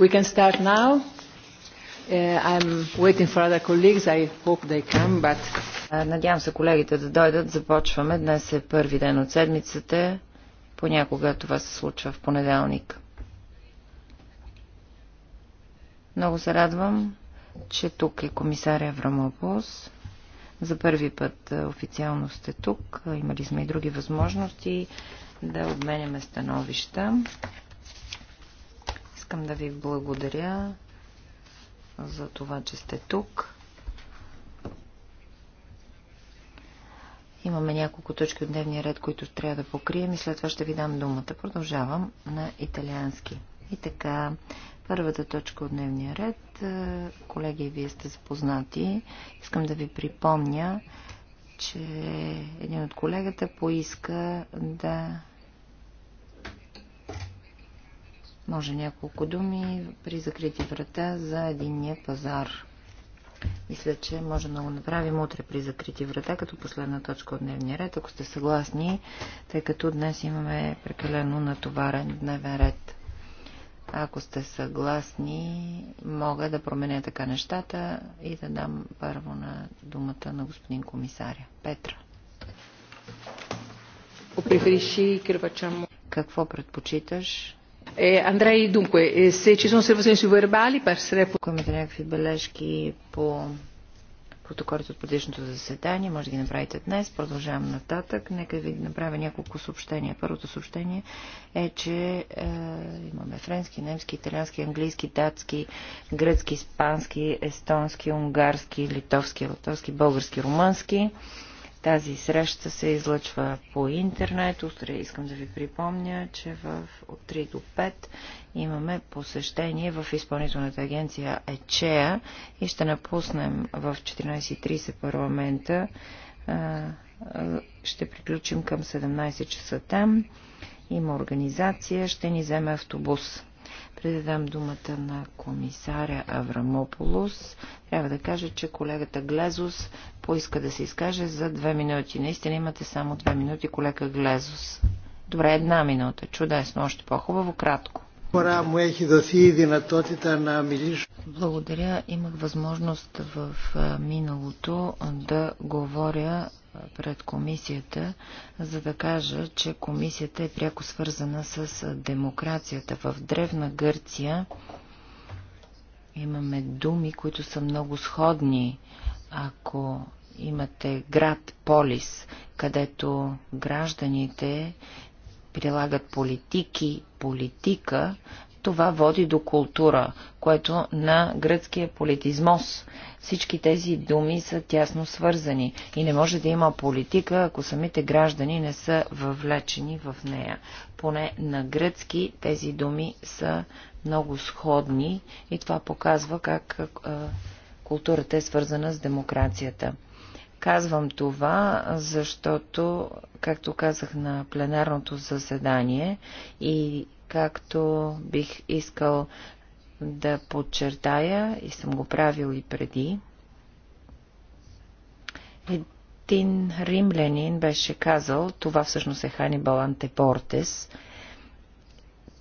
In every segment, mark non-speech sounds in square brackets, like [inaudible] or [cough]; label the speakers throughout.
Speaker 1: We can start now. Uh, I'm waiting for other colleagues. I hope they come, but... Uh, надявам се колегите да дойдат. Започваме. Днес е първи ден от седмицата. Понякога това се случва в понеделник. Много се радвам, че тук е комисаря Аврамопулс. За първи път е, официално сте тук. Имали сме и други възможности да обменяме становища. Искам да ви благодаря за това, че сте тук. Имаме няколко точки от дневния ред, които трябва да покрием и след това ще ви дам думата. Продължавам на италиански. И така, първата точка от дневния ред. Е, колеги, вие сте запознати. Искам да ви припомня, че един от колегата поиска да Може няколко думи при закрити врата за единния пазар. Мисля, че може да го направим утре при закрити врата, като последна точка от дневния ред, ако сте съгласни, тъй като днес имаме прекалено натоварен дневен ред. Ако сте съгласни, мога да променя така нещата и да дам първо на думата на господин комисаря. Петра. Какво предпочиташ? Андрей Думко, се честно се възмени вербали, парсре... Ако имате някакви бележки по протоколите от предишното заседание, може да ги направите днес. Продължавам нататък. Нека ви направя няколко съобщения. Първото съобщение е, че е, имаме френски, немски, италиански, английски, датски, гръцки, испански, естонски, унгарски, литовски, латовски, български, румънски. Тази среща се излъчва по интернет. Утре искам да ви припомня, че в, от 3 до 5 имаме посещение в изпълнителната агенция ЕЧЕА и ще напуснем в 14.30 парламента. Ще приключим към 17 часа там. Има организация, ще ни вземе автобус. Предадам думата на комисаря Аврамополос, трябва да кажа, че колегата Глезос поиска да се изкаже за две минути. Наистина имате само две минути, колега Глезос. Добре, една минута. Чудесно, още по-хубаво, кратко. Благодаря. Имах възможност в миналото да говоря пред комисията, за да кажа, че комисията е пряко свързана с демокрацията. В Древна Гърция имаме думи, които са много сходни ако имате град Полис, където гражданите прилагат политики, политика, това води до култура, което на гръцкия политизмос. Всички тези думи са тясно свързани и не може да има политика, ако самите граждани не са въвлечени в нея. Поне на гръцки тези думи са много сходни и това показва как Културата е свързана с демокрацията. Казвам това, защото, както казах на пленарното заседание и както бих искал да подчертая, и съм го правил и преди, един римлянин беше казал, това всъщност е Ханибал Антепортес,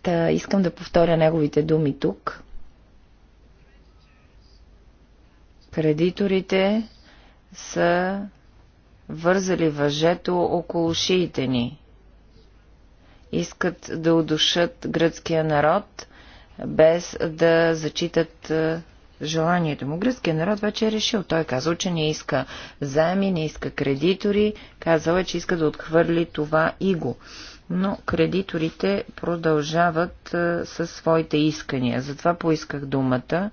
Speaker 1: Та искам да повторя неговите думи тук. Кредиторите са вързали въжето около шиите ни. Искат да удушат гръцкия народ, без да зачитат е, желанието му. Гръцкият народ вече е решил. Той е казал, че не иска заеми, не иска кредитори. Казал е, че иска да отхвърли това иго. Но кредиторите продължават е, със своите искания. Затова поисках думата.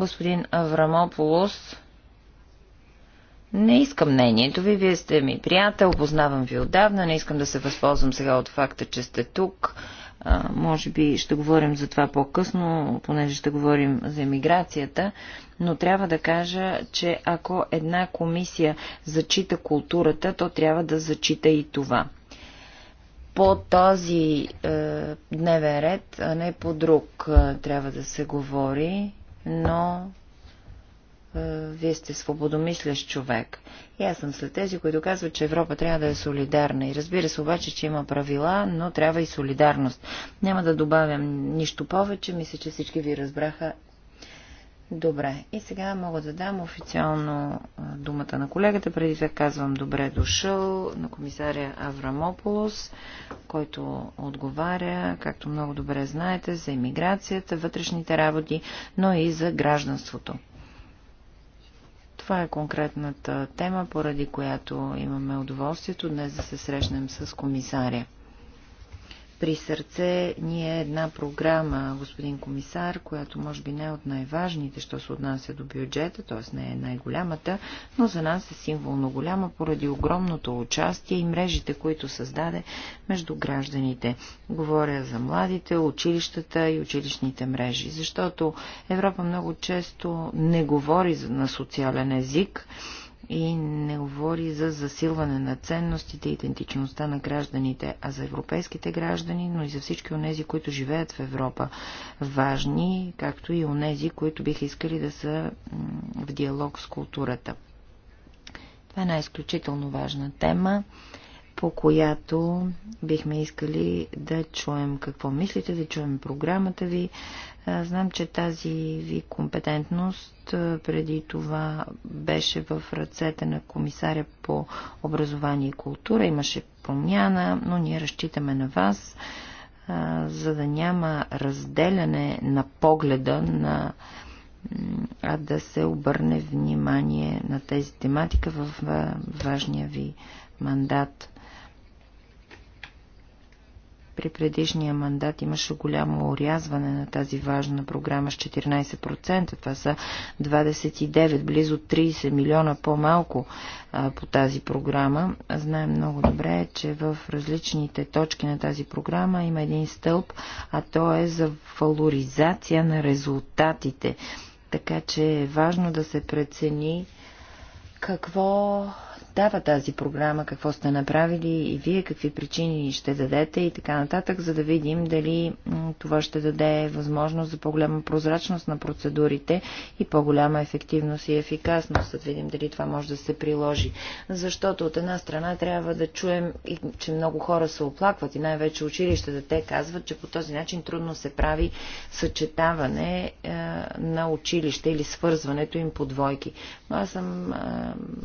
Speaker 1: Господин Аврамополос, не искам мнението ви, вие сте ми приятел, познавам ви отдавна, не искам да се възползвам сега от факта, че сте тук. А, може би ще говорим за това по-късно, понеже ще говорим за емиграцията, но трябва да кажа, че ако една комисия зачита културата, то трябва да зачита и това. По този е, дневен ред, а не по друг, е, трябва да се говори но е, вие сте свободомислящ човек. И аз съм след тези, които казват, че Европа трябва да е солидарна. И разбира се обаче, че има правила, но трябва и солидарност. Няма да добавям нищо повече. Мисля, че всички ви разбраха Добре. И сега мога да дам официално думата на колегата. Преди това казвам добре дошъл на комисаря Аврамополос, който отговаря, както много добре знаете, за иммиграцията, вътрешните работи, но и за гражданството. Това е конкретната тема, поради която имаме удоволствието днес да се срещнем с комисаря при сърце ни е една програма, господин комисар, която може би не е от най-важните, що се отнася до бюджета, т.е. не е най-голямата, но за нас е символно голяма поради огромното участие и мрежите, които създаде между гражданите. Говоря за младите, училищата и училищните мрежи, защото Европа много често не говори на социален език, и не говори за засилване на ценностите и идентичността на гражданите, а за европейските граждани, но и за всички онези, които живеят в Европа. Важни, както и онези, които биха искали да са в диалог с културата. Това е една изключително важна тема, по която бихме искали да чуем какво мислите, да чуем програмата ви, Знам, че тази ви компетентност преди това беше в ръцете на комисаря по образование и култура. Имаше промяна, но ние разчитаме на вас, за да няма разделяне на погледа на а да се обърне внимание на тези тематика в важния ви мандат. При предишния мандат имаше голямо орязване на тази важна програма с 14%. Това са 29, близо 30 милиона по-малко по тази програма. Знаем много добре, че в различните точки на тази програма има един стълб, а то е за валоризация на резултатите. Така че е важно да се прецени какво дава тази програма, какво сте направили и вие, какви причини ще дадете и така нататък, за да видим дали това ще даде възможност за по-голяма прозрачност на процедурите и по-голяма ефективност и ефикасност, да видим дали това може да се приложи. Защото от една страна трябва да чуем, че много хора се оплакват и най-вече училищата те казват, че по този начин трудно се прави съчетаване е, на училище или свързването им по двойки. Но аз съм е,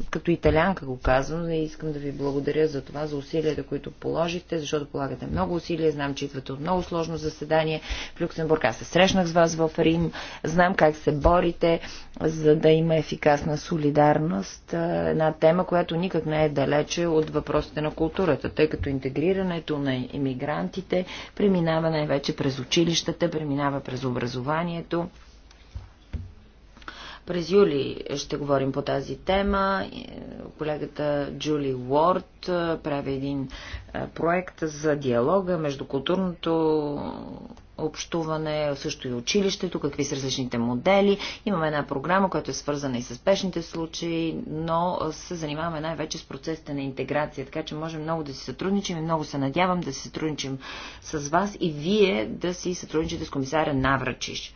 Speaker 1: като италянка го го казвам и искам да ви благодаря за това, за усилията, които положихте, защото полагате много усилия. Знам, че идвате от много сложно заседание в Люксембург. Аз се срещнах с вас в Рим. Знам как се борите, за да има ефикасна солидарност. Е, една тема, която никак не е далече от въпросите на културата, тъй като интегрирането на иммигрантите преминава най-вече през училищата, преминава през образованието през юли ще говорим по тази тема. Колегата Джули Уорд прави един проект за диалога между културното общуване, също и училището, какви са различните модели. Имаме една програма, която е свързана и с спешните случаи, но се занимаваме най-вече с процесите на интеграция, така че можем много да си сътрудничим и много се надявам да си сътрудничим с вас и вие да си сътрудничите с комисаря Наврачиш.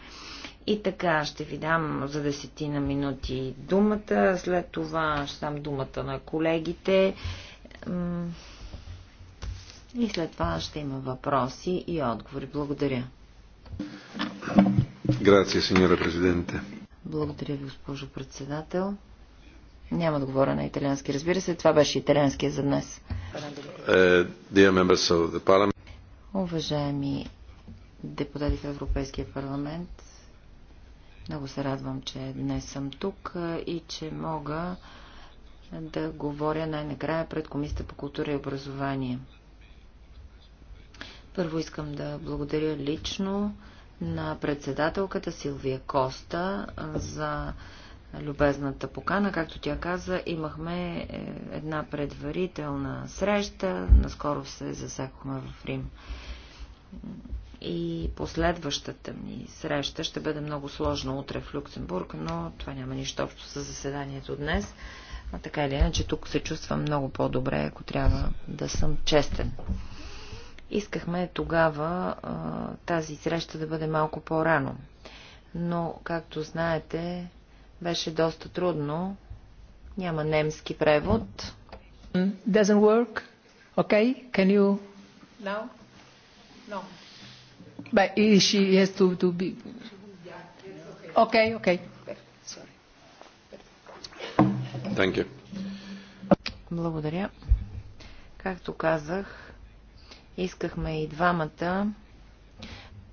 Speaker 1: И така, ще ви дам за десетина минути думата, след това ще дам думата на колегите. И след това ще има въпроси и отговори. Благодаря.
Speaker 2: Грация, сеньора президенте.
Speaker 1: Благодаря ви, госпожо председател. Няма да говоря на италиански, разбира се. Това беше италианския за днес.
Speaker 2: Е,
Speaker 1: Уважаеми депутати в Европейския парламент, много се радвам, че днес съм тук и че мога да говоря най-накрая пред Комисията по култура и образование. Първо искам да благодаря лично на председателката Силвия Коста за любезната покана. Както тя каза, имахме е, една предварителна среща, наскоро се засекохме в Рим и последващата ми среща ще бъде много сложно утре в Люксембург, но това няма нищо общо с заседанието днес. А така или иначе тук се чувствам много по-добре, ако трябва да съм честен. Искахме тогава а, тази среща да бъде малко по-рано. Но, както знаете, беше доста трудно. Няма немски превод. Doesn't work.
Speaker 3: Okay, can you... Now? No she has to, to be. Okay, okay. Thank you.
Speaker 1: Благодаря. Както казах, искахме и двамата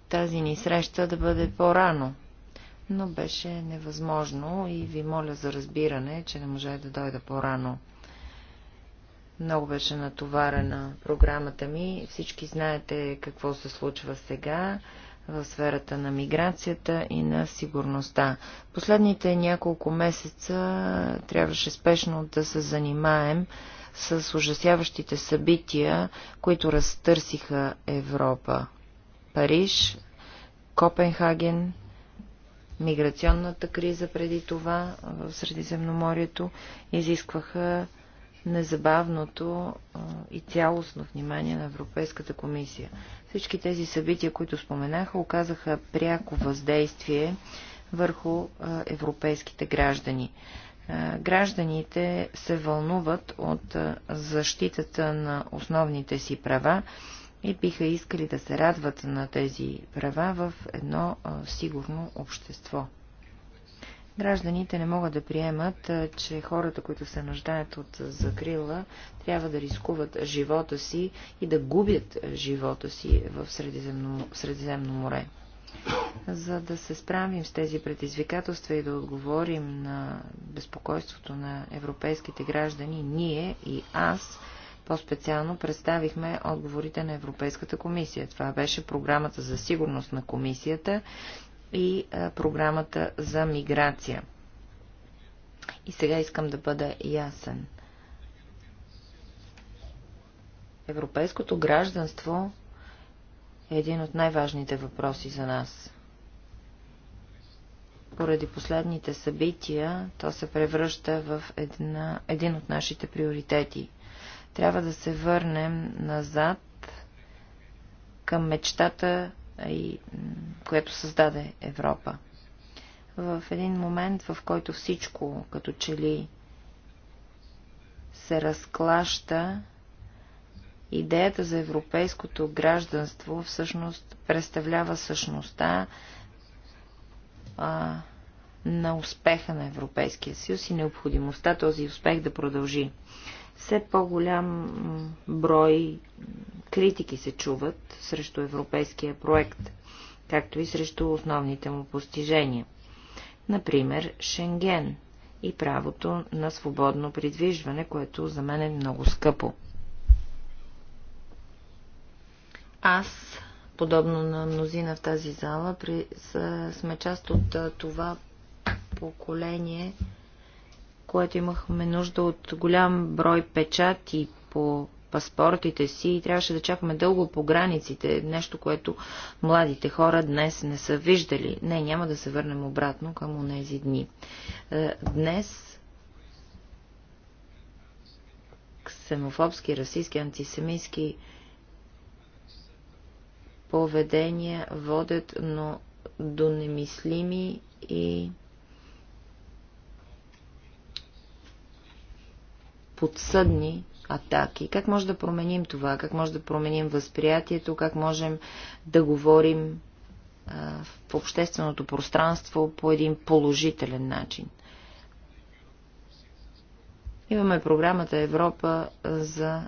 Speaker 1: тази ни среща да бъде по-рано, но беше невъзможно и ви моля за разбиране, че не може да дойда по-рано. Много беше натоварена програмата ми. Всички знаете какво се случва сега в сферата на миграцията и на сигурността. Последните няколко месеца трябваше спешно да се занимаем с ужасяващите събития, които разтърсиха Европа. Париж, Копенхаген, миграционната криза преди това в Средиземноморието изискваха незабавното и цялостно внимание на Европейската комисия. Всички тези събития, които споменаха, оказаха пряко въздействие върху европейските граждани. Гражданите се вълнуват от защитата на основните си права и биха искали да се радват на тези права в едно сигурно общество. Гражданите не могат да приемат, че хората, които се нуждаят от закрила, трябва да рискуват живота си и да губят живота си в Средиземно, Средиземно море. За да се справим с тези предизвикателства и да отговорим на безпокойството на европейските граждани, ние и аз по-специално представихме отговорите на Европейската комисия. Това беше програмата за сигурност на комисията и програмата за миграция. И сега искам да бъда ясен. Европейското гражданство е един от най-важните въпроси за нас. Поради последните събития, то се превръща в една, един от нашите приоритети. Трябва да се върнем назад към мечтата и което създаде Европа. В един момент, в който всичко като че ли се разклаща, идеята за европейското гражданство всъщност представлява същността а, на успеха на Европейския съюз и необходимостта този успех да продължи. Все по-голям брой критики се чуват срещу европейския проект, както и срещу основните му постижения. Например, Шенген и правото на свободно придвижване, което за мен е много скъпо. Аз, подобно на мнозина в тази зала, при, сме част от това поколение, което имахме нужда от голям брой печати по паспортите си и трябваше да чакаме дълго по границите, нещо, което младите хора днес не са виждали. Не, няма да се върнем обратно към онези дни. Е, днес ксенофобски, расистски, антисемитски поведения водят но до немислими и подсъдни атаки. Как може да променим това? Как може да променим възприятието? Как можем да говорим а, в общественото пространство по един положителен начин? Имаме програмата Европа за а,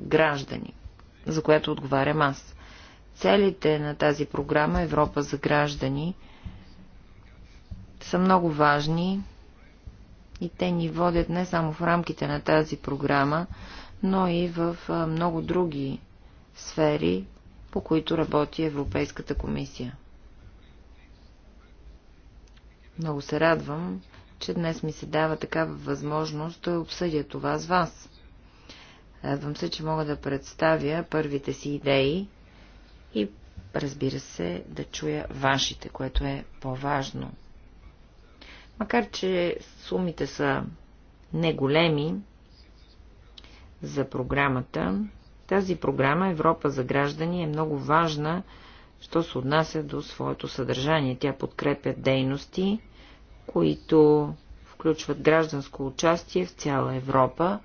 Speaker 1: граждани, за която отговарям аз. Целите на тази програма Европа за граждани са много важни и те ни водят не само в рамките на тази програма, но и в много други сфери, по които работи Европейската комисия. Много се радвам, че днес ми се дава такава възможност да обсъдя това с вас. Радвам се, че мога да представя първите си идеи и, разбира се, да чуя вашите, което е по-важно – Макар, че сумите са неголеми за програмата, тази програма Европа за граждани е много важна, що се отнася до своето съдържание. Тя подкрепя дейности, които включват гражданско участие в цяла Европа,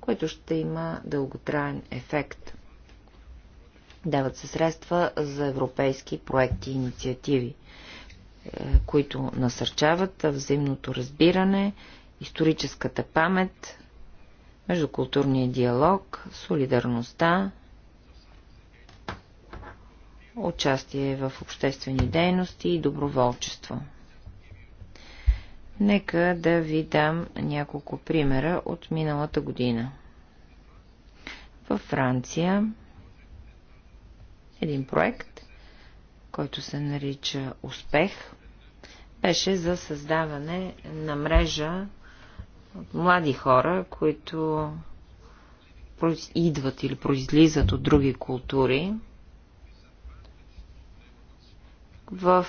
Speaker 1: което ще има дълготраен ефект. Дават се средства за европейски проекти и инициативи които насърчават взаимното разбиране, историческата памет, междукултурния диалог, солидарността, участие в обществени дейности и доброволчество. Нека да ви дам няколко примера от миналата година. Във Франция един проект който се нарича Успех, беше за създаване на мрежа от млади хора, които идват или произлизат от други култури в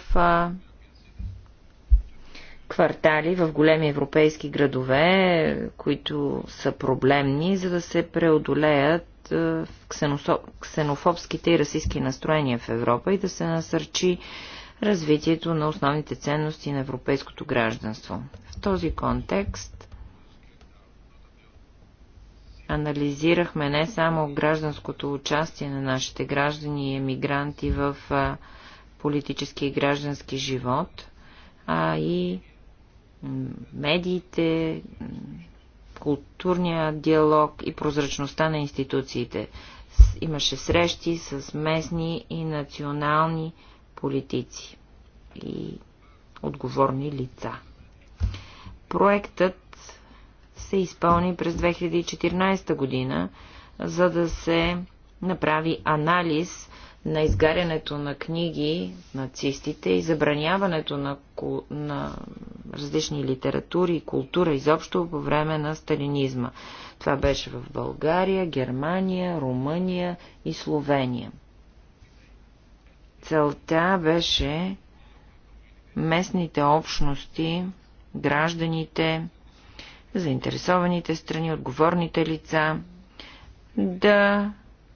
Speaker 1: квартали в големи европейски градове, които са проблемни, за да се преодолеят е, от ксенофобските и расистски настроения в Европа и да се насърчи развитието на основните ценности на европейското гражданство. В този контекст анализирахме не само гражданското участие на нашите граждани и емигранти в политически и граждански живот, а и медиите, културния диалог и прозрачността на институциите. Имаше срещи с местни и национални политици и отговорни лица. Проектът се изпълни през 2014 година, за да се направи анализ на изгарянето на книги нацистите и забраняването на, на различни литератури и култура изобщо по време на сталинизма. Това беше в България, Германия, Румъния и Словения. Целта беше местните общности, гражданите, заинтересованите страни, отговорните лица да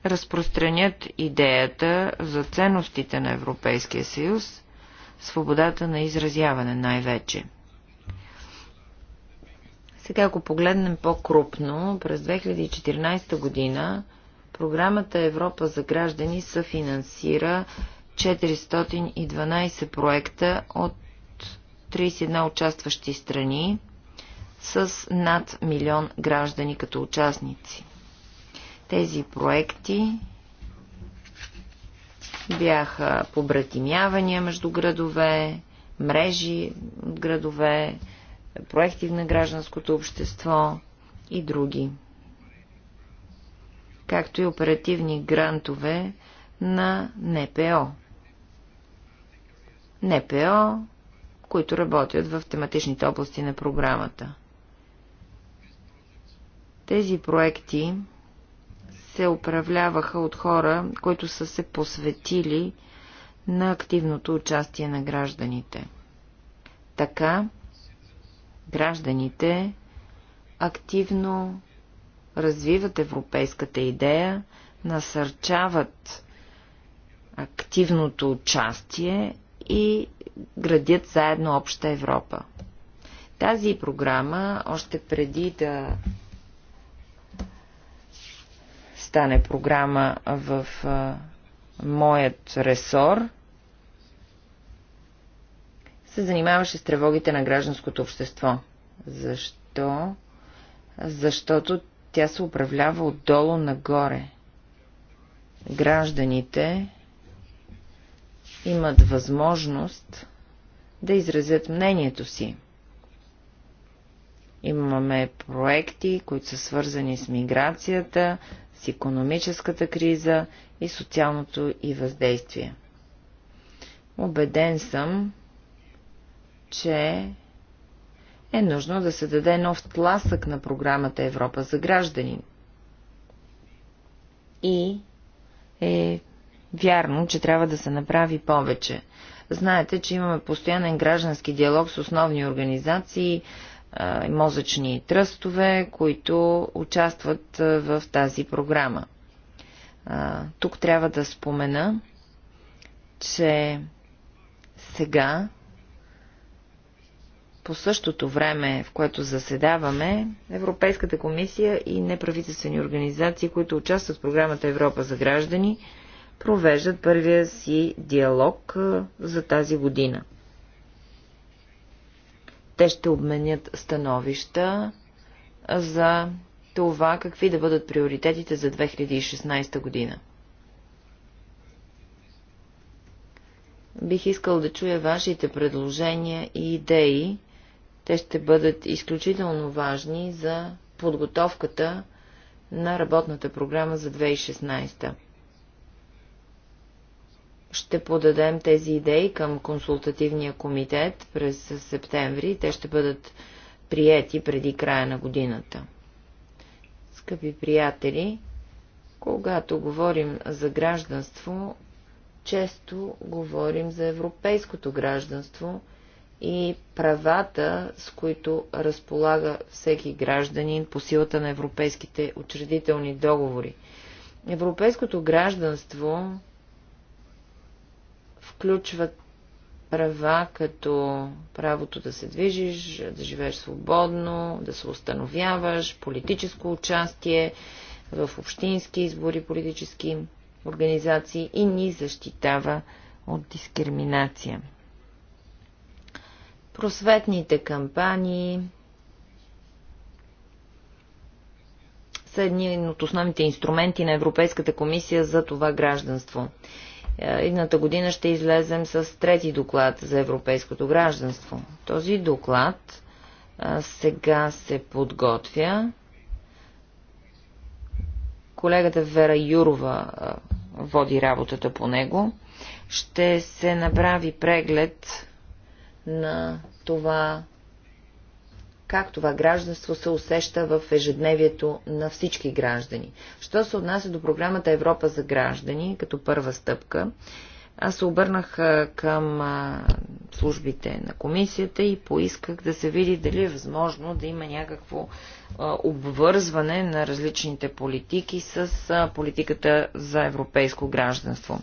Speaker 1: разпространят идеята за ценностите на Европейския съюз, свободата на изразяване най-вече. Сега, ако погледнем по-крупно, през 2014 година програмата Европа за граждани съфинансира 412 проекта от 31 участващи страни с над милион граждани като участници. Тези проекти бяха побратимявания между градове, мрежи от градове, проекти на гражданското общество и други, както и оперативни грантове на НПО. НПО, които работят в тематичните области на програмата. Тези проекти се управляваха от хора, които са се посветили на активното участие на гражданите. Така гражданите активно развиват европейската идея, насърчават активното участие и градят заедно обща Европа. Тази програма, още преди да стане програма в моят ресор, се занимаваше с тревогите на гражданското общество. Защо? Защото тя се управлява отдолу нагоре. Гражданите имат възможност да изразят мнението си. Имаме проекти, които са свързани с миграцията, с економическата криза и социалното и въздействие. Обеден съм, че е нужно да се даде нов тласък на програмата Европа за граждани. И е вярно, че трябва да се направи повече. Знаете, че имаме постоянен граждански диалог с основни организации, и мозъчни тръстове, които участват в тази програма. Тук трябва да спомена, че сега, по същото време, в което заседаваме, Европейската комисия и неправителствени организации, които участват в програмата Европа за граждани, провеждат първия си диалог за тази година – те ще обменят становища за това какви да бъдат приоритетите за 2016 година. Бих искал да чуя вашите предложения и идеи. Те ще бъдат изключително важни за подготовката на работната програма за 2016 ще подадем тези идеи към консултативния комитет през септември. Те ще бъдат приети преди края на годината. Скъпи приятели, когато говорим за гражданство, често говорим за европейското гражданство и правата, с които разполага всеки гражданин по силата на европейските учредителни договори. Европейското гражданство включват права, като правото да се движиш, да живееш свободно, да се установяваш, политическо участие в общински избори, политически организации и ни защитава от дискриминация. Просветните кампании са едни от основните инструменти на Европейската комисия за това гражданство. Е, едната година ще излезем с трети доклад за европейското гражданство. Този доклад сега се подготвя. Колегата Вера Юрова води работата по него. Ще се направи преглед на това как това гражданство се усеща в ежедневието на всички граждани. Що се отнася до програмата Европа за граждани, като първа стъпка, аз се обърнах към службите на комисията и поисках да се види дали е възможно да има някакво обвързване на различните политики с политиката за европейско гражданство.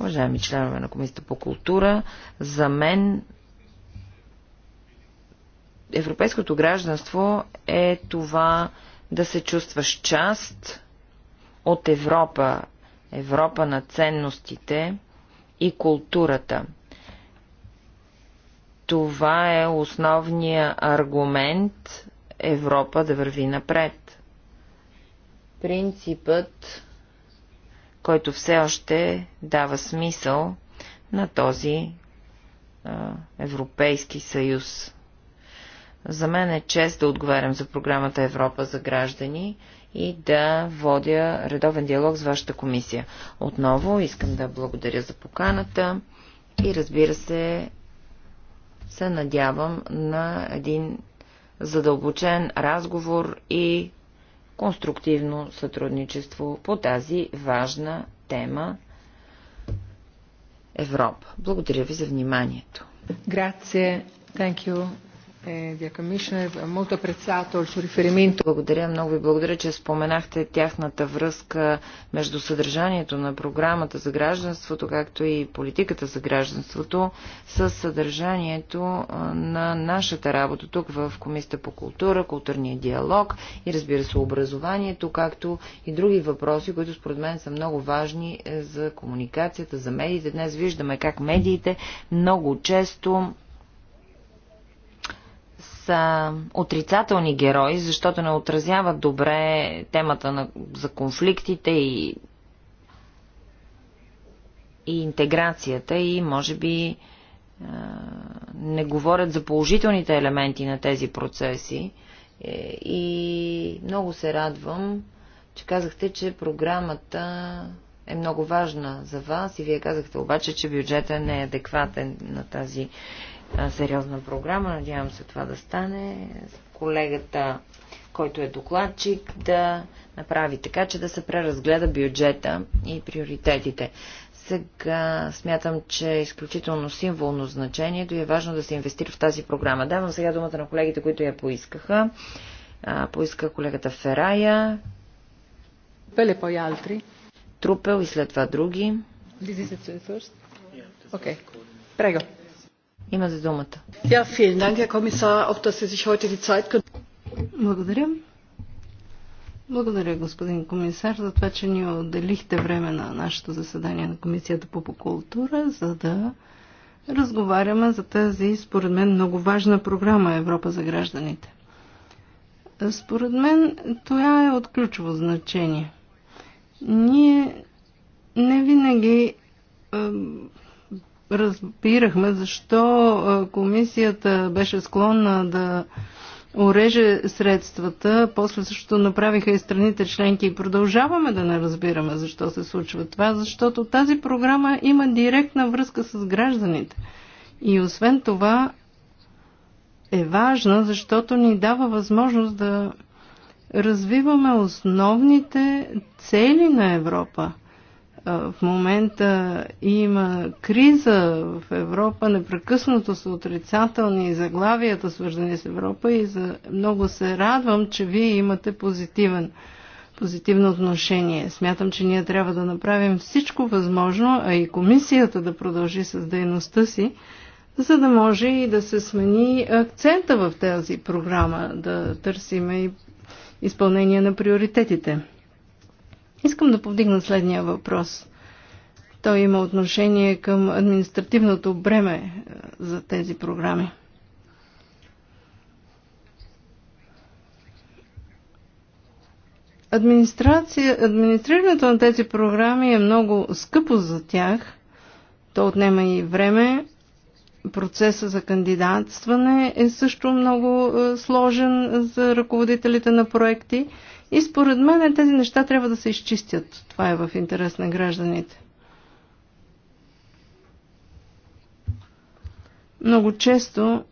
Speaker 1: Уважаеми членове на Комисията по култура, за мен европейското гражданство е това да се чувстваш част от Европа, Европа на ценностите и културата. Това е основният аргумент Европа да върви напред. Принципът, който все още дава смисъл на този а, Европейски съюз. За мен е чест да отговарям за програмата Европа за граждани и да водя редовен диалог с вашата комисия. Отново искам да благодаря за поканата и разбира се, се надявам на един задълбочен разговор и конструктивно сътрудничество по тази важна тема Европа. Благодаря ви за вниманието. Grazie. Thank you е, благодаря много и благодаря, че споменахте тяхната връзка между съдържанието на програмата за гражданството, както и политиката за гражданството, с съдържанието на нашата работа тук в Комисията по култура, културния диалог и разбира се образованието, както и други въпроси, които според мен са много важни е, за комуникацията, за медиите. Днес виждаме как медиите много често са отрицателни герои, защото не отразяват добре темата на, за конфликтите и, и интеграцията и може би не говорят за положителните елементи на тези процеси. Е, и много се радвам, че казахте, че програмата е много важна за вас и вие казахте обаче, че бюджета не е адекватен на тази е, сериозна програма. Надявам се това да стане. Колегата, който е докладчик, да направи така, че да се преразгледа бюджета и приоритетите. Сега смятам, че е изключително символно значението и е важно да се инвестира в тази програма. Давам сега думата на колегите, които я поискаха. поиска колегата Ферая. Пеле по ялтри. Трупел и след това други.
Speaker 4: Лизи се the first?
Speaker 1: Okay. Имате думата.
Speaker 3: Благодаря. Благодаря, господин комисар, за това, че ни отделихте време на нашето заседание на Комисията по култура, за да разговаряме за тази, според мен, много важна програма Европа за гражданите. Според мен, това е от ключово значение. Ние не винаги разбирахме защо комисията беше склонна да уреже средствата, после също направиха и страните членки и продължаваме да не разбираме защо се случва това, защото тази програма има директна връзка с гражданите. И освен това е важна, защото ни дава възможност да развиваме основните цели на Европа – в момента има криза в Европа, непрекъснато са отрицателни заглавията, свързани с Европа и за... много се радвам, че вие имате позитивен, позитивно отношение. Смятам, че ние трябва да направим всичко възможно, а и комисията да продължи с дейността си, за да може и да се смени акцента в тази програма, да търсиме и изпълнение на приоритетите. Искам да повдигна следния въпрос. Той има отношение към административното бреме е, за тези програми. администрирането на тези програми е много скъпо за тях. То отнема и време. Процесът за кандидатстване е също много е, сложен за ръководителите на проекти. И според мен тези неща трябва да се изчистят. Това е в интерес на гражданите. Много често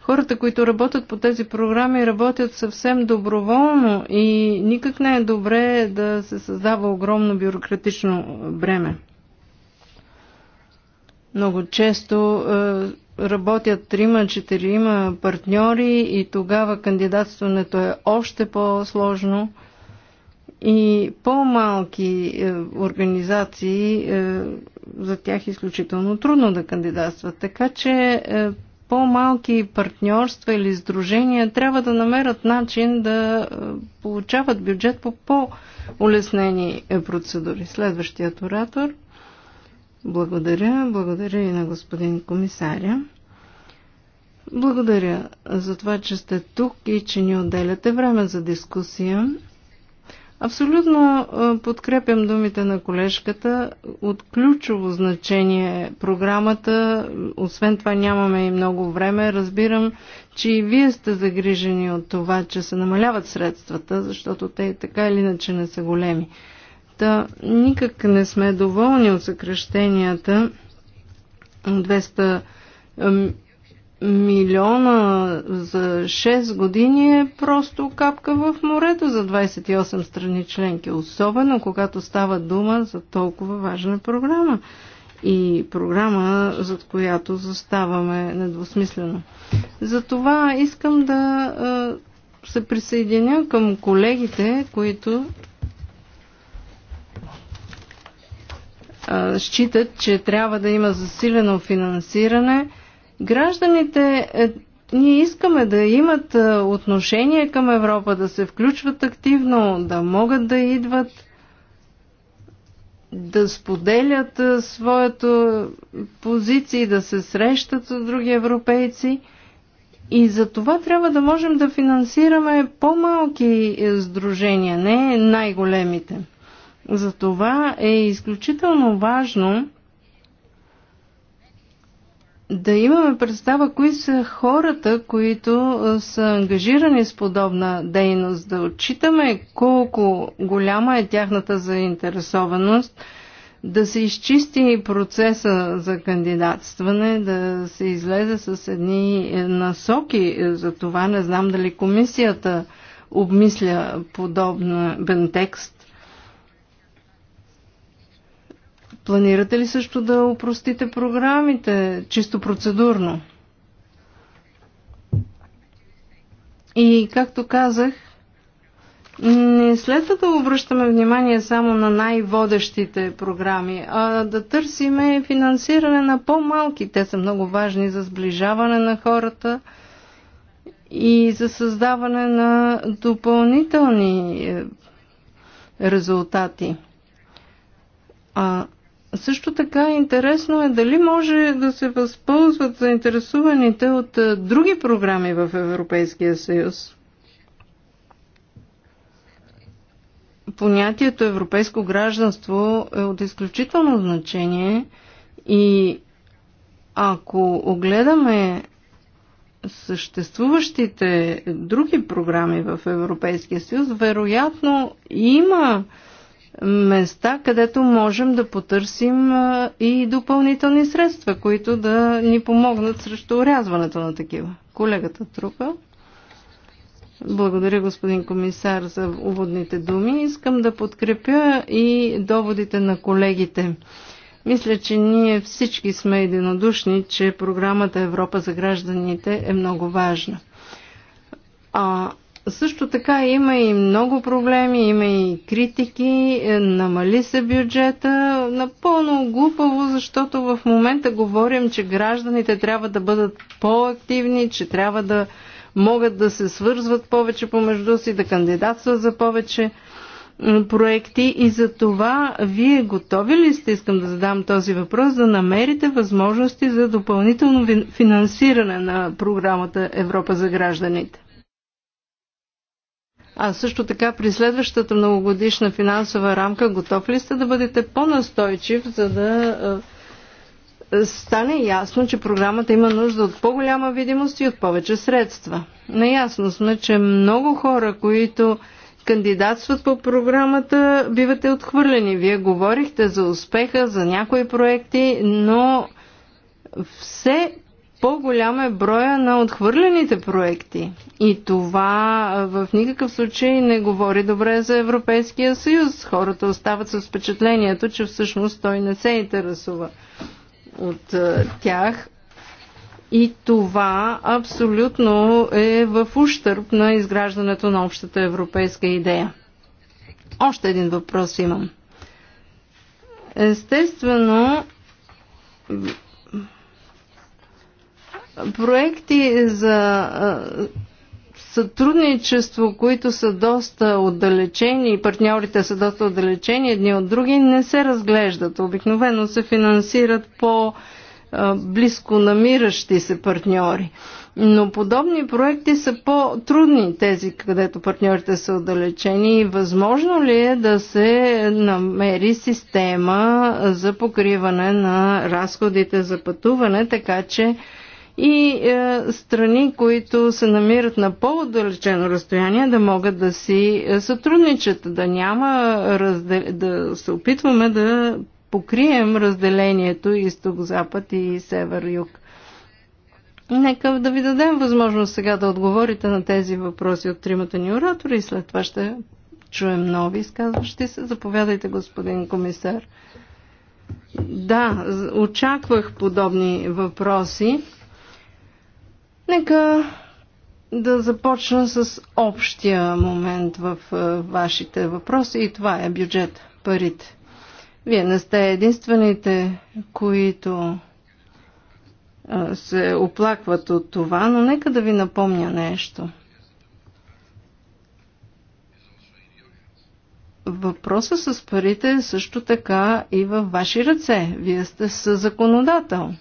Speaker 3: хората, които работят по тези програми, работят съвсем доброволно и никак не е добре да се създава огромно бюрократично бреме. Много често е, работят трима, четирима партньори и тогава кандидатстването е още по-сложно и по-малки е, организации е, за тях е изключително трудно да кандидатстват. Така че е, по-малки партньорства или сдружения трябва да намерят начин да получават бюджет по по-улеснени процедури. Следващият оратор – благодаря. Благодаря и на господин комисаря. Благодаря за това, че сте тук и че ни отделяте време за дискусия. Абсолютно подкрепям думите на колежката. От ключово значение е програмата. Освен това нямаме и много време. Разбирам, че и вие сте загрижени от това, че се намаляват средствата, защото те така или иначе не са големи. Та никак не сме доволни от съкръщенията. 200 милиона за 6 години е просто капка в морето за 28 страни членки, особено когато става дума за толкова важна програма и програма, за която заставаме недвусмислено. Затова искам да е, се присъединя към колегите, които считат, че трябва да има засилено финансиране. Гражданите, е, ние искаме да имат е, отношение към Европа, да се включват активно, да могат да идват, да споделят е, своето позиции, да се срещат с други европейци. И за това трябва да можем да финансираме по-малки сдружения, не най-големите. Затова е изключително важно да имаме представа кои са хората, които са ангажирани с подобна дейност, да отчитаме колко голяма е тяхната заинтересованост, да се изчисти процеса за кандидатстване, да се излезе с едни е, насоки. За това не знам дали комисията обмисля подобен текст. Планирате ли също да упростите програмите, чисто процедурно? И както казах, не следва да обръщаме внимание само на най-водещите програми, а да търсиме финансиране на по-малки. Те са много важни за сближаване на хората и за създаване на допълнителни е, резултати. А също така интересно е дали може да се възползват заинтересуваните от други програми в Европейския съюз. Понятието европейско гражданство е от изключително значение и ако огледаме съществуващите други програми в Европейския съюз, вероятно има места, където можем да потърсим и допълнителни средства, които да ни помогнат срещу урязването на такива. Колегата Трупа. Благодаря, господин комисар, за уводните думи. Искам да подкрепя и доводите на колегите. Мисля, че ние всички сме единодушни, че програмата Европа за гражданите е много важна. А също така има и много проблеми, има и критики, е, намали се бюджета, напълно глупаво, защото в момента говорим, че гражданите трябва да бъдат по-активни, че трябва да могат да се свързват повече помежду си, да кандидатстват за повече проекти и за това вие готови ли сте, искам да задам този въпрос, да намерите възможности за допълнително финансиране на програмата Европа за гражданите? А също така при следващата многогодишна финансова рамка готов ли сте да бъдете по-настойчив, за да е, стане ясно, че програмата има нужда от по-голяма видимост и от повече средства. Наясно сме, че много хора, които кандидатстват по програмата, бивате отхвърлени. Вие говорихте за успеха, за някои проекти, но все по-голям е броя на отхвърлените проекти. И това в никакъв случай не говори добре за Европейския съюз. Хората остават с впечатлението, че всъщност той не се интересува от тях. И това абсолютно е в ущърп на изграждането на общата европейска идея. Още един въпрос имам. Естествено, проекти за сътрудничество, които са доста отдалечени и партньорите са доста отдалечени едни от други, не се разглеждат. Обикновено се финансират по близко намиращи се партньори. Но подобни проекти са по-трудни, тези, където партньорите са отдалечени. И възможно ли е да се намери система за покриване на разходите за пътуване, така че и е, страни, които се намират на по-отдалечено разстояние, да могат да си е, сътрудничат, да няма раздел... да се опитваме да покрием разделението изток-запад и север-юг. Нека да ви дадем възможност сега да отговорите на тези въпроси от тримата ни оратори и след това ще чуем нови изказващи се. Заповядайте, господин комисар. Да, очаквах подобни въпроси. Нека да започна с общия момент в е, вашите въпроси и това е бюджет, парите. Вие не сте единствените, които е, се оплакват от това, но нека да ви напомня нещо. Въпросът с парите е също така и във ваши ръце. Вие сте със законодател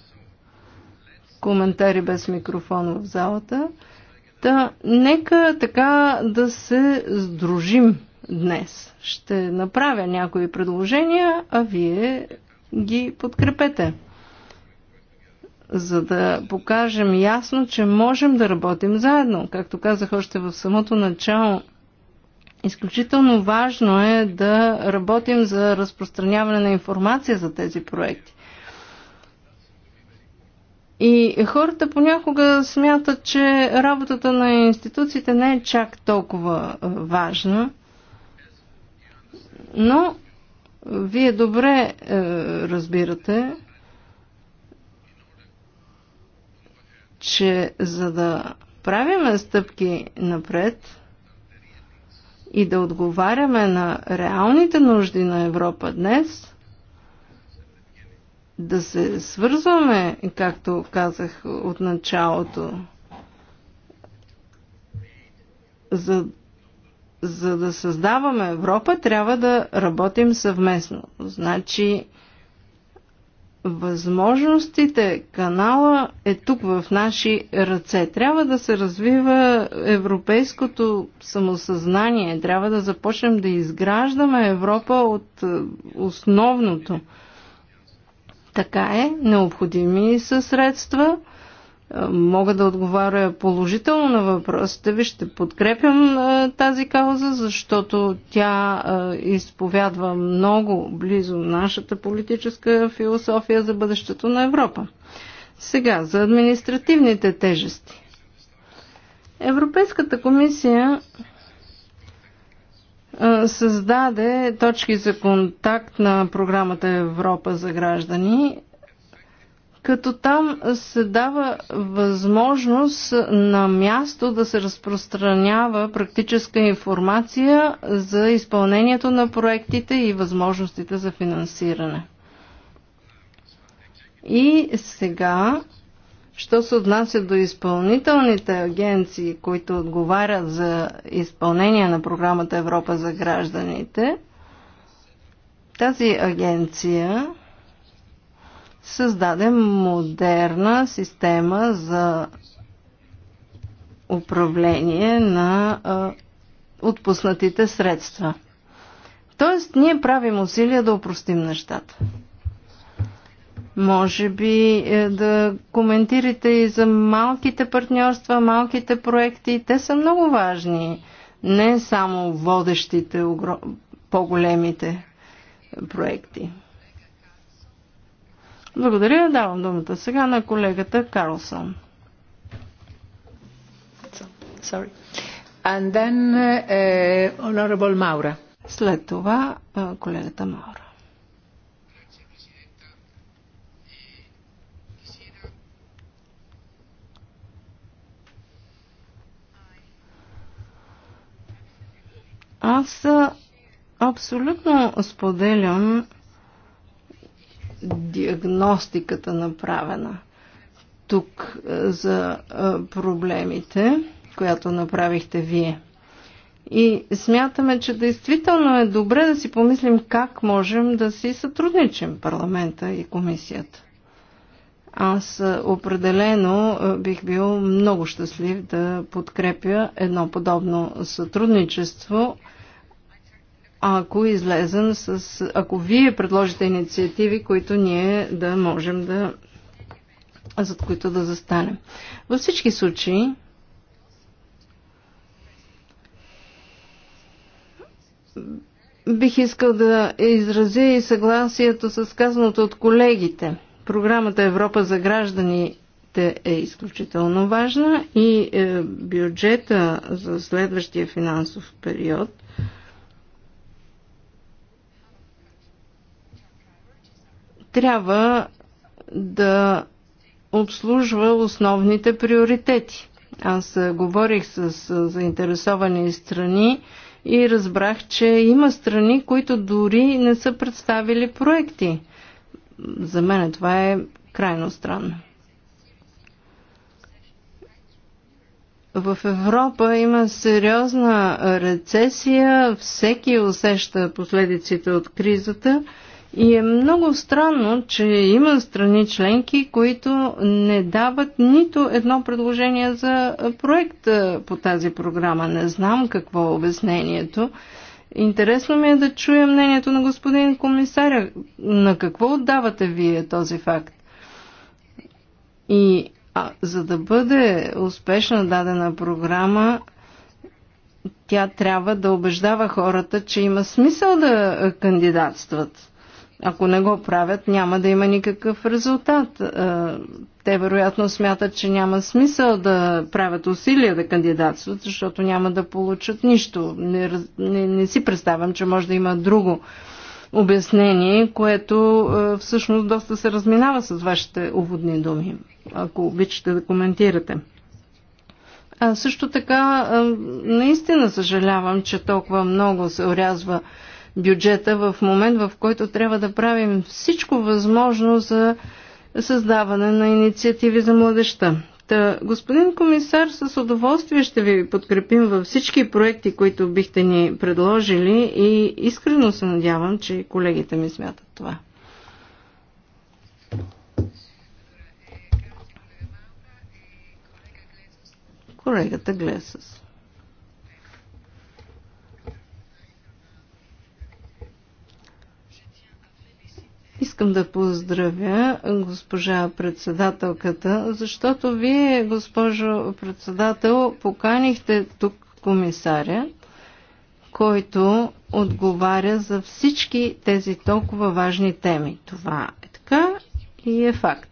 Speaker 3: коментари без микрофон в залата. Та, нека така да се сдружим днес. Ще направя някои предложения, а вие ги подкрепете. За да покажем ясно, че можем да работим заедно. Както казах още в самото начало, изключително важно е да работим за разпространяване на информация за тези проекти. И хората понякога смятат, че работата на институциите не е чак толкова е, важна, но вие добре е, разбирате, че за да правиме стъпки напред и да отговаряме на реалните нужди на Европа днес, да се свързваме, както казах от началото, за, за да създаваме Европа, трябва да работим съвместно. Значи, възможностите, канала е тук в наши ръце. Трябва да се развива европейското самосъзнание. Трябва да започнем да изграждаме Европа от е, основното. Така е, необходими са средства. Е, мога да отговаря положително на въпросите ви. Ще подкрепям е, тази кауза, защото тя е, изповядва много близо нашата политическа философия за бъдещето на Европа. Сега, за административните тежести. Европейската комисия създаде точки за контакт на програмата Европа за граждани, като там се дава възможност на място да се разпространява практическа информация за изпълнението на проектите и възможностите за финансиране. И сега Що се отнася до изпълнителните агенции, които отговарят за изпълнение на програмата Европа за гражданите, тази агенция създаде модерна система за управление на а, отпуснатите средства. Тоест, ние правим усилия да упростим нещата. Може би е, да коментирате и за малките партньорства, малките проекти. Те са много важни. Не само водещите по-големите проекти. Благодаря. Давам думата сега на колегата Карлсон. Sorry. And then, uh, Honorable Maura. След това uh, колегата Маура. Аз абсолютно споделям диагностиката направена тук за проблемите, която направихте вие. И смятаме, че действително е добре да си помислим как можем да си сътрудничим парламента и комисията. Аз е, определено е, бих бил много щастлив да подкрепя едно подобно сътрудничество, ако излезем с... Ако вие предложите инициативи, които ние да можем да... зад които да застанем. Във всички случаи, бих искал да изразя и съгласието с казаното от колегите – Програмата Европа за гражданите е изключително важна и е, бюджета за следващия финансов период трябва да обслужва основните приоритети. Аз е, говорих с е, заинтересовани страни и разбрах, че има страни, които дори не са представили проекти за мен това е крайно странно. В Европа има сериозна рецесия, всеки усеща последиците от кризата и е много странно, че има страни членки, които не дават нито едно предложение за проект по тази програма. Не знам какво е обяснението. Интересно ми е да чуя мнението на господин комисаря. На какво отдавате вие този факт? И а, за да бъде успешна дадена програма, тя трябва да убеждава хората, че има смисъл да кандидатстват. Ако не го правят, няма да има никакъв резултат. Е, те вероятно смятат, че няма смисъл да правят усилия да кандидатстват, защото няма да получат нищо. Не, не, не си представям, че може да има друго обяснение, което е, всъщност доста се разминава с вашите уводни думи, ако обичате да коментирате. А също така, е, наистина съжалявам, че толкова много се орязва бюджета в момент, в който трябва да правим всичко възможно за създаване на инициативи за младеща. Та, господин комисар, с удоволствие ще ви подкрепим във всички проекти, които бихте ни предложили и искрено се надявам, че колегите ми смятат това. Колегата Глесъс. Искам да поздравя госпожа председателката, защото вие, госпожо председател, поканихте тук комисаря, който отговаря за всички тези толкова важни теми. Това е така и е факт.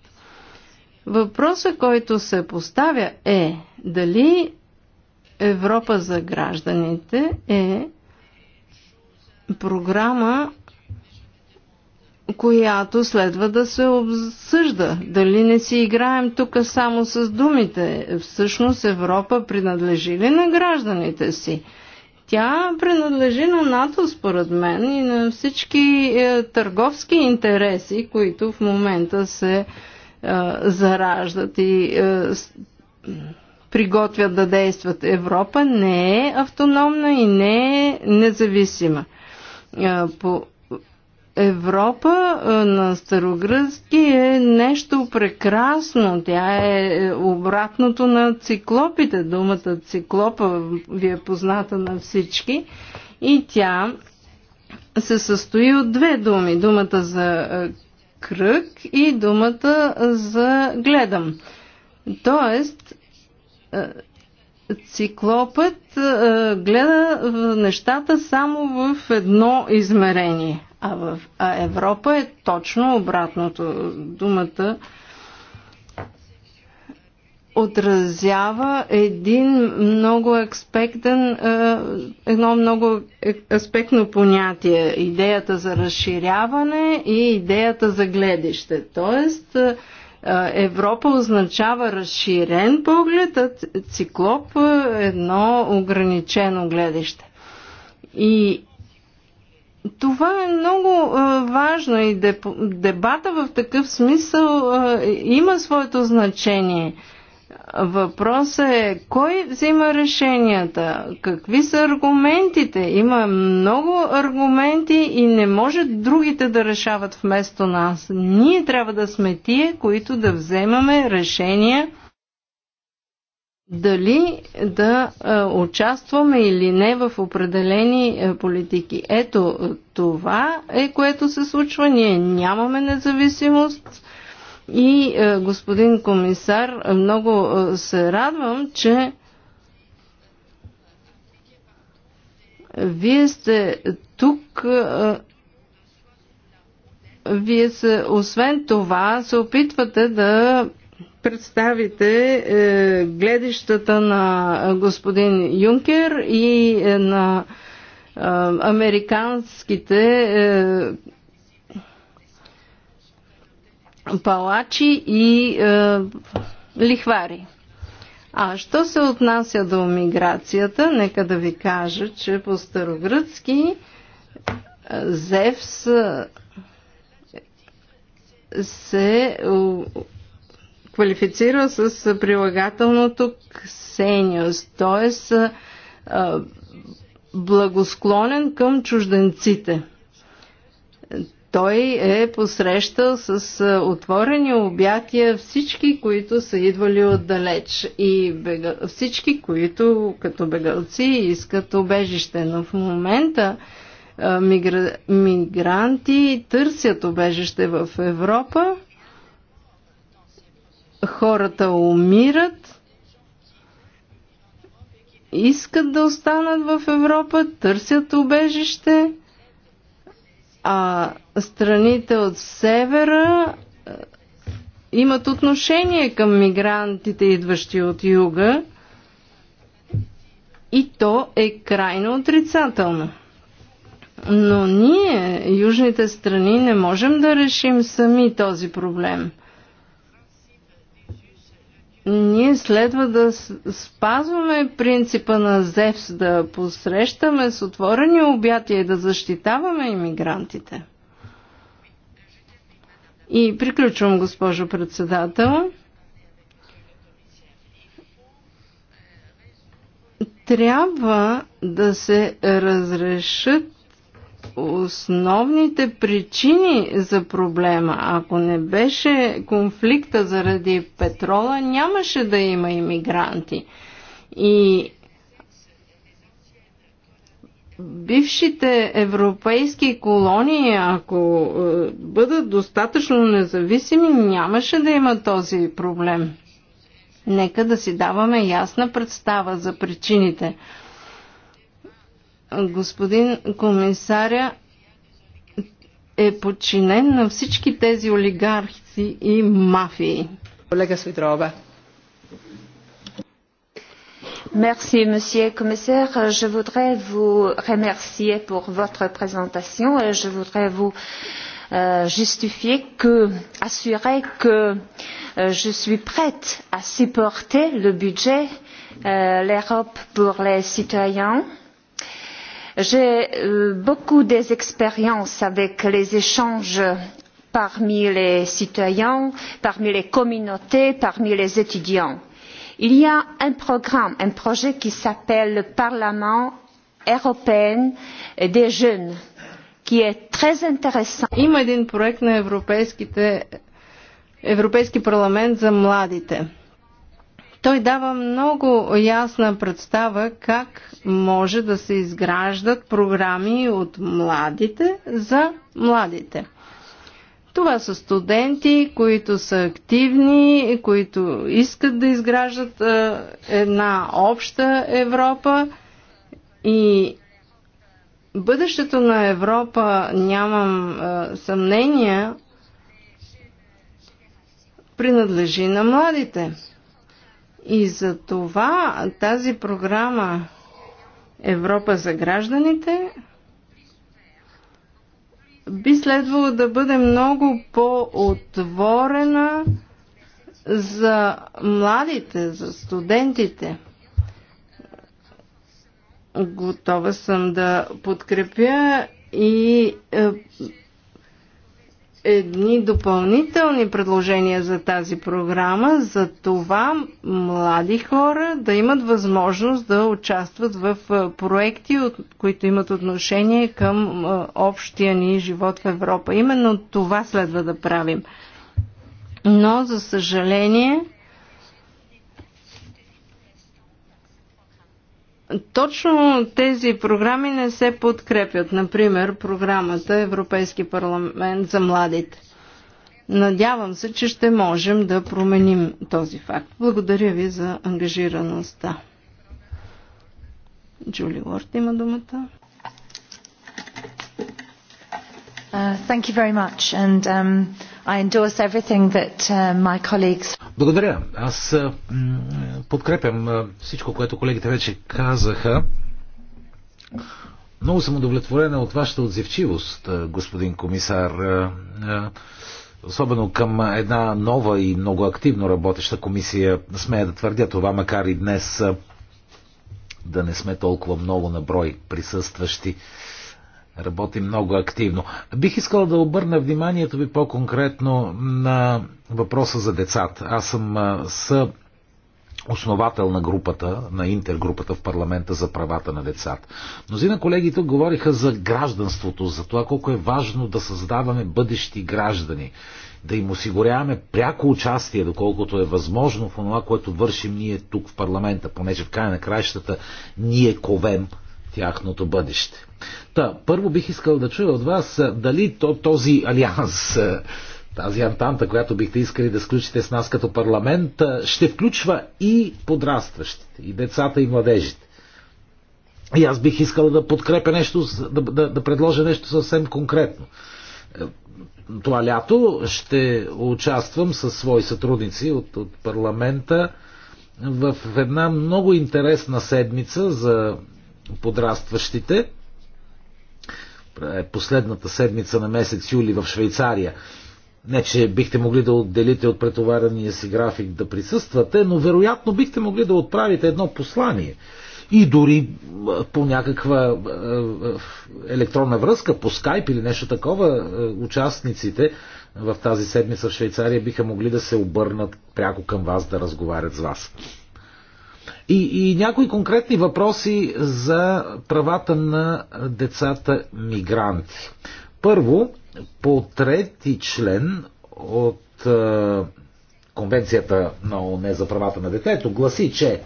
Speaker 3: Въпросът, който се поставя е дали Европа за гражданите е програма, която следва да се обсъжда. Дали не си играем тук само с думите? Всъщност Европа принадлежи ли на гражданите си? Тя принадлежи на НАТО, според мен, и на всички е, търговски интереси, които в момента се е, зараждат и е, приготвят да действат. Европа не е автономна и не е независима. Е, по Европа на старогръцки е нещо прекрасно. Тя е обратното на циклопите. Думата циклопа ви е позната на всички. И тя се състои от две думи. Думата за кръг и думата за гледам. Тоест, циклопът гледа нещата само в едно измерение. А в а Европа е точно обратното. Думата отразява един много експектен, едно много аспектно понятие. Идеята за разширяване и идеята за гледище. Тоест, Европа означава разширен поглед, а циклоп едно ограничено гледище. И това е много а, важно и дебата в такъв смисъл а, има своето значение. Въпрос е кой взима решенията, какви са аргументите. Има много аргументи и не може другите да решават вместо нас. Ние трябва да сме тие, които да вземаме решения дали да участваме или не в определени политики. Ето това е което се случва. Ние нямаме независимост. И господин комисар, много се радвам, че вие сте тук. Вие се, освен това, се опитвате да представите е, гледищата на господин Юнкер и е, на е, американските е, палачи и е, лихвари. А що се отнася до миграцията, нека да ви кажа, че по старогръцки е, Зевс се квалифицира с прилагателното ксениус, т.е. благосклонен към чужденците. Той е посрещал с отворени обятия всички, които са идвали отдалеч и бега... всички, които като бегалци искат обежище. Но в момента мигра... мигранти търсят обежище в Европа хората умират, искат да останат в Европа, търсят убежище, а страните от севера е, имат отношение към мигрантите, идващи от юга, и то е крайно отрицателно. Но ние, южните страни, не можем да решим сами този проблем – ние следва да спазваме принципа на ЗЕВС, да посрещаме с отворени обятия и да защитаваме иммигрантите. И приключвам, госпожо председател. Трябва да се разрешат основните причини за проблема. Ако не беше конфликта заради петрола, нямаше да има иммигранти. И бившите европейски колонии, ако е, бъдат достатъчно независими, нямаше да има този проблем. Нека да си даваме ясна представа за причините господин комисаря е подчинен на всички тези
Speaker 1: олигархи и мафии. Колега Светрова. Merci, Monsieur le Commissaire. Je voudrais vous remercier pour votre présentation et je voudrais vous euh, justifier que, assurer que euh, je suis prête à supporter le budget euh, l'Europe pour les citoyens, j'ai beaucoup d'expérience avec les échanges parmi les citoyens parmi les communautés parmi les étudiants. il y a un programme un projet qui s'appelle le parlement européen des jeunes qui est très intéressant. Има един проект на
Speaker 3: parlement парламент за jeunes. Той дава много ясна представа как може да се изграждат програми от младите за младите. Това са студенти, които са активни, които искат да изграждат една обща Европа и бъдещето на Европа, нямам съмнение, принадлежи на младите. И за това тази програма Европа за гражданите би следвало да бъде много по-отворена за младите, за студентите. Готова съм да подкрепя и е, едни допълнителни предложения за тази програма, за това млади хора да имат възможност да участват в проекти, от които имат отношение към общия ни живот в Европа. Именно това следва да правим. Но, за съжаление, Точно тези програми не се подкрепят. Например, програмата Европейски парламент за младите. Надявам се, че ще можем да променим този факт. Благодаря ви за ангажираността. Джули Уорт, има думата.
Speaker 1: Uh, thank you very much. And, um... I endorse everything that uh, my colleagues...
Speaker 2: Благодаря. Аз подкрепям всичко, което колегите вече казаха. Много съм удовлетворена от вашата отзивчивост, господин комисар. Особено към една нова и много активно работеща комисия. Смея да твърдя това, макар и днес да не сме толкова много на брой присъстващи работи много активно. Бих искала да обърна вниманието ви по-конкретно на въпроса за децата. Аз съм с основател на групата, на интергрупата в парламента за правата на децата. Мнозина колеги тук говориха за гражданството, за това колко е важно да създаваме бъдещи граждани, да им осигуряваме пряко участие, доколкото е възможно в това, което вършим ние тук в парламента, понеже в края на краищата ние ковем тяхното бъдеще. Та, първо бих искал да чуя от вас дали то, този алианс, тази антанта, която бихте искали да сключите с нас като парламент, ще включва и подрастващите, и децата, и младежите. И аз бих искал да подкрепя нещо, да, да, да предложа нещо съвсем конкретно. Е, това лято ще участвам със свои сътрудници от, от парламента в една много интересна седмица за подрастващите. Е, последната седмица на месец юли в Швейцария. Не, че бихте могли да отделите от претоварения си график да присъствате, но вероятно бихте могли да отправите едно послание. И дори е, по някаква е, електронна връзка, по скайп или нещо такова, участниците в тази седмица в Швейцария биха могли да се обърнат пряко към вас, да разговарят с вас. И, и някои конкретни въпроси за правата на децата мигранти. Първо, по трети член от е, Конвенцията на ОНЕ за правата на детето гласи, че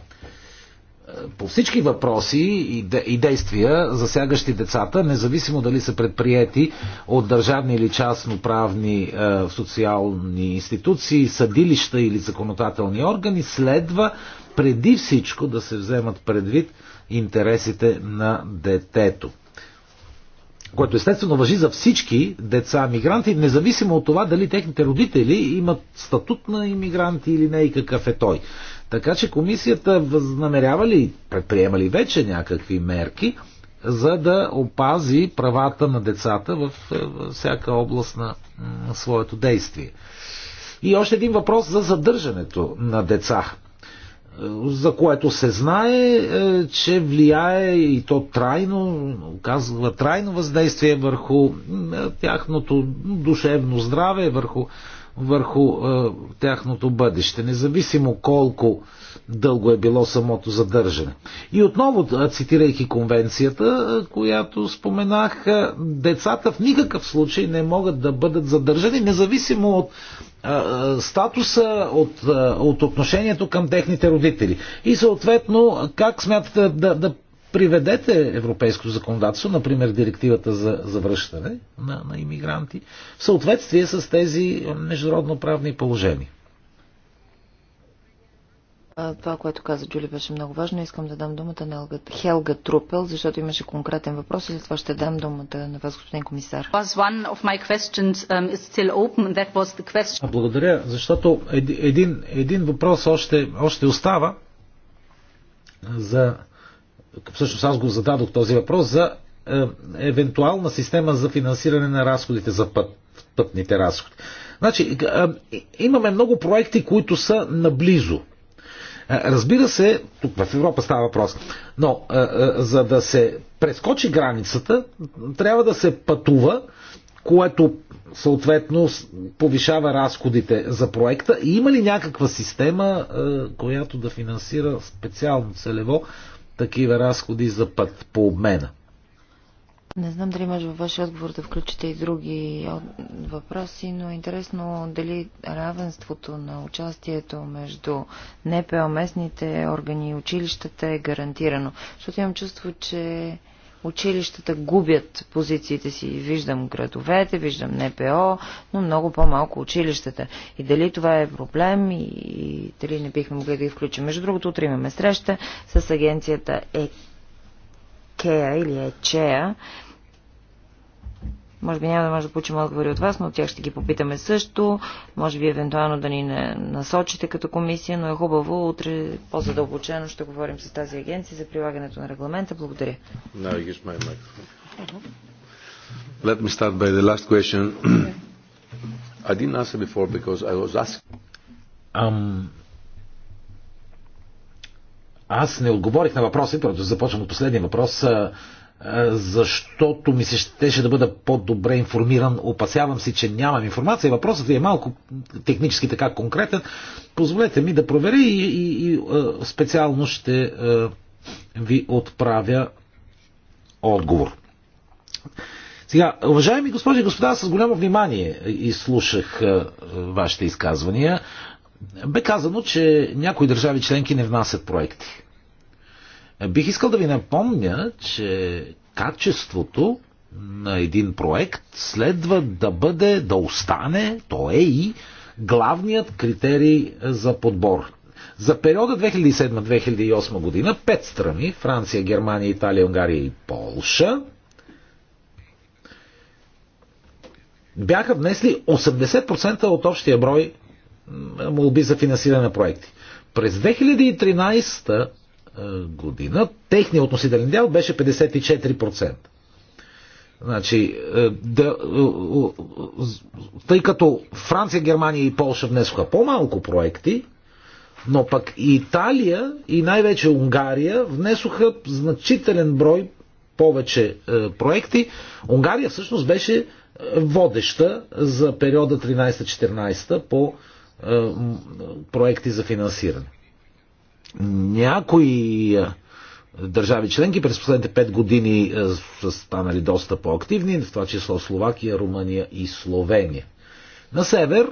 Speaker 2: по всички въпроси и, де, и действия, засягащи децата, независимо дали са предприяти от държавни или частноправни е, социални институции, съдилища или законодателни органи, следва преди всичко да се вземат предвид интересите на детето. Което естествено въжи за всички деца мигранти, независимо от това дали техните родители имат статут на иммигранти или не и какъв е той. Така че комисията възнамерява ли, предприема ли вече някакви мерки, за да опази правата на децата в е, всяка област на своето действие. И още един въпрос за задържането на деца за което се знае, е, че влияе и то трайно, оказва трайно въздействие върху е, тяхното душевно здраве, върху, върху е, тяхното бъдеще, независимо колко дълго е било самото задържане. И отново, цитирайки конвенцията, която споменах, децата в никакъв случай не могат да бъдат задържани, независимо от статуса, от, от отношението към техните родители. И съответно, как смятате да, да приведете европейското законодателство, например директивата за, за връщане на, на иммигранти, в съответствие с тези международно правни положения?
Speaker 1: Това, което каза Джули, беше много важно. Искам да дам думата на Хелга Трупел, защото имаше конкретен въпрос и затова това ще дам думата на вас, господин комисар. Um,
Speaker 2: благодаря, защото един, един въпрос още, още остава за... Всъщност аз го зададох този въпрос за е, евентуална система за финансиране на разходите за път, пътните разходи. Значи, е, е, имаме много проекти, които са наблизо е, разбира се, тук в Европа става въпрос, но е, е, за да се прескочи границата, трябва да се пътува, което съответно повишава разходите за проекта. И има ли някаква система, която да финансира специално целево такива разходи за път по обмена?
Speaker 1: Не знам дали може във вашия отговор да включите и други въпроси, но е интересно дали равенството на участието между НПО, местните органи и училищата е гарантирано. Защото имам чувство, че училищата губят позициите си. Виждам градовете, виждам НПО, но много по-малко училищата. И дали това е проблем и, и дали не бихме могли да ги включим. Между другото, утре имаме среща с агенцията ЕК Екея или Ечея. Може би няма да може да получим отговори от вас, но от тях ще ги попитаме също. Може би евентуално да ни насочите като комисия, но е хубаво. Утре по-задълбочено ще говорим с тази агенция за прилагането на регламента. Благодаря.
Speaker 2: Let me start by the last question. [clears throat] I didn't answer before because I was asked. Um, аз не отговорих на въпроси, просто започвам от последния въпрос, защото ми се щеше да бъда по-добре информиран. Опасявам се, че нямам информация. Въпросът ви е малко технически така конкретен. Позволете ми да проверя и, и, и специално ще ви отправя отговор. Сега, уважаеми госпожи и господа, с голямо внимание изслушах вашите изказвания бе казано, че някои държави членки не внасят проекти. Бих искал да ви напомня, че качеството на един проект следва да бъде, да остане, то е и главният критерий за подбор. За периода 2007-2008 година пет страни Франция, Германия, Италия, Унгария и Полша бяха внесли 80% от общия брой молби за финансиране на проекти. През 2013 е, година техният относителен дял беше 54%. Значи, е, да, е, тъй като Франция, Германия и Полша внесоха по-малко проекти, но пък и Италия и най-вече Унгария внесоха значителен брой повече проекти. Унгария всъщност беше водеща за периода 13-14 по е, проекти за финансиране. Някои е, държави членки през последните 5 години е, са станали доста по-активни, в това число Словакия, Румъния и Словения. На север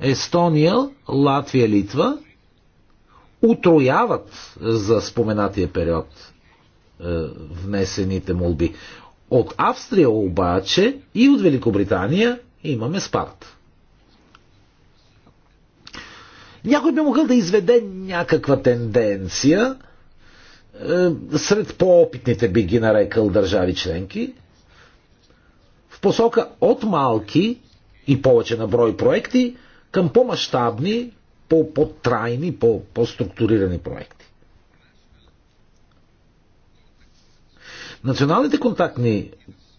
Speaker 2: Естония, Латвия, Литва утрояват за споменатия период внесените молби. От Австрия обаче и от Великобритания имаме спарта. Някой би могъл да изведе някаква тенденция е, сред по-опитните би ги нарекал държави членки в посока от малки и повече на брой проекти към по-масштабни, по-трайни, по-структурирани проекти. Националните контактни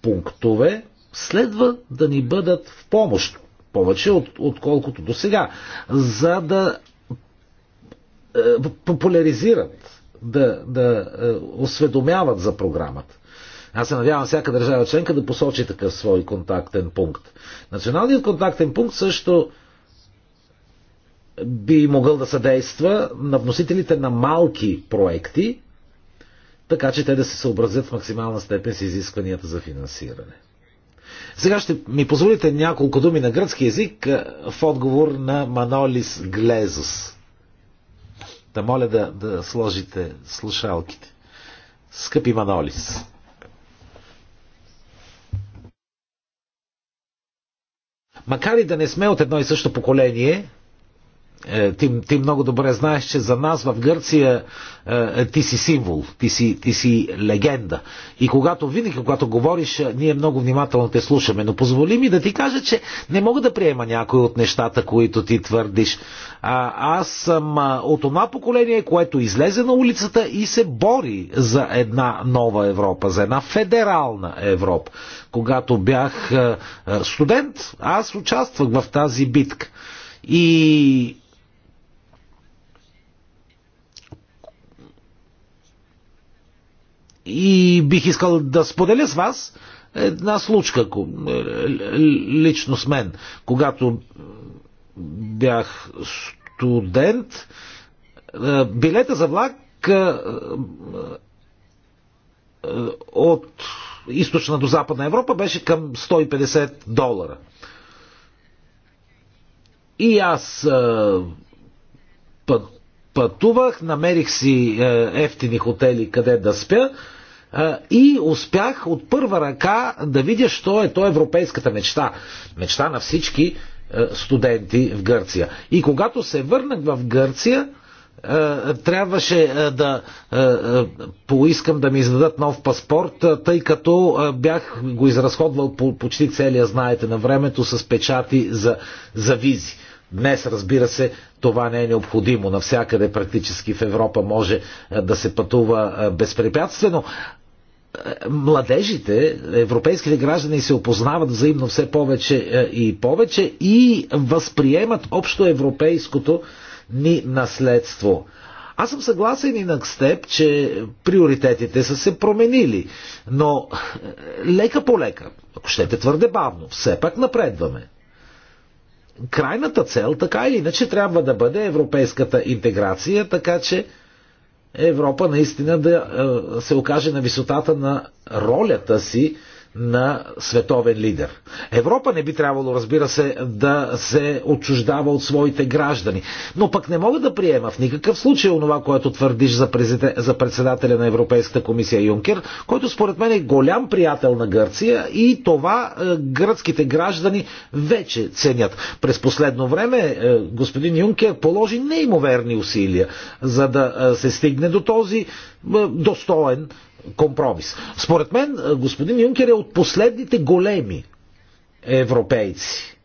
Speaker 2: пунктове следва да ни бъдат в помощ повече от, отколкото до сега, за да е, популяризират, да, да е, осведомяват за програмата. Аз се надявам всяка държава членка да посочи такъв свой контактен пункт. Националният контактен пункт също би могъл да съдейства на вносителите на малки проекти, така че те да се съобразят в максимална степен с изискванията за финансиране. Сега ще ми позволите няколко думи на гръцки язик в отговор на Манолис Глезос. Да моля да, да сложите слушалките. Скъпи Манолис. Макар и да не сме от едно и също поколение, е, ти, ти много добре знаеш, че за нас в Гърция е, е, ти си символ, ти си, ти си легенда. И когато винаги, когато говориш, ние много внимателно те слушаме. Но позволи ми да ти кажа, че не мога да приема някои от нещата, които ти твърдиш. А, аз съм от това поколение, което излезе на улицата и се бори за една нова Европа, за една федерална Европа. Когато бях студент, аз участвах в тази битка. И И бих искал да споделя с вас една случка лично с мен. Когато бях студент, билета за влак от източна до западна Европа беше към 150 долара. И аз пътувах, намерих си е, ефтини хотели къде да спя е, и успях от първа ръка да видя, що е то европейската мечта. Мечта на всички е, студенти в Гърция. И когато се върнах в Гърция, трябваше да поискам да ми издадат нов паспорт, тъй като бях го изразходвал по почти целия, знаете, на времето с печати за, за визи. Днес, разбира се, това не е необходимо. Навсякъде практически в Европа може да се пътува безпрепятствено. Младежите, европейските граждани се опознават взаимно все повече и повече и възприемат общо европейското ни наследство. Аз съм съгласен и с теб, че приоритетите са се променили, но лека по лека, ако щете твърде бавно, все пак напредваме крайната цел, така или иначе, трябва да бъде европейската интеграция, така че Европа наистина да е, се окаже на висотата на ролята си на световен лидер. Европа не би трябвало, разбира се, да се отчуждава от своите граждани. Но пък не мога да приема в никакъв случай онова, което твърдиш за, презите, за председателя на Европейската комисия Юнкер, който според мен е голям приятел на Гърция и това е, гръцките граждани вече ценят. През последно време е, господин Юнкер положи неимоверни усилия, за да е, се стигне до този е, достоен компромис. Според мен, е, господин Юнкер е от последните големи европейци,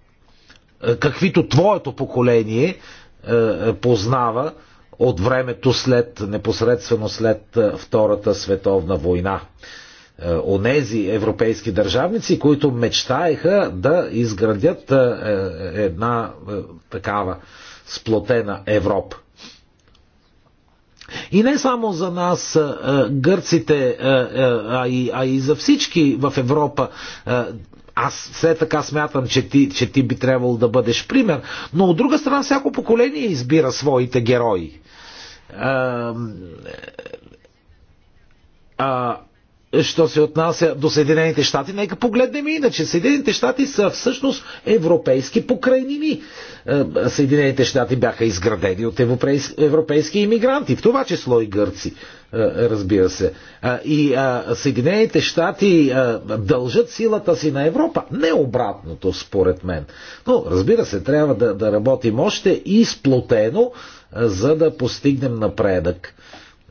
Speaker 2: е, каквито твоето поколение е, познава от времето след, непосредствено след Втората световна война. Онези европейски държавници, които мечтаеха да изградят една такава сплотена Европа. И не само за нас, гърците, а и, а и за всички в Европа аз все така смятам, че ти, че ти би трябвало да бъдеш пример, но от друга страна всяко поколение избира своите герои. А, а, що се отнася до Съединените щати, нека погледнем иначе. Съединените щати са всъщност европейски покрайнини. Е, Съединените щати бяха изградени от европейски, иммигранти, в това число и гърци, е, разбира се. И Съединените щати дължат силата си на Европа. Не обратното, според мен. Но, разбира се, трябва да, да работим още и сплотено, за да постигнем напредък.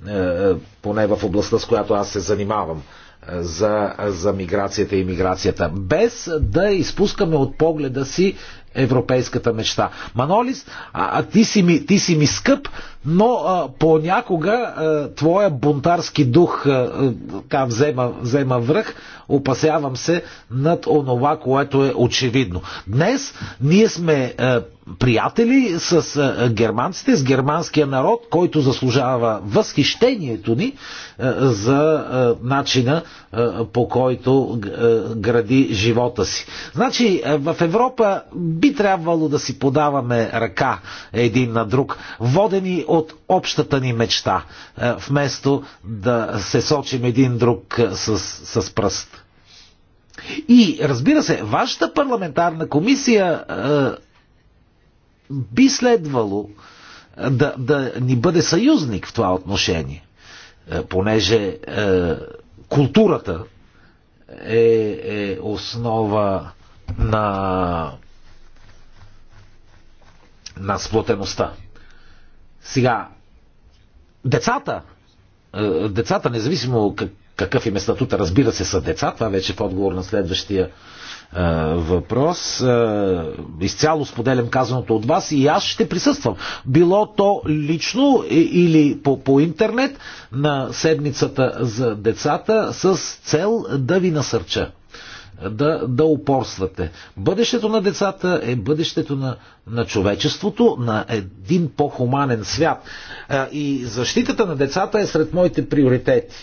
Speaker 2: Е, е, поне в областта, с която аз се занимавам е, за, за миграцията и миграцията, без да изпускаме от погледа си европейската мечта. Манолис, а, а ти, си ми, ти си ми скъп, но а, понякога а, твоя бунтарски дух а, а, взема, взема връх, опасявам се над онова, което е очевидно. Днес ние сме а, приятели с а, германците, с германския народ, който заслужава възхищението ни а, за а, начина а, по който а, гради живота си. Значи а, в Европа би трябвало да си подаваме ръка един на друг, водени от общата ни мечта, е, вместо да се сочим един друг е, с, с пръст. И разбира се, вашата парламентарна комисия е, би следвало да, да ни бъде съюзник в това отношение, понеже е, културата е, е основа на на сплотеността. Сега, децата, е, децата, независимо как, какъв им е статута, разбира се, са деца, това вече е в отговор на следващия е, въпрос. Изцяло споделям казаното от вас и аз ще присъствам. Било то лично или по, по интернет на седмицата за децата с цел да ви насърча да, да упорствате. Бъдещето на децата е бъдещето на, на човечеството, на един по-хуманен свят. И защитата на децата е сред моите приоритети.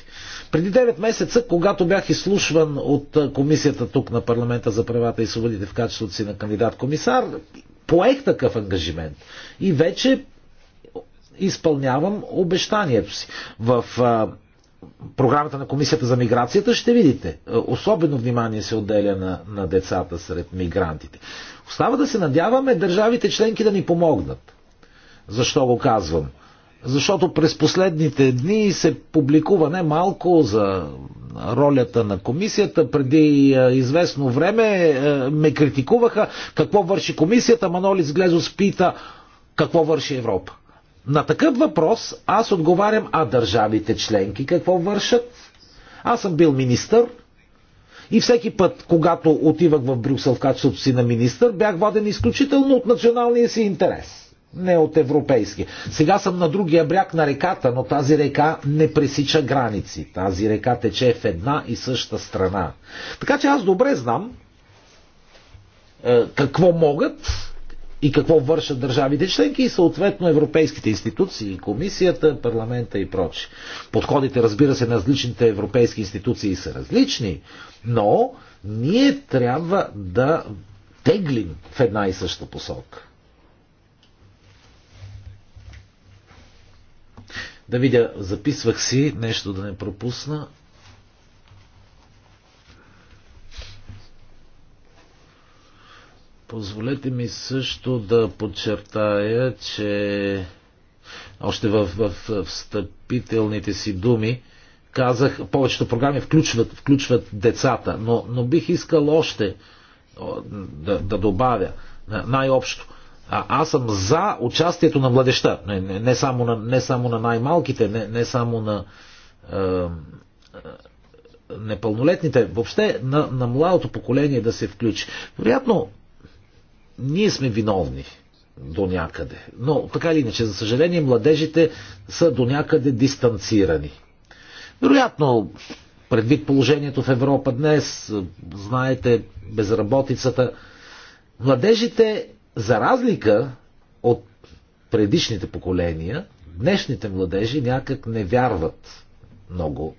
Speaker 2: Преди 9 месеца, когато бях изслушван от комисията тук на парламента за правата и свободите в качеството си на кандидат-комисар, поех такъв ангажимент. И вече изпълнявам обещанието си. В а, програмата на Комисията за миграцията, ще видите. Е, особено внимание се отделя на, на децата сред мигрантите. Остава да се надяваме държавите членки да ни помогнат. Защо го казвам? Защото през последните дни се публикува не малко за ролята на комисията. Преди е, известно време е, ме критикуваха какво върши комисията. Манолис Глезос пита какво върши Европа. На такъв въпрос аз отговарям, а държавите членки какво вършат? Аз съм бил министър и всеки път, когато отивах в Брюксел в качеството си на министър, бях воден изключително от националния си интерес. Не от европейски. Сега съм на другия бряг на реката, но тази река не пресича граници. Тази река тече в една и съща страна. Така че аз добре знам е, какво могат и какво вършат държавите членки и съответно европейските институции, комисията, парламента и прочи. Подходите, разбира се, на различните европейски институции са различни, но ние трябва да теглим в една и съща посока. Да видя, записвах си нещо да не пропусна. Позволете ми също да подчертая, че още в, в, в встъпителните си думи казах, повечето програми включват, включват децата, но, но бих искал още да, да добавя най-общо. А, аз съм за участието на младеща, не, не, не, само, на, не само на най-малките, не, не само на е, непълнолетните, въобще на, на младото поколение да се включи. Вероятно, ние сме виновни до някъде. Но така или иначе, за съжаление, младежите са до някъде дистанцирани. Вероятно, предвид положението в Европа днес, знаете, безработицата, младежите, за разлика от предишните поколения, днешните младежи някак не вярват много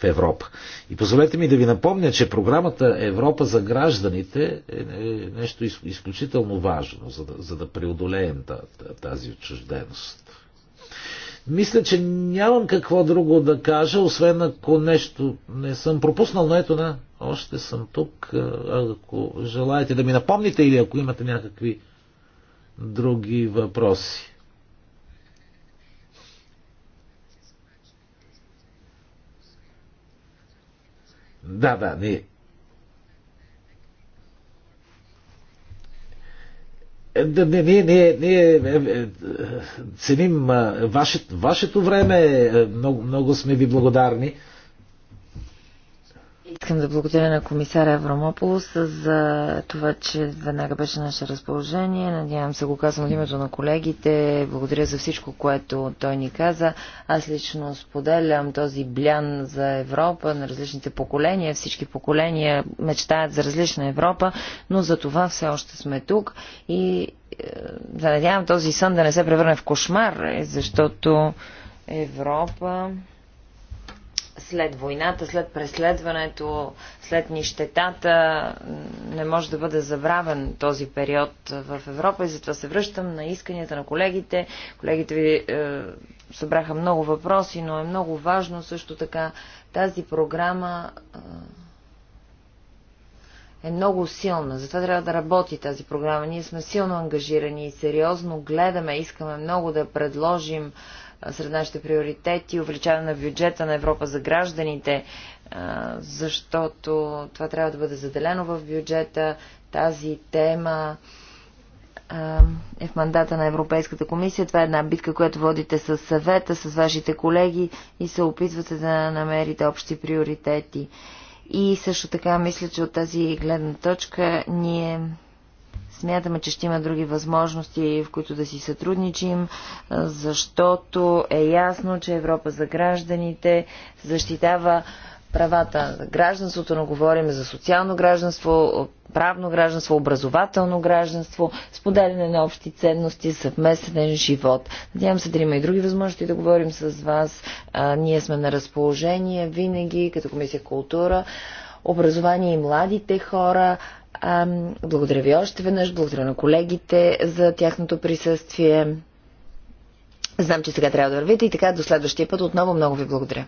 Speaker 2: в Европа. И позволете ми да ви напомня, че програмата Европа за гражданите е, е нещо изключително важно, за да, за да преодолеем тази отчужденост. Мисля, че нямам какво друго да кажа, освен ако нещо не съм пропуснал, но ето на, още съм тук. Е, ако желаете да ми напомните или ако имате някакви други въпроси. Да, да, ние. Е, не, ние, ние, ние е, е, ценим вашето, вашето време, много, много сме ви благодарни. Искам да благодаря на
Speaker 1: комисаря Аврамополос за това, че веднага беше наше разположение. Надявам се го казвам от името на колегите. Благодаря за всичко, което той ни каза. Аз лично споделям този блян за Европа на различните поколения. Всички поколения мечтаят за различна Европа, но за това все още сме тук и е, да надявам този сън да не се превърне в кошмар, защото Европа след войната, след преследването, след нищетата, не може да бъде забравен този период в Европа и затова се връщам на исканията на колегите. Колегите ви е, събраха много въпроси, но е много важно също така тази програма е, е много силна. Затова трябва да работи тази програма. Ние сме силно ангажирани и сериозно гледаме, искаме много да предложим е, сред нашите приоритети, увеличаване на бюджета на Европа за гражданите, защото това трябва да бъде заделено в бюджета. Тази тема е в мандата на Европейската комисия. Това е една битка, която водите с съвета, с вашите колеги и се опитвате да намерите общи приоритети. И също така мисля, че от тази гледна точка ние Смятаме, че ще има други възможности, в които да си сътрудничим, защото е ясно, че Европа за гражданите защитава правата на гражданството, но говорим за социално гражданство, правно гражданство, образователно гражданство, споделяне на общи ценности, съвместен живот. Надявам се да има и други възможности да говорим с вас. А, ние сме на разположение винаги, като Комисия култура, образование и младите хора, благодаря ви още веднъж, благодаря на колегите за тяхното присъствие. Знам, че сега трябва да вървите и така до следващия път отново много ви благодаря.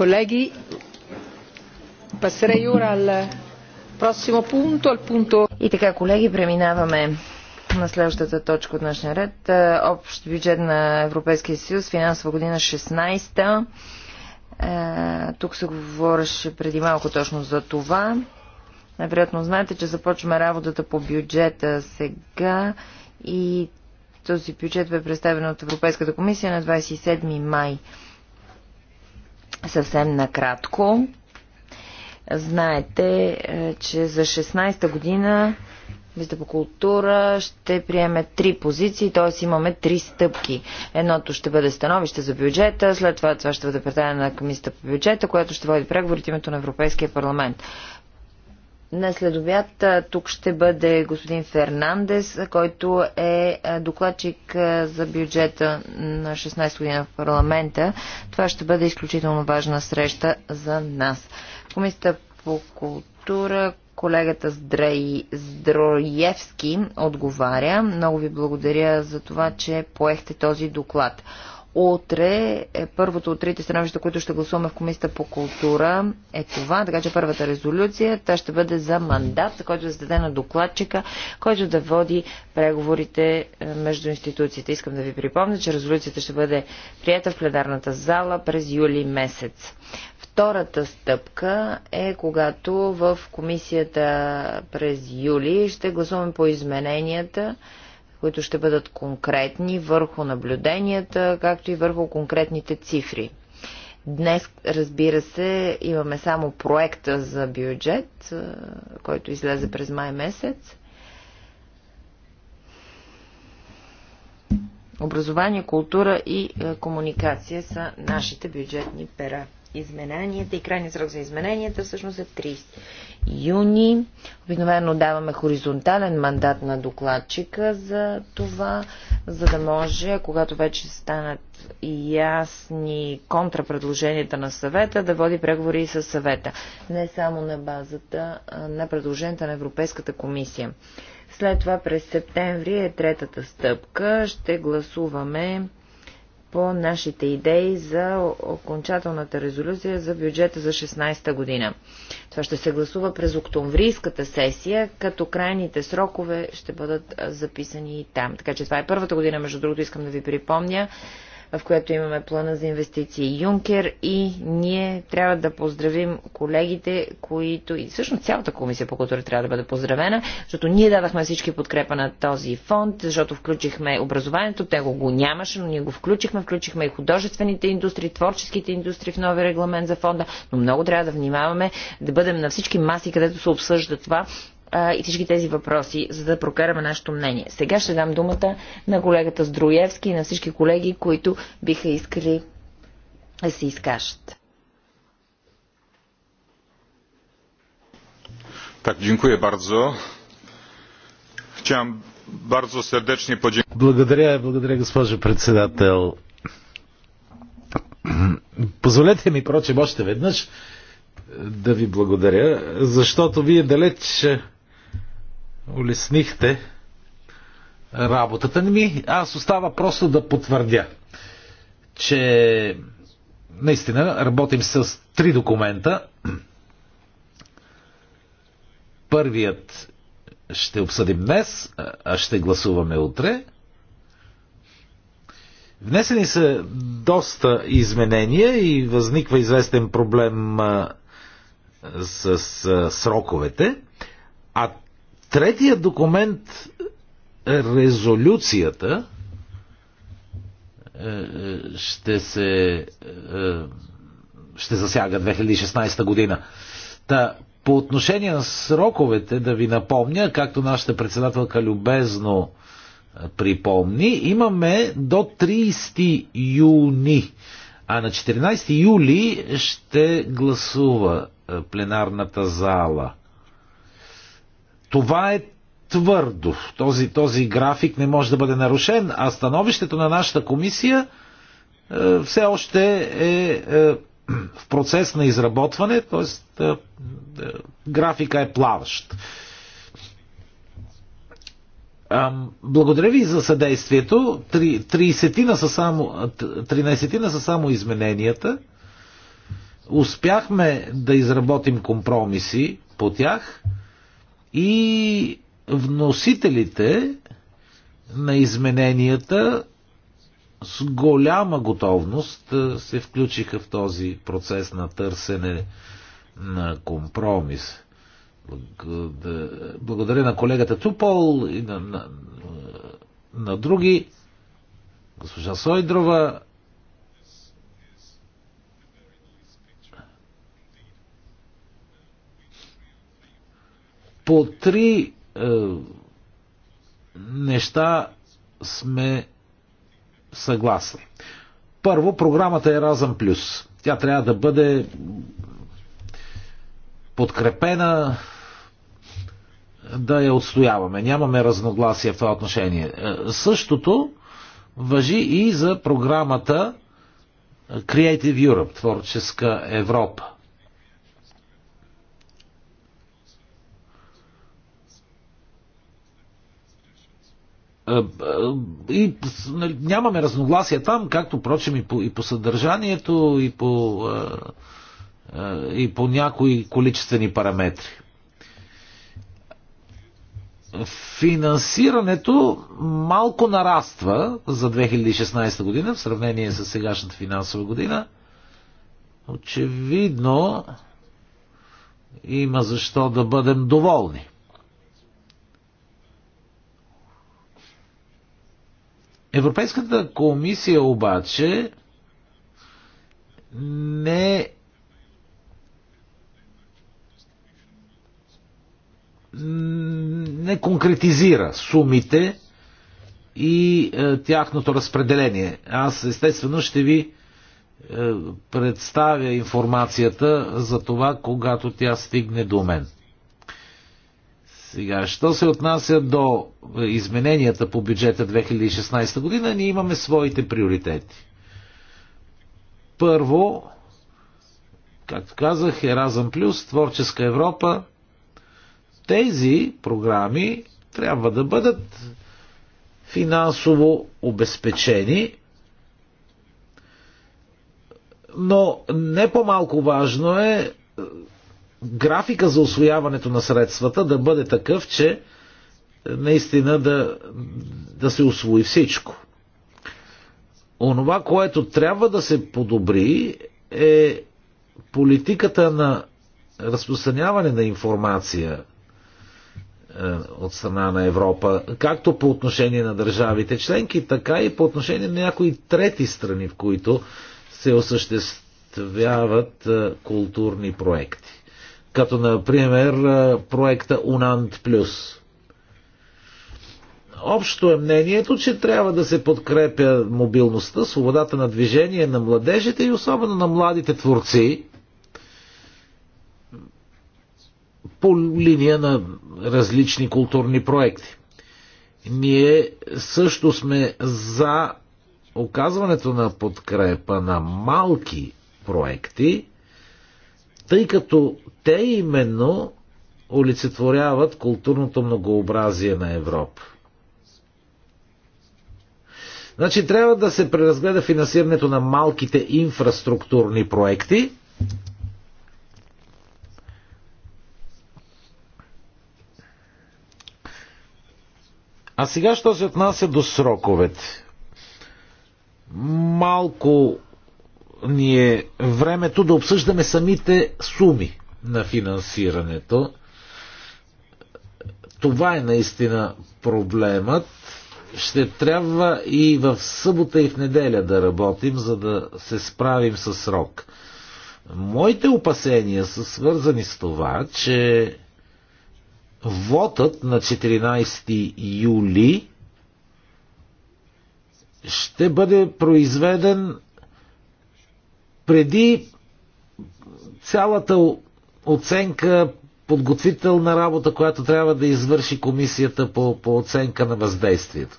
Speaker 1: colleghi passerei ora al prossimo punto al punto И така, колеги, преминаваме на следващата точка от днешния ред. Е, общ бюджет на Европейския съюз, финансова година 16-та. Е, тук се говореше преди малко точно за това. Вероятно знаете, че започваме работата по бюджета сега и този бюджет бе представен от Европейската комисия на 27 май. Съвсем накратко. Знаете, е, че за 16-та година Вижте по култура ще приеме три позиции, т.е. имаме три стъпки. Едното ще бъде становище за бюджета, след това това ще бъде предадено на Комисията по бюджета, която ще води преговорите от името на Европейския парламент. На след тук ще бъде господин Фернандес, който е докладчик за бюджета на 16 година в парламента. Това ще бъде изключително важна среща за нас. Комисията по култура, колегата Здрай... Здроевски отговаря. Много ви благодаря за това, че поехте този доклад. Утре е първото от трите становища, които ще гласуваме в Комисията по култура е това, така че първата резолюция, тя ще бъде за мандат, за който да зададе на докладчика, който да води преговорите е, между институциите. Искам да ви припомня, че резолюцията ще бъде прията в пледарната зала през юли месец. Втората стъпка е когато в комисията през юли ще гласуваме по измененията които ще бъдат конкретни върху наблюденията, както и върху конкретните цифри. Днес, разбира се, имаме само проекта за бюджет, който излезе през май месец. Образование, култура и комуникация са нашите бюджетни пера измененията и крайният срок за измененията всъщност е 30 юни. Обикновено даваме хоризонтален мандат на докладчика за това, за да може, когато вече станат ясни контрапредложенията на съвета, да води преговори и с съвета. Не само на базата на предложенията на Европейската комисия. След това през септември е третата стъпка. Ще гласуваме по нашите идеи за окончателната резолюция за бюджета за 16-та година. Това ще се гласува през октомврийската сесия, като крайните срокове ще бъдат записани и там. Така че това е първата година, между другото искам да ви припомня, в която имаме плана за инвестиции Юнкер и ние трябва да поздравим колегите, които и всъщност цялата комисия по култура трябва да бъде поздравена, защото ние дадахме всички подкрепа на този фонд, защото включихме образованието, те го нямаше, но ние го включихме, включихме и художествените индустрии, творческите индустрии в нови регламент за фонда, но много трябва да внимаваме да бъдем на всички маси, където се обсъжда това, а, и всички тези въпроси, за да прокараме нашето мнение. Сега ще дам думата на колегата Здруевски и на всички колеги, които биха искали да се изкажат.
Speaker 2: Так, дякую бардзо. Chciałem бардзо сърдечни podziękować. Благодаря, благодаря, госпожо председател. Позволете ми, прочим, още веднъж да ви благодаря, защото вие далеч улеснихте работата ми. Аз остава просто да потвърдя, че наистина работим с три документа. Първият ще обсъдим днес, а ще гласуваме утре. Внесени са доста изменения и възниква известен проблем с сроковете. А Третият документ, е резолюцията, е, е, ще се ще засяга 2016 година. Та, по отношение на сроковете, да ви напомня, както нашата председателка любезно припомни, имаме до 30 юни, а на 14 юли ще гласува пленарната зала – това е твърдо. Този, този график не може да бъде нарушен, а становището на нашата комисия е, все още е, е в процес на изработване, т.е. Е, е графика е плаващ. Благодаря ви за съдействието. 13 тридесетина са само, са само измененията. Успяхме да изработим компромиси по тях и вносителите на измененията с голяма готовност се включиха в този процес на търсене на компромис. Благодаря на колегата Тупол и на, на, на други. Госпожа Сойдрова, по три е, неща сме съгласни. Първо, програмата е Разъм Плюс. Тя трябва да бъде подкрепена, да я отстояваме. Нямаме разногласия в това отношение. Е, същото въжи и за програмата Creative Europe, Творческа Европа. И нали, нямаме разногласия там, както прочим и по, и по съдържанието, и по, и по някои количествени параметри. Финансирането малко нараства за 2016 година в сравнение с сегашната финансова година. Очевидно има защо да бъдем доволни. Европейската комисия обаче не не конкретизира сумите и е, тяхното разпределение. Аз естествено ще ви е, представя информацията за това, когато тя стигне до мен. Сега, що се отнася до е, измененията по бюджета 2016 година, ние имаме своите приоритети. Първо, както казах, Еразъм Плюс, Творческа Европа, тези програми трябва да бъдат финансово обезпечени, но не по-малко важно е графика за освояването на средствата да бъде такъв, че наистина да, да се освои всичко. Онова, което трябва да се подобри е политиката на разпространяване на информация е, от страна на Европа, както по отношение на държавите членки, така и по отношение на някои трети страни, в които се осъществяват е, културни проекти като например проекта Унант Плюс. Общо е мнението, че трябва да се подкрепя мобилността, свободата на движение на младежите и особено на младите творци по линия на различни културни проекти. Ние също сме за оказването на подкрепа на малки проекти, тъй като те именно олицетворяват културното многообразие на Европа. Значи трябва да се преразгледа финансирането на малките инфраструктурни проекти. А сега, що се отнася до сроковете? Малко ни е времето да обсъждаме самите суми на финансирането. Това е наистина проблемът. Ще трябва и в събота и в неделя да работим, за да се справим с срок. Моите опасения са свързани с това, че Вотът на 14 юли ще бъде произведен преди цялата оценка, подготвителна работа, която трябва да извърши комисията по, по оценка на въздействието.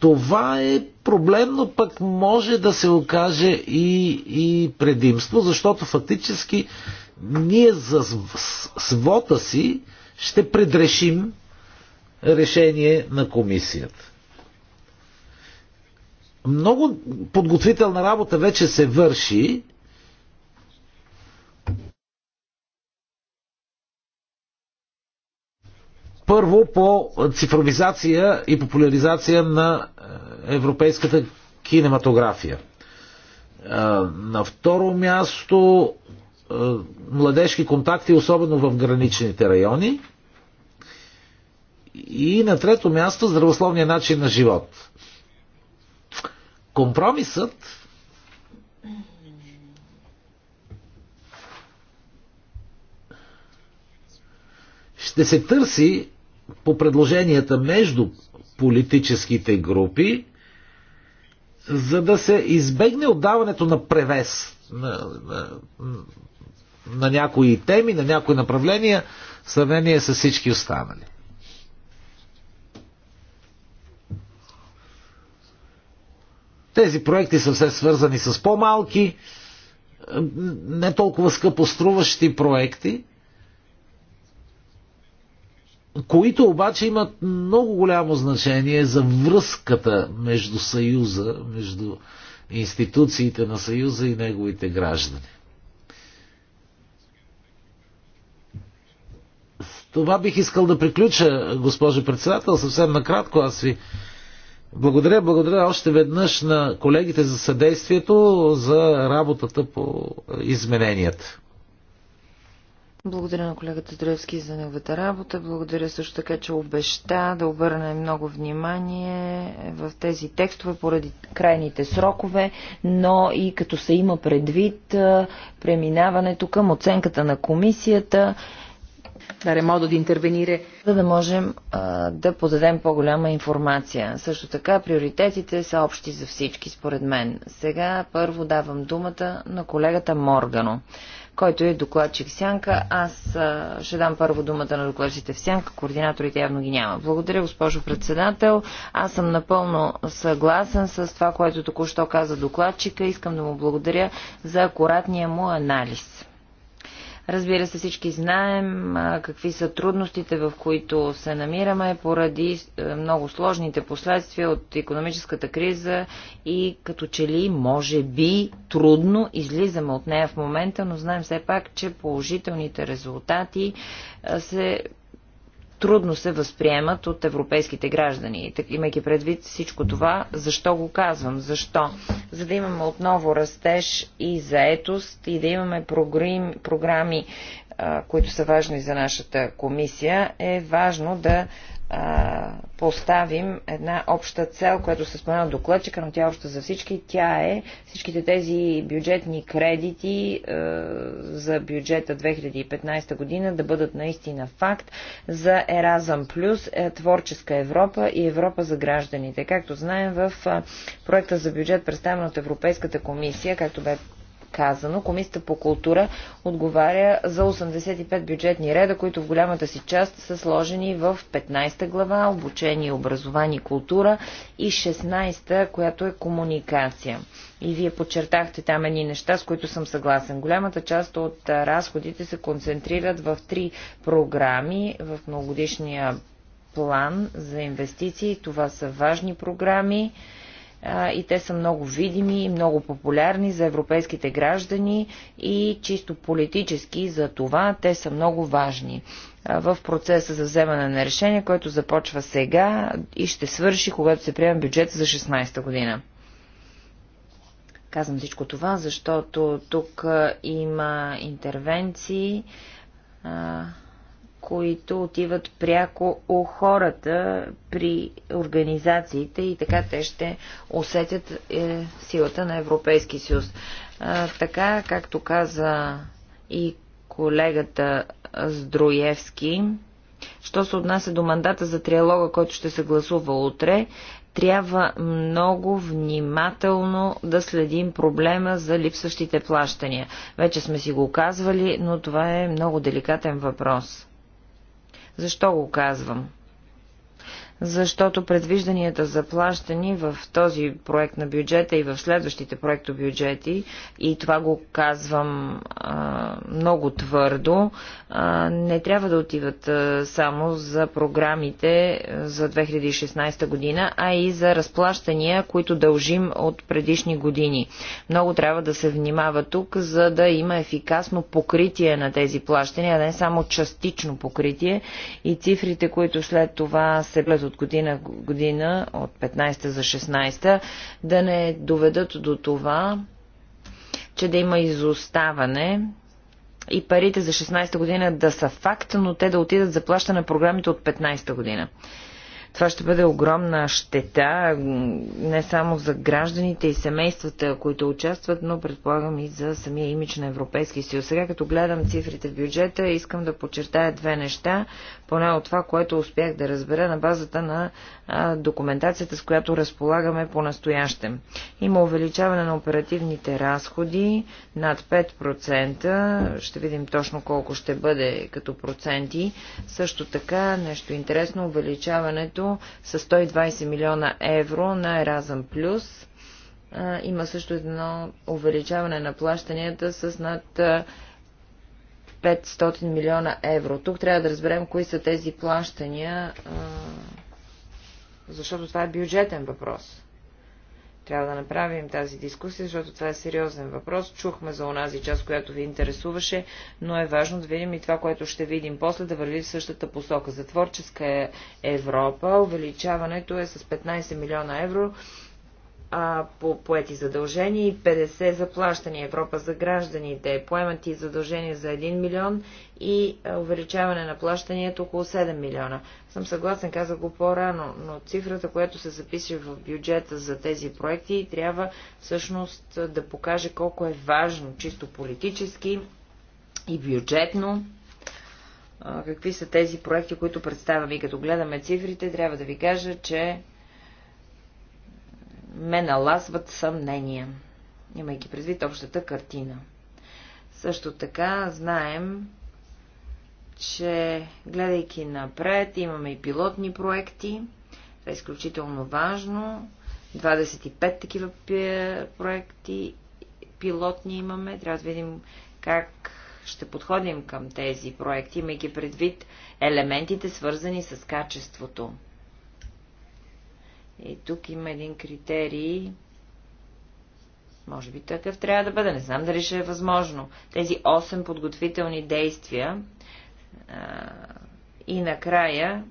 Speaker 2: Това е проблемно, пък може да се окаже и, и предимство, защото фактически ние за свота си ще предрешим решение на комисията. Много подготвителна работа вече се върши, Първо по цифровизация и популяризация на е, европейската кинематография. На второ място младежки контакти, особено в граничните райони. И на трето място здравословния начин на живот. Компромисът ще се търси по предложенията между политическите групи, за да се избегне отдаването на превес на, на, на някои теми, на някои направления в сравнение с всички останали. Тези проекти са все свързани с по-малки, не толкова скъпоструващи проекти, които обаче имат много голямо значение за връзката между Съюза, между институциите на Съюза и неговите граждани. С това бих искал да приключа, госпожо председател, съвсем накратко. Аз ви благодаря, благодаря още веднъж на колегите за съдействието, за работата по измененията.
Speaker 1: Благодаря на колегата Древски за неговата работа. Благодаря също така, че обеща да обърне много внимание в тези текстове поради крайните срокове, но и като се има предвид преминаването към оценката на комисията. Да, Ремо да интервенире. За да можем а, да подадем по-голяма информация. Също така, приоритетите са общи за всички, според мен. Сега първо давам думата на колегата Моргано който е докладчик Сянка. Аз ще дам първо думата на докладчите в Сянка, координаторите явно ги няма. Благодаря, госпожо председател. Аз съм напълно съгласен с това, което току-що каза докладчика. Искам да му благодаря за акуратния му анализ. Разбира се, всички знаем какви са трудностите, в които се намираме поради е, много сложните последствия от економическата криза и като че ли, може би, трудно излизаме от нея в момента, но знаем все пак, че положителните резултати се трудно се възприемат от европейските граждани. Имайки предвид всичко това, защо го казвам? Защо? За да имаме отново растеж и заетост и да имаме програми, програми които са важни за нашата комисия, е важно да а, поставим една обща цел, която се спомена докладчика, но тя е обща за всички. Тя е всичките тези бюджетни кредити а, за бюджета 2015 година да бъдат наистина факт за Еразъм Плюс, е, Творческа Европа и Европа за гражданите. Както знаем в проекта за бюджет, представен от Европейската комисия, както бе казано, Комисията по култура отговаря за 85 бюджетни реда, които в голямата си част са сложени в 15 глава обучение, образование, култура и 16, та която е комуникация. И вие подчертахте там едни неща, с които съм съгласен. Голямата част от разходите се концентрират в три програми в многогодишния план за инвестиции. Това са важни програми и те са много видими, много популярни за европейските граждани и чисто политически за това те са много важни в процеса за вземане на решение, който започва сега и ще свърши, когато се приема бюджет за 16-та година. Казвам всичко това, защото тук има интервенции които отиват пряко у хората при организациите и така те ще усетят е, силата на Европейски съюз. А, така, както каза и колегата Здроевски, що се отнася до мандата за триалога, който ще се гласува утре, трябва много внимателно да следим проблема за липсващите плащания. Вече сме си го казвали, но това е много деликатен въпрос. Защо го казвам? защото предвижданията за плащани в този проект на бюджета и в следващите проекто бюджети, и това го казвам а, много твърдо, а, не трябва да отиват а, само за програмите за 2016 година, а и за разплащания, които дължим от предишни години. Много трябва да се внимава тук, за да има ефикасно покритие на тези плащания, а не само частично покритие и цифрите, които след това се влезат от година година, от 15 за 16, та да не доведат до това, че да има изоставане и парите за 16 та година да са факт, но те да отидат за плащане на програмите от 15 та година. Това ще бъде огромна щета не само за гражданите и семействата, които участват, но предполагам и за самия имидж на Европейския съюз. Сега като гледам цифрите в бюджета, искам да подчертая две неща, поне от това, което успях да разбера на базата на документацията, с която разполагаме по-настоящем. Има увеличаване на оперативните разходи над 5%. Ще видим точно колко ще бъде като проценти. Също така, нещо интересно, увеличаването времето с 120 милиона евро на Еразъм Плюс. Има също едно увеличаване на плащанията с над 500 милиона евро. Тук трябва да разберем кои са тези плащания, защото това е бюджетен въпрос. Трябва да направим тази дискусия, защото това е сериозен въпрос. Чухме за онази част, която ви интересуваше, но е важно да видим и това, което ще видим после, да върви в същата посока. За творческа Европа увеличаването е с 15 милиона евро а, по поети задължения и 50 заплащания Европа за гражданите, поемати задължения за 1 милион и увеличаване на плащанията около 7 милиона. Съм съгласен, казах го по-рано, но цифрата, която се запише в бюджета за тези проекти, трябва всъщност да покаже колко е важно, чисто политически и бюджетно, какви са тези проекти, които представям. И като гледаме цифрите, трябва да ви кажа, че ме налазват съмнения, имайки предвид общата картина. Също така знаем, че гледайки напред, имаме и пилотни проекти. Това е изключително важно. 25 такива проекти пилотни имаме. Трябва да видим как ще подходим към тези проекти, имайки предвид елементите, свързани с качеството. И тук има един критерий. Може би такъв трябва да бъде. Не знам дали ще е възможно. Тези 8 подготвителни действия а, и накрая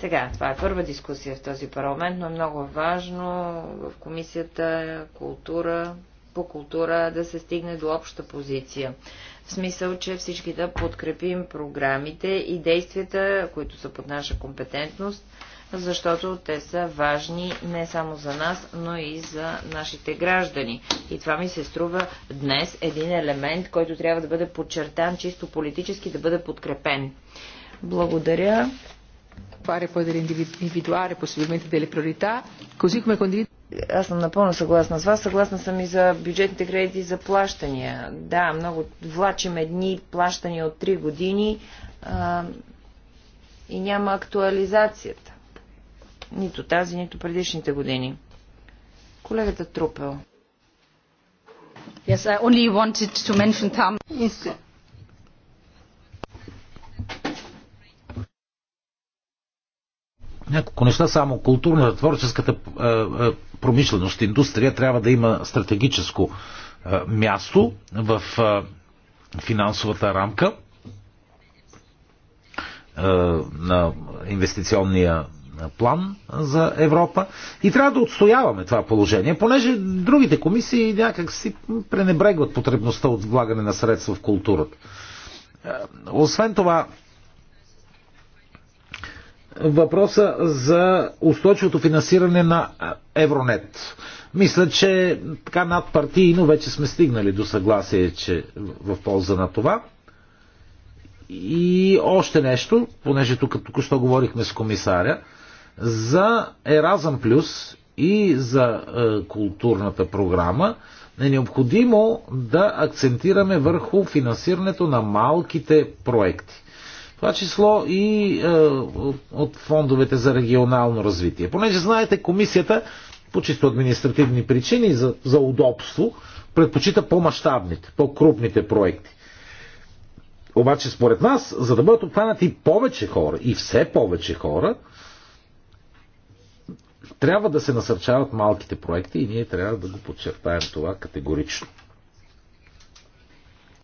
Speaker 1: Сега, това е първа дискусия в този парламент, но е много важно в комисията култура, по култура да се стигне до обща позиция в смисъл, че всички да подкрепим програмите и действията, които са под наша компетентност, защото те са важни не само за нас, но и за нашите граждани. И това ми се струва днес един елемент, който трябва да бъде подчертан чисто политически, да бъде подкрепен. Благодаря. Fare poi delle individuare possibilmente delle priorità, così come condivido аз съм напълно съгласна с вас. Съгласна съм и за бюджетните кредити за плащания. Да, много влачим едни плащания от 3 години а, и няма актуализацията. Нито тази, нито предишните години. Колегата Трупел. Yes, I only wanted to mention some... Иска,
Speaker 2: няколко неща, само културната, творческата е, е, промишленост, индустрия трябва да има стратегическо е, място в финансовата рамка на инвестиционния план за Европа и трябва да отстояваме това положение, понеже другите комисии някак си пренебрегват потребността от влагане на средства в културата. Освен това, въпроса за устойчивото финансиране на Евронет. Мисля, че така надпартийно вече сме стигнали до съгласие, че в полза на това. И още нещо, понеже тук току-що говорихме с комисаря, за Еразъм Плюс и за е, културната програма е необходимо да акцентираме върху финансирането на малките проекти това число и е, от фондовете за регионално развитие. Понеже знаете, комисията по чисто административни причини за, за удобство предпочита по-масштабните, по-крупните проекти. Обаче според нас, за да бъдат обхванати повече хора и все повече хора, трябва да се насърчават малките проекти и ние трябва да го подчертаем това категорично.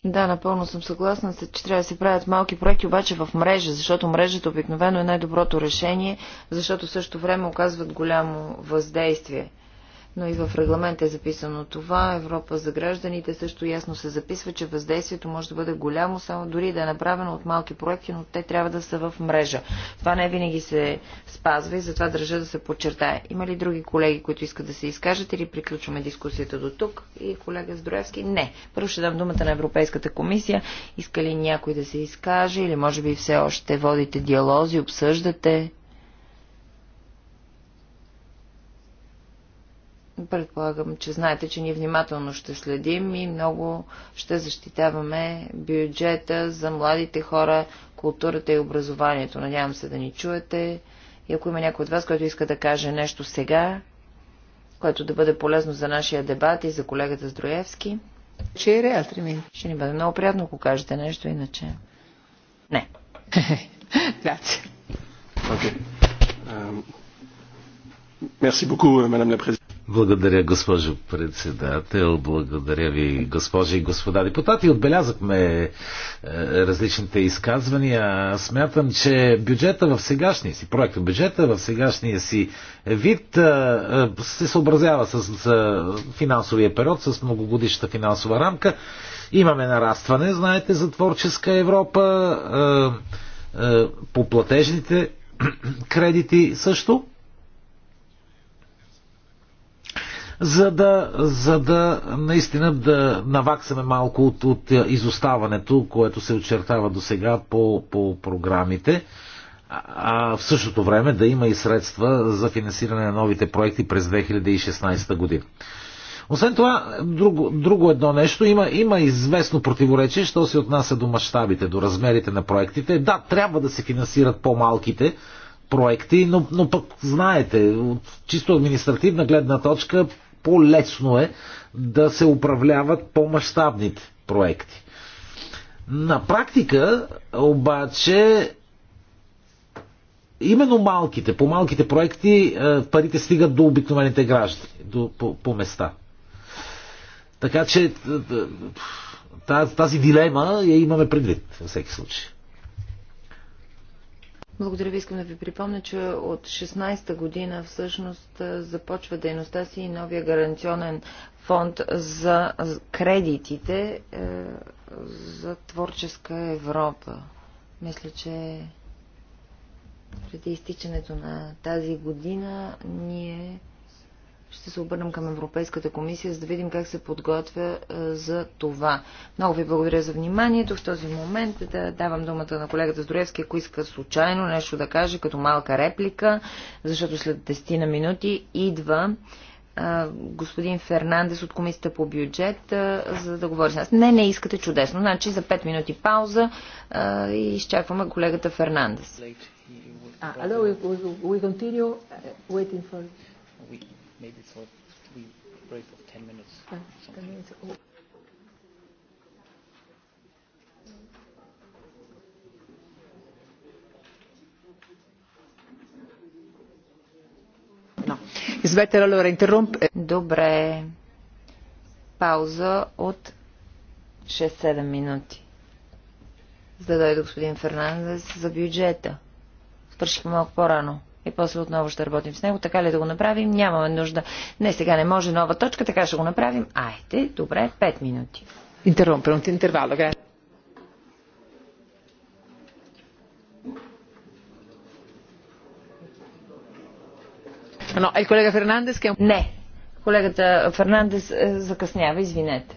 Speaker 1: Да, напълно съм съгласна, че трябва да се правят малки проекти, обаче в мрежа, защото мрежата обикновено е най-доброто решение, защото в същото време оказват голямо въздействие но и в регламент е записано това. Европа за гражданите също ясно се записва, че въздействието може да бъде голямо, само дори да е направено от малки проекти, но те трябва да са в мрежа. Това не винаги се спазва и затова държа да се подчертая. Има ли други колеги, които искат да се изкажат или приключваме дискусията до тук? И колега Здроевски? Не. Първо ще дам думата на Европейската комисия. Иска ли някой да се изкаже или може би все още водите диалози, обсъждате? Предполагам, че знаете, че ние внимателно ще следим и много ще защитаваме бюджета за младите хора, културата и образованието. Надявам се да ни чуете. И ако има някой от вас, който иска да каже нещо сега, което да бъде полезно за нашия дебат и за колегата Здроевски. Че е реал, Ще ни бъде много приятно, ако кажете нещо иначе. Не.
Speaker 4: Грация. [laughs] Okay. Um...
Speaker 2: Merci beaucoup, Madame la Présidente. Благодаря, госпожо председател. Благодаря ви, госпожи и господа депутати. Отбелязахме е, различните изказвания. Смятам, че бюджета в сегашния си, проектът бюджета в сегашния си вид е, е, се съобразява с финансовия период, с многогодишната финансова рамка. Имаме нарастване, знаете, за творческа Европа, по платежните [clears throat] кредити също за да, за да наистина да наваксаме малко от, от изоставането, което се очертава до сега по, по програмите, а в същото време да има и средства за финансиране на новите проекти през 2016 година. Освен това, друго, друго едно нещо, има, има известно противоречие, що се отнася до мащабите, до размерите на проектите. Да, трябва да се финансират по-малките проекти, но, но пък знаете, от чисто административна гледна точка по-лесно е да се управляват по-масштабните проекти. На практика обаче именно малките, по малките проекти е, парите стигат до обикновените граждани, до, по, по места. Така че е, е, тази дилема я имаме предвид във всеки случай.
Speaker 1: Благодаря ви. Искам да ви припомня, че от 16-та година всъщност започва дейността си и новия гаранционен фонд за кредитите е, за творческа Европа. Мисля, че преди изтичането на тази година ние ще се обърнем към Европейската комисия, за да видим как се подготвя е, за това. Много ви благодаря за вниманието. В този момент е, да давам думата на колегата Здоревски, ако иска случайно нещо да каже, като малка реплика, защото след 10 на минути идва е, господин Фернандес от Комисията по бюджет, за да говори с нас. Не, не искате чудесно. Значи за 5 минути пауза и изчакваме колегата Фернандес.
Speaker 4: Ah, allora we, we,
Speaker 3: we continue uh, waiting for
Speaker 4: maybe for what break of 10 minutes.
Speaker 1: Something. Добре. Пауза от 6-7 минути. За да дойде господин Фернандес за бюджета. Свърших малко по-рано и после отново ще работим с него. Така ли е да го направим? Нямаме нужда. Не, сега не може нова точка, така ще го направим. Айде, добре, 5 минути. Интерромпе, интервало, Не, колегата Фернандес е, закъснява, извинете.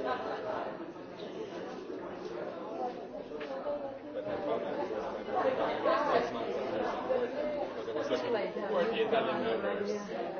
Speaker 4: for the Italian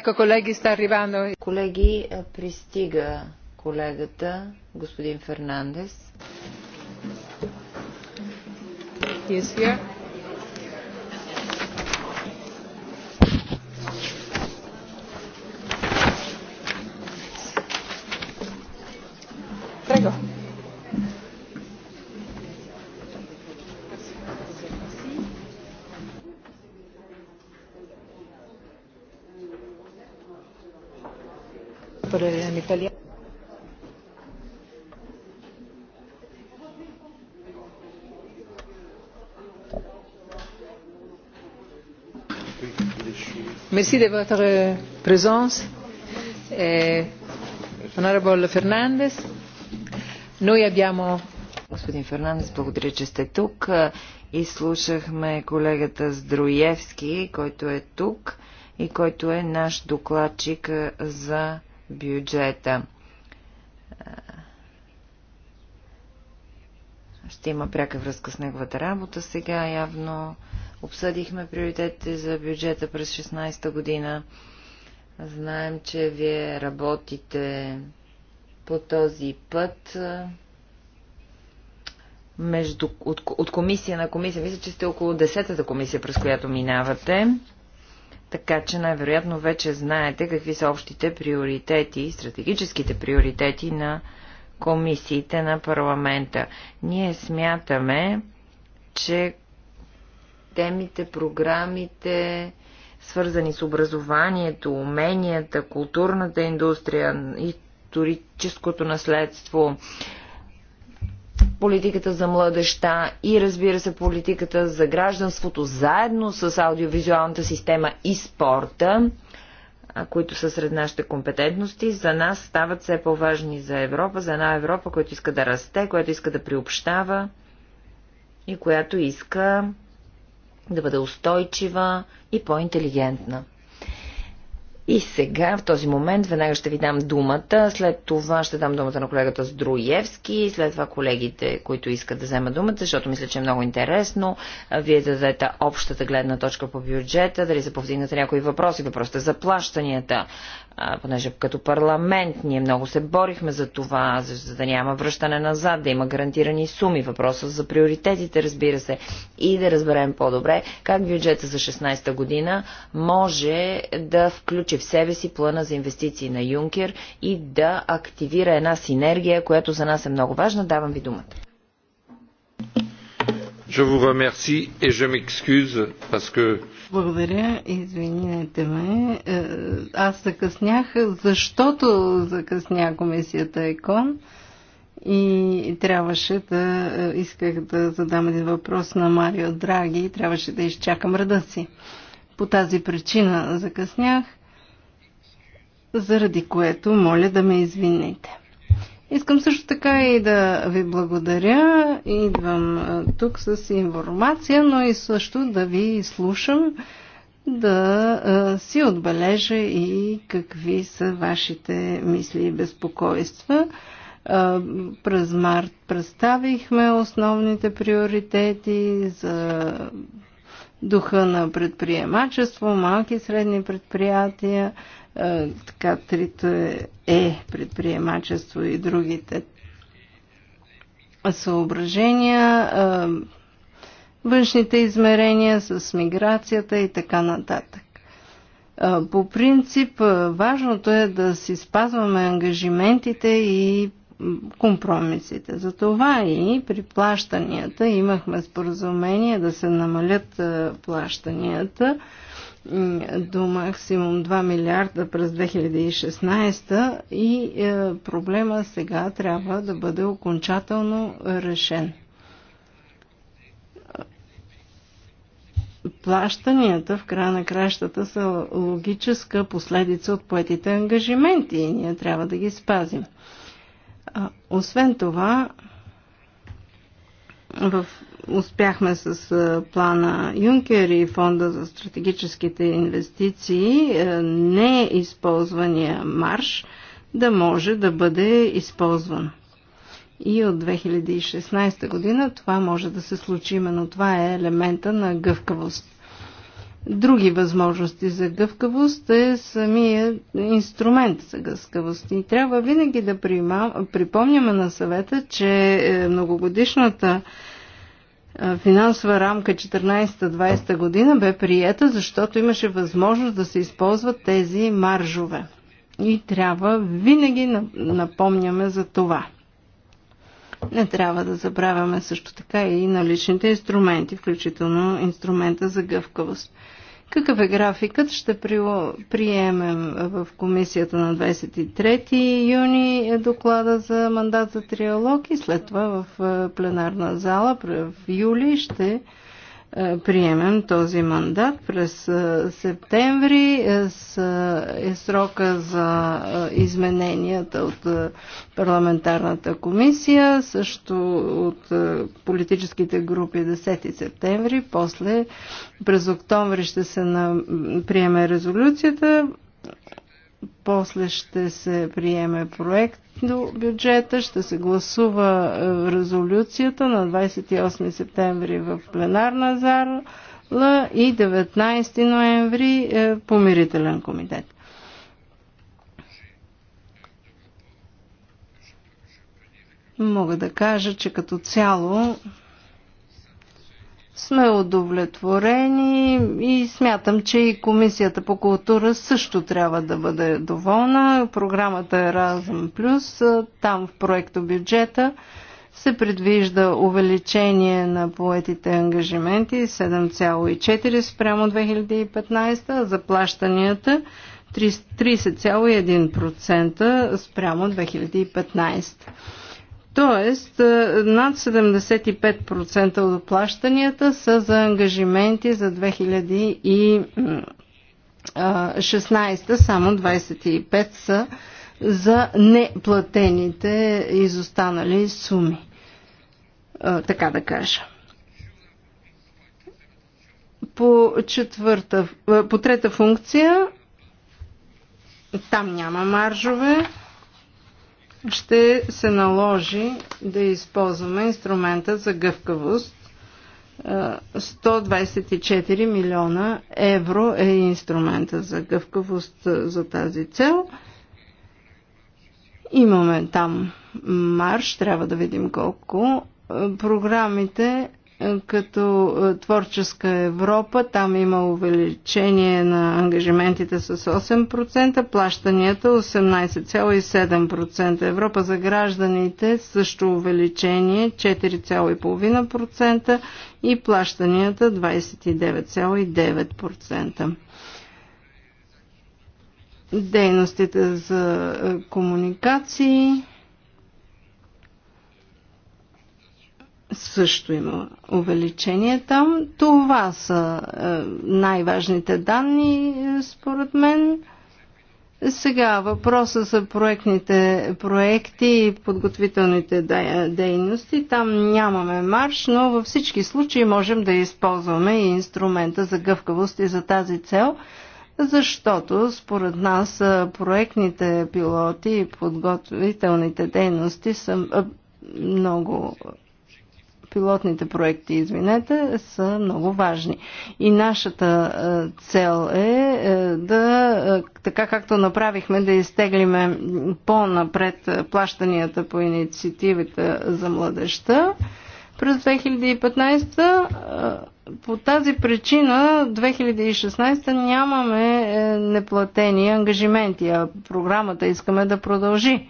Speaker 1: колеги, arrivando. Е, пристига колегата, господин Фернандес. He is here.
Speaker 3: Merci de votre présence, eh,
Speaker 1: Honorable Fernandez. Noi abbiamo... Господин Фернандес, благодаря, че сте тук. Е, и слушахме колегата Здроевски, който е тук и който е наш докладчик е, за бюджета. Е, ще има пряка връзка с неговата работа сега, явно. Обсъдихме приоритетите за бюджета през 16-та година. Знаем, че вие работите по този път между, от, от комисия на комисия. Мисля, че сте около 10-та комисия, през която минавате. Така че най-вероятно вече знаете какви са общите приоритети, стратегическите приоритети на комисиите на парламента. Ние смятаме, че темите, програмите, свързани с образованието, уменията, културната индустрия, историческото наследство, политиката за младеща и разбира се политиката за гражданството, заедно с аудиовизуалната система и спорта, които са сред нашите компетентности, за нас стават все по-важни за Европа, за една Европа, която иска да расте, която иска да приобщава и която иска да бъде устойчива и по-интелигентна. И сега, в този момент, веднага ще ви дам думата, след това ще дам думата на колегата Здруевски, и след това колегите, които искат да вземат думата, защото мисля, че е много интересно. Вие да дадете общата гледна точка по бюджета, дали се повдигнат някои въпроси, въпросите за плащанията, понеже като парламент ние много се борихме за това, за да няма връщане назад, да има гарантирани суми, въпроса за приоритетите, разбира се, и да разберем по-добре как бюджета за 16 та година може да включи включи в себе си плана за инвестиции на Юнкер и да активира една синергия, която за нас е много важна. Давам ви думата.
Speaker 3: Благодаря, извинете ме. Е, аз закъснях, защото закъсня комисията ЕКОН и трябваше да е, исках да задам един въпрос на Марио Драги и трябваше да изчакам ръда си. По тази причина закъснях заради което моля да ме извините. Искам също така и да ви благодаря. Идвам тук с информация, но и също да ви слушам, да си отбележа и какви са вашите мисли и безпокойства. През март представихме основните приоритети за духа на предприемачество, малки и средни предприятия, е, така трите е предприемачество и другите съображения, е, външните измерения с миграцията и така нататък. Е, по принцип, важното е да си спазваме ангажиментите и компромисите. Затова и при плащанията имахме споразумение да се намалят плащанията до максимум 2 милиарда през 2016 и е, проблема сега трябва да бъде окончателно решен. Плащанията в края на кращата са логическа последица от поетите ангажименти и ние трябва да ги спазим. Освен това, в успяхме с плана Юнкер и фонда за стратегическите инвестиции е, не използвания марш да може да бъде използван. И от 2016 година това може да се случи. Именно това е елемента на гъвкавост. Други възможности за гъвкавост е самия инструмент за гъвкавост. И трябва винаги да припомняме на съвета, че е, многогодишната финансова рамка 14-20 година бе приета, защото имаше възможност да се използват тези маржове. И трябва винаги напомняме за това. Не трябва да забравяме също така и наличните инструменти, включително инструмента за гъвкавост. Какъв е графикът? Ще приемем в комисията на 23 юни доклада за мандат за триалог и след това в е, пленарна зала в юли ще е, приемем този мандат през е, септември е, е срока за измененията от парламентарната комисия, също от политическите групи 10 септември, после през октомври ще се приеме резолюцията после ще се приеме проект до бюджета, ще се гласува е, резолюцията на 28 септември в пленарна зала и 19 ноември е, помирителен комитет. Мога да кажа, че като цяло сме удовлетворени и смятам, че и Комисията по култура също трябва да бъде доволна. Програмата е Разъм Плюс, там в проекто бюджета се предвижда увеличение на поетите ангажименти 7,4 спрямо 2015, а заплащанията 30,1% спрямо 2015. Тоест, е, над 75% от плащанията са за ангажименти за 2016, само 25 са за неплатените изостанали суми. Е, така да кажа. По, четвърта, е, по трета функция там няма маржове ще се наложи да използваме инструмента за гъвкавост. 124 е, милиона евро е инструмента за гъвкавост е, за тази цел. Имаме там марш, трябва да видим колко. Е, програмите като е, Творческа Европа. Там има увеличение на ангажиментите с 8%, плащанията 18,7%. Европа за гражданите също увеличение 4,5% и плащанията 29,9% дейностите за е, комуникации, също има увеличение там. Това са е, най-важните данни, е, според мен. Сега въпроса за проектните проекти и подготвителните дейности. Там нямаме марш, но във всички случаи можем да използваме и инструмента за гъвкавост и за тази цел, защото според нас е, проектните пилоти и подготвителните дейности са много пилотните проекти, извинете, са много важни. И нашата е, цел е, е да, е, така както направихме, да изтеглиме по-напред плащанията по инициативите за младеща през 2015 по тази причина 2016 нямаме неплатени ангажименти, а програмата искаме да продължи.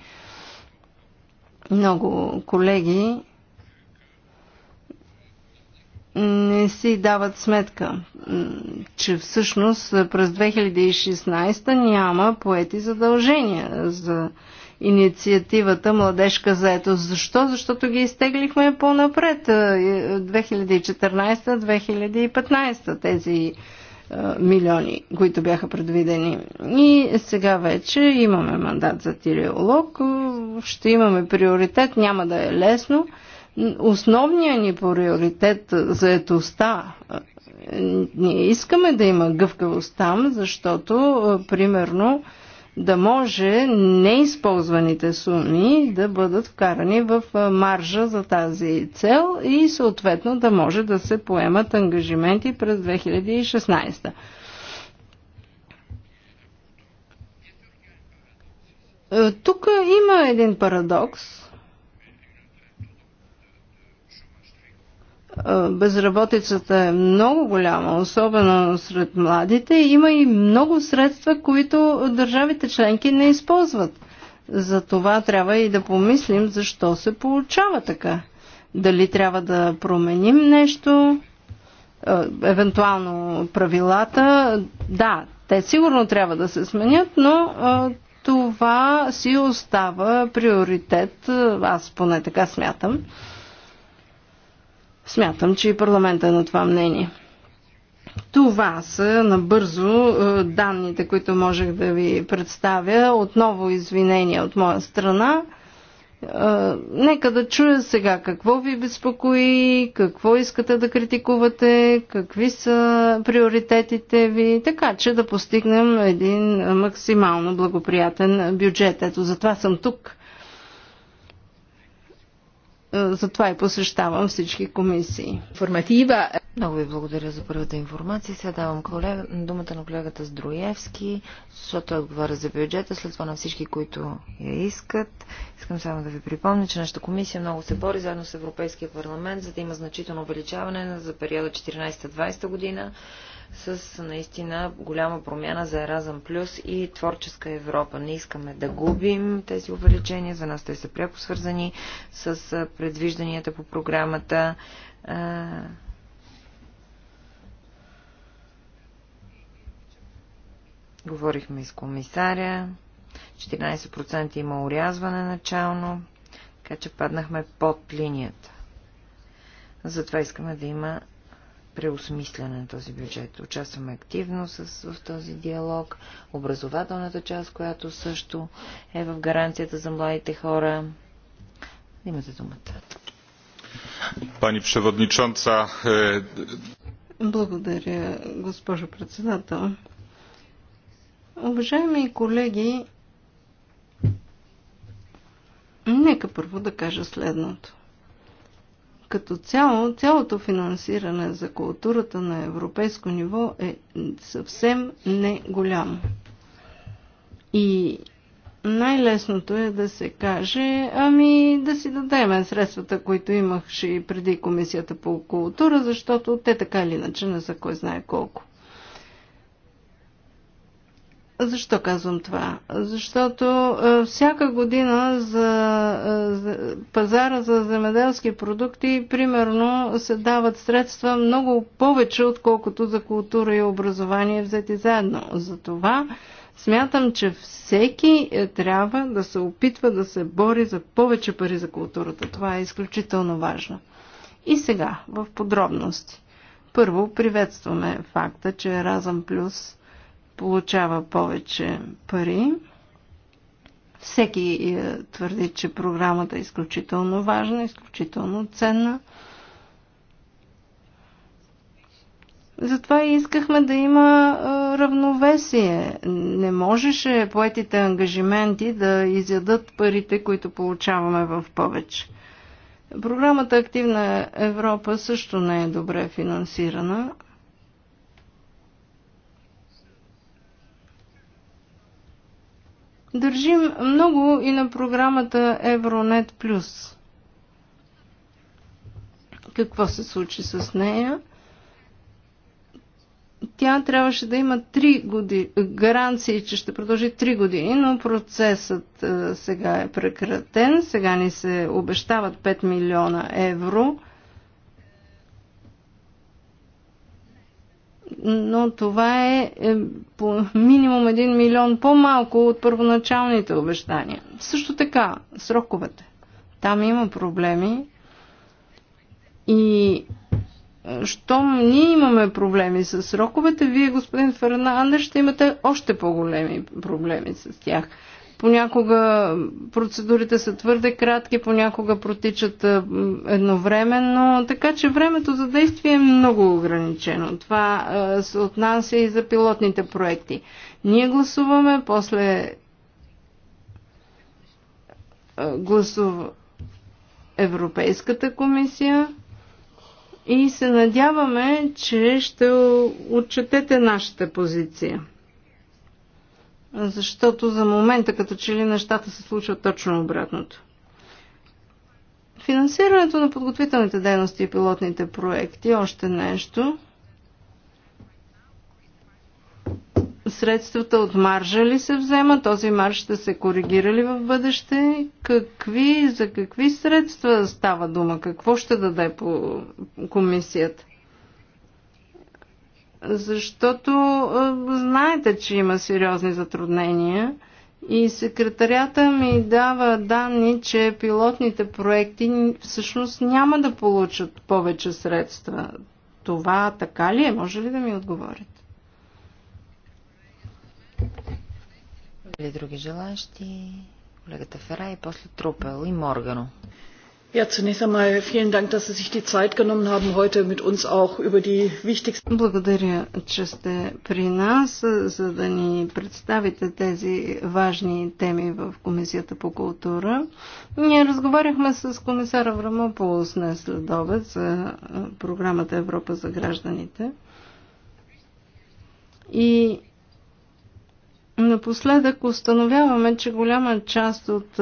Speaker 3: Много колеги не си дават сметка, че всъщност през 2016 няма поети задължения за инициативата Младежка заетост. Защо? Защото ги изтеглихме по-напред. 2014-2015 е, тези е, милиони, които бяха предвидени. И сега вече имаме мандат за тиреолог. Е, ще имаме приоритет, няма да е лесно основният ни приоритет за заетостта. Ние искаме да има гъвкавост там, защото, примерно, да може неизползваните суми да бъдат вкарани в маржа за тази цел и съответно да може да се поемат ангажименти през 2016. Тук има един парадокс, безработицата е много голяма, особено сред младите, има и много средства, които държавите членки не използват. За това трябва и да помислим защо се получава така. Дали трябва да променим нещо, евентуално правилата. Да, те сигурно трябва да се сменят, но това си остава приоритет, аз поне така смятам Смятам, че и парламента е на това мнение. Това са набързо е, данните, които можех да ви представя. Отново извинения от моя страна. Е, нека да чуя сега какво ви безпокои, какво искате да критикувате, какви са приоритетите ви, така че да постигнем един максимално благоприятен бюджет. Ето, затова съм тук. Е,
Speaker 1: затова и посещавам всички комисии. Информатива. Много ви благодаря за първата информация. Сега давам колега, думата на колегата Здроевски, защото той отговаря за бюджета, след това на всички, които я искат. Искам само да ви припомня, че нашата комисия много се бори заедно с Европейския парламент, за да има значително увеличаване за периода 14-20 година с наистина голяма промяна за Еразъм Плюс и Творческа Европа. Не искаме да губим тези увеличения, за нас те са пряко свързани с предвижданията по програмата. Говорихме с комисаря. 14% има урязване начално, така че паднахме под линията. Затова искаме да има преосмисляне на този бюджет. Участваме активно с, в този диалог. Образователната част, която също е в гаранцията за младите хора. Имате думата.
Speaker 2: Пани Преводничонца. Е...
Speaker 1: Благодаря,
Speaker 3: госпожо председател. Уважаеми колеги, нека първо да кажа следното като цяло, цялото финансиране за културата на европейско ниво е съвсем не голямо. И най-лесното е да се каже, ами да си дадем средствата, които имаше и преди Комисията по култура, защото те така или иначе не са кой знае колко. Защо казвам това? Защото е, всяка година е, за пазара за земеделски продукти примерно се дават средства много повече, отколкото за култура и образование взети заедно. Затова смятам, че всеки е, трябва да се опитва да се бори за повече пари за културата. Това е изключително важно. И сега, в подробности. Първо, приветстваме факта, че Еразъм Плюс получава повече пари. Всеки е, твърди, че програмата е изключително важна, изключително ценна. Затова и искахме да има е, равновесие. Не можеше поетите ангажименти да изядат парите, които получаваме в повече. Програмата Активна Европа също не е добре финансирана. Държим много и на програмата Евронет Плюс. Какво се случи с нея? Тя трябваше да има 3 години, гаранции, че ще продължи 3 години, но процесът е, сега е прекратен. Сега ни се обещават 5 милиона евро – но това е, е по минимум 1 милион по-малко от първоначалните обещания. Също така, сроковете. Там има проблеми и е, щом ние имаме проблеми с сроковете, вие, господин Фернандер, ще имате още по-големи проблеми с тях. Понякога процедурите са твърде кратки, понякога протичат едновременно, така че времето за действие е много ограничено. Това се отнася и за пилотните проекти. Ние гласуваме, после гласува Европейската комисия и се надяваме, че ще отчетете нашата позиция защото за момента като че ли нещата се случват точно обратното. Финансирането на подготвителните дейности и пилотните проекти, още нещо. Средствата от маржа ли се взема? Този марж ще се коригира ли в бъдеще? Какви, за какви средства става дума? Какво ще даде по комисията? защото знаете, че има сериозни затруднения и секретарята ми дава данни, че пилотните проекти всъщност няма да получат повече средства. Това така ли е? Може ли да ми
Speaker 1: отговорите? Или други желащи? Колегата Ферай, после Трупел и Моргано.
Speaker 4: Zunächst einmal
Speaker 3: vielen Dank, dass Sie sich die Zeit genommen haben, heute mit uns auch über die wichtigsten. Благодаря, че сте при нас, за да ни представите тези важни теми в Комисията по култура. Ние разговаряхме с комисара Врамополос днес след обед за програмата Европа за гражданите. И Напоследък установяваме, че голяма част от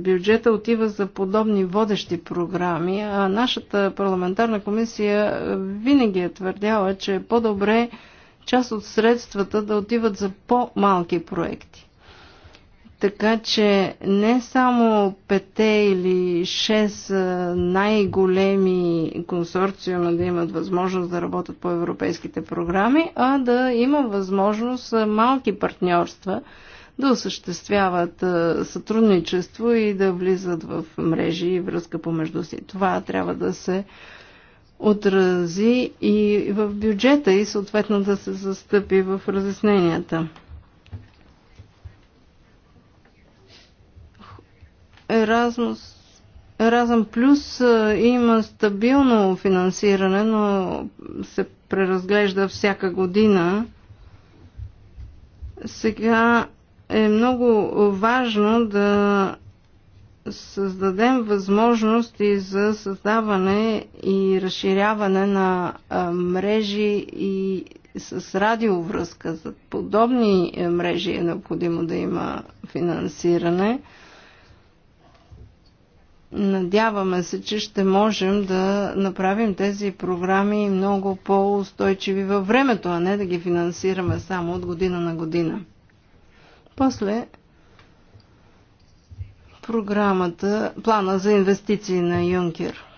Speaker 3: бюджета отива за подобни водещи програми, а нашата парламентарна комисия винаги е твърдяла, че е по-добре част от средствата да отиват за по-малки проекти. Така че не само пете или шест най-големи консорциума да имат възможност да работят по европейските програми, а да има възможност малки партньорства да осъществяват сътрудничество и да влизат в мрежи и връзка помежду си. Това трябва да се отрази и в бюджета и съответно да се застъпи в разясненията. Еразмус Еразъм Плюс има стабилно финансиране, но се преразглежда всяка година. Сега е много важно да създадем възможности за създаване и разширяване на мрежи и с радиовръзка. За подобни мрежи е необходимо да има финансиране. Надяваме се, че ще можем да направим тези програми много по-устойчиви във времето, а не да ги финансираме само от година на година. После програмата, плана за инвестиции на Юнкер –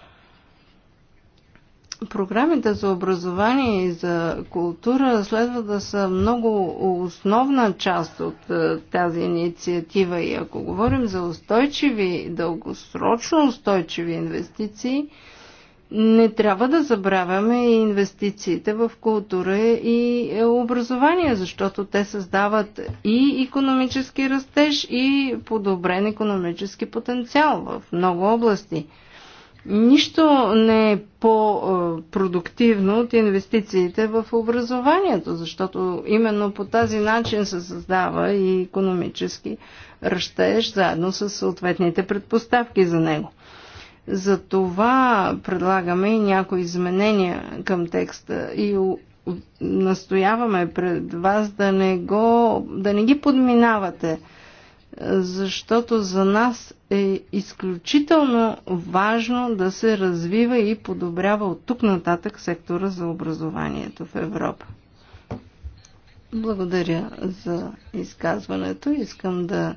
Speaker 3: програмите за образование и за култура следва да са много основна част от е, тази инициатива и ако говорим за устойчиви, дългосрочно устойчиви инвестиции, не трябва да забравяме и инвестициите в култура и е, образование, защото те създават и економически растеж, и подобрен економически потенциал в много области – Нищо не е по-продуктивно от инвестициите в образованието, защото именно по тази начин се създава и економически растеж, заедно с съответните предпоставки за него. За това предлагаме и някои изменения към текста и настояваме пред вас да не, го, да не ги подминавате – защото за нас е изключително важно да се развива и подобрява от тук нататък сектора за образованието в Европа. Благодаря за изказването. Искам да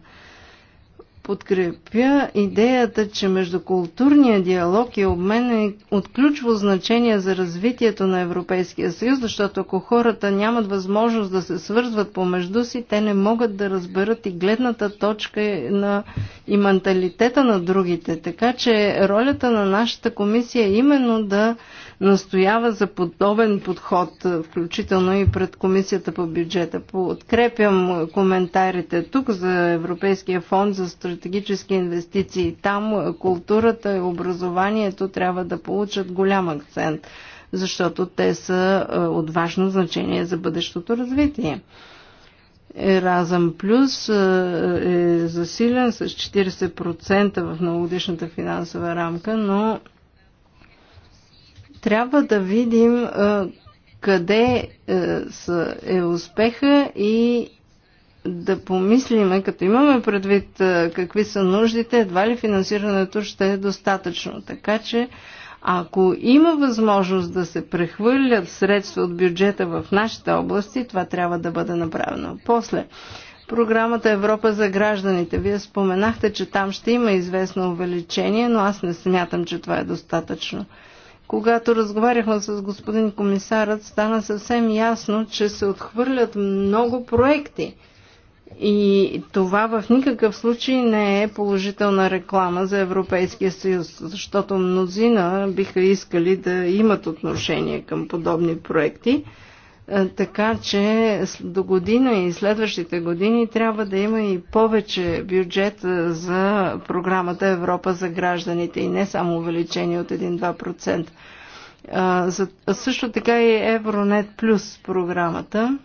Speaker 3: подкрепя идеята, че междукултурният диалог и обмен е от ключово значение за развитието на Европейския съюз, защото ако хората нямат възможност да се свързват помежду си, те не могат да разберат и гледната точка на, и менталитета на другите. Така че ролята на нашата комисия е именно да настоява за подобен подход, включително и пред Комисията по бюджета. Подкрепям коментарите тук за Европейския фонд за стратегически инвестиции. Там културата и образованието трябва да получат голям акцент, защото те са от важно значение за бъдещото развитие. Еразъм Плюс е засилен с 40% в новогодишната финансова рамка, но трябва да видим къде е успеха и да помислиме, като имаме предвид какви са нуждите, едва ли финансирането ще е достатъчно. Така че, ако има възможност да се прехвърлят средства от бюджета в нашите области, това трябва да бъде направено. После, програмата Европа за гражданите. Вие споменахте, че там ще има известно увеличение, но аз не смятам, че това е достатъчно. Когато разговаряхме с господин комисарът, стана съвсем ясно, че се отхвърлят много проекти. И това в никакъв случай не е положителна реклама за Европейския съюз, защото мнозина биха искали да имат отношение към подобни проекти. Е, така че до година и следващите години трябва да има и повече бюджет е, за програмата Европа за гражданите и не само увеличение от 1-2%. Е, също така и Евронет Плюс програмата.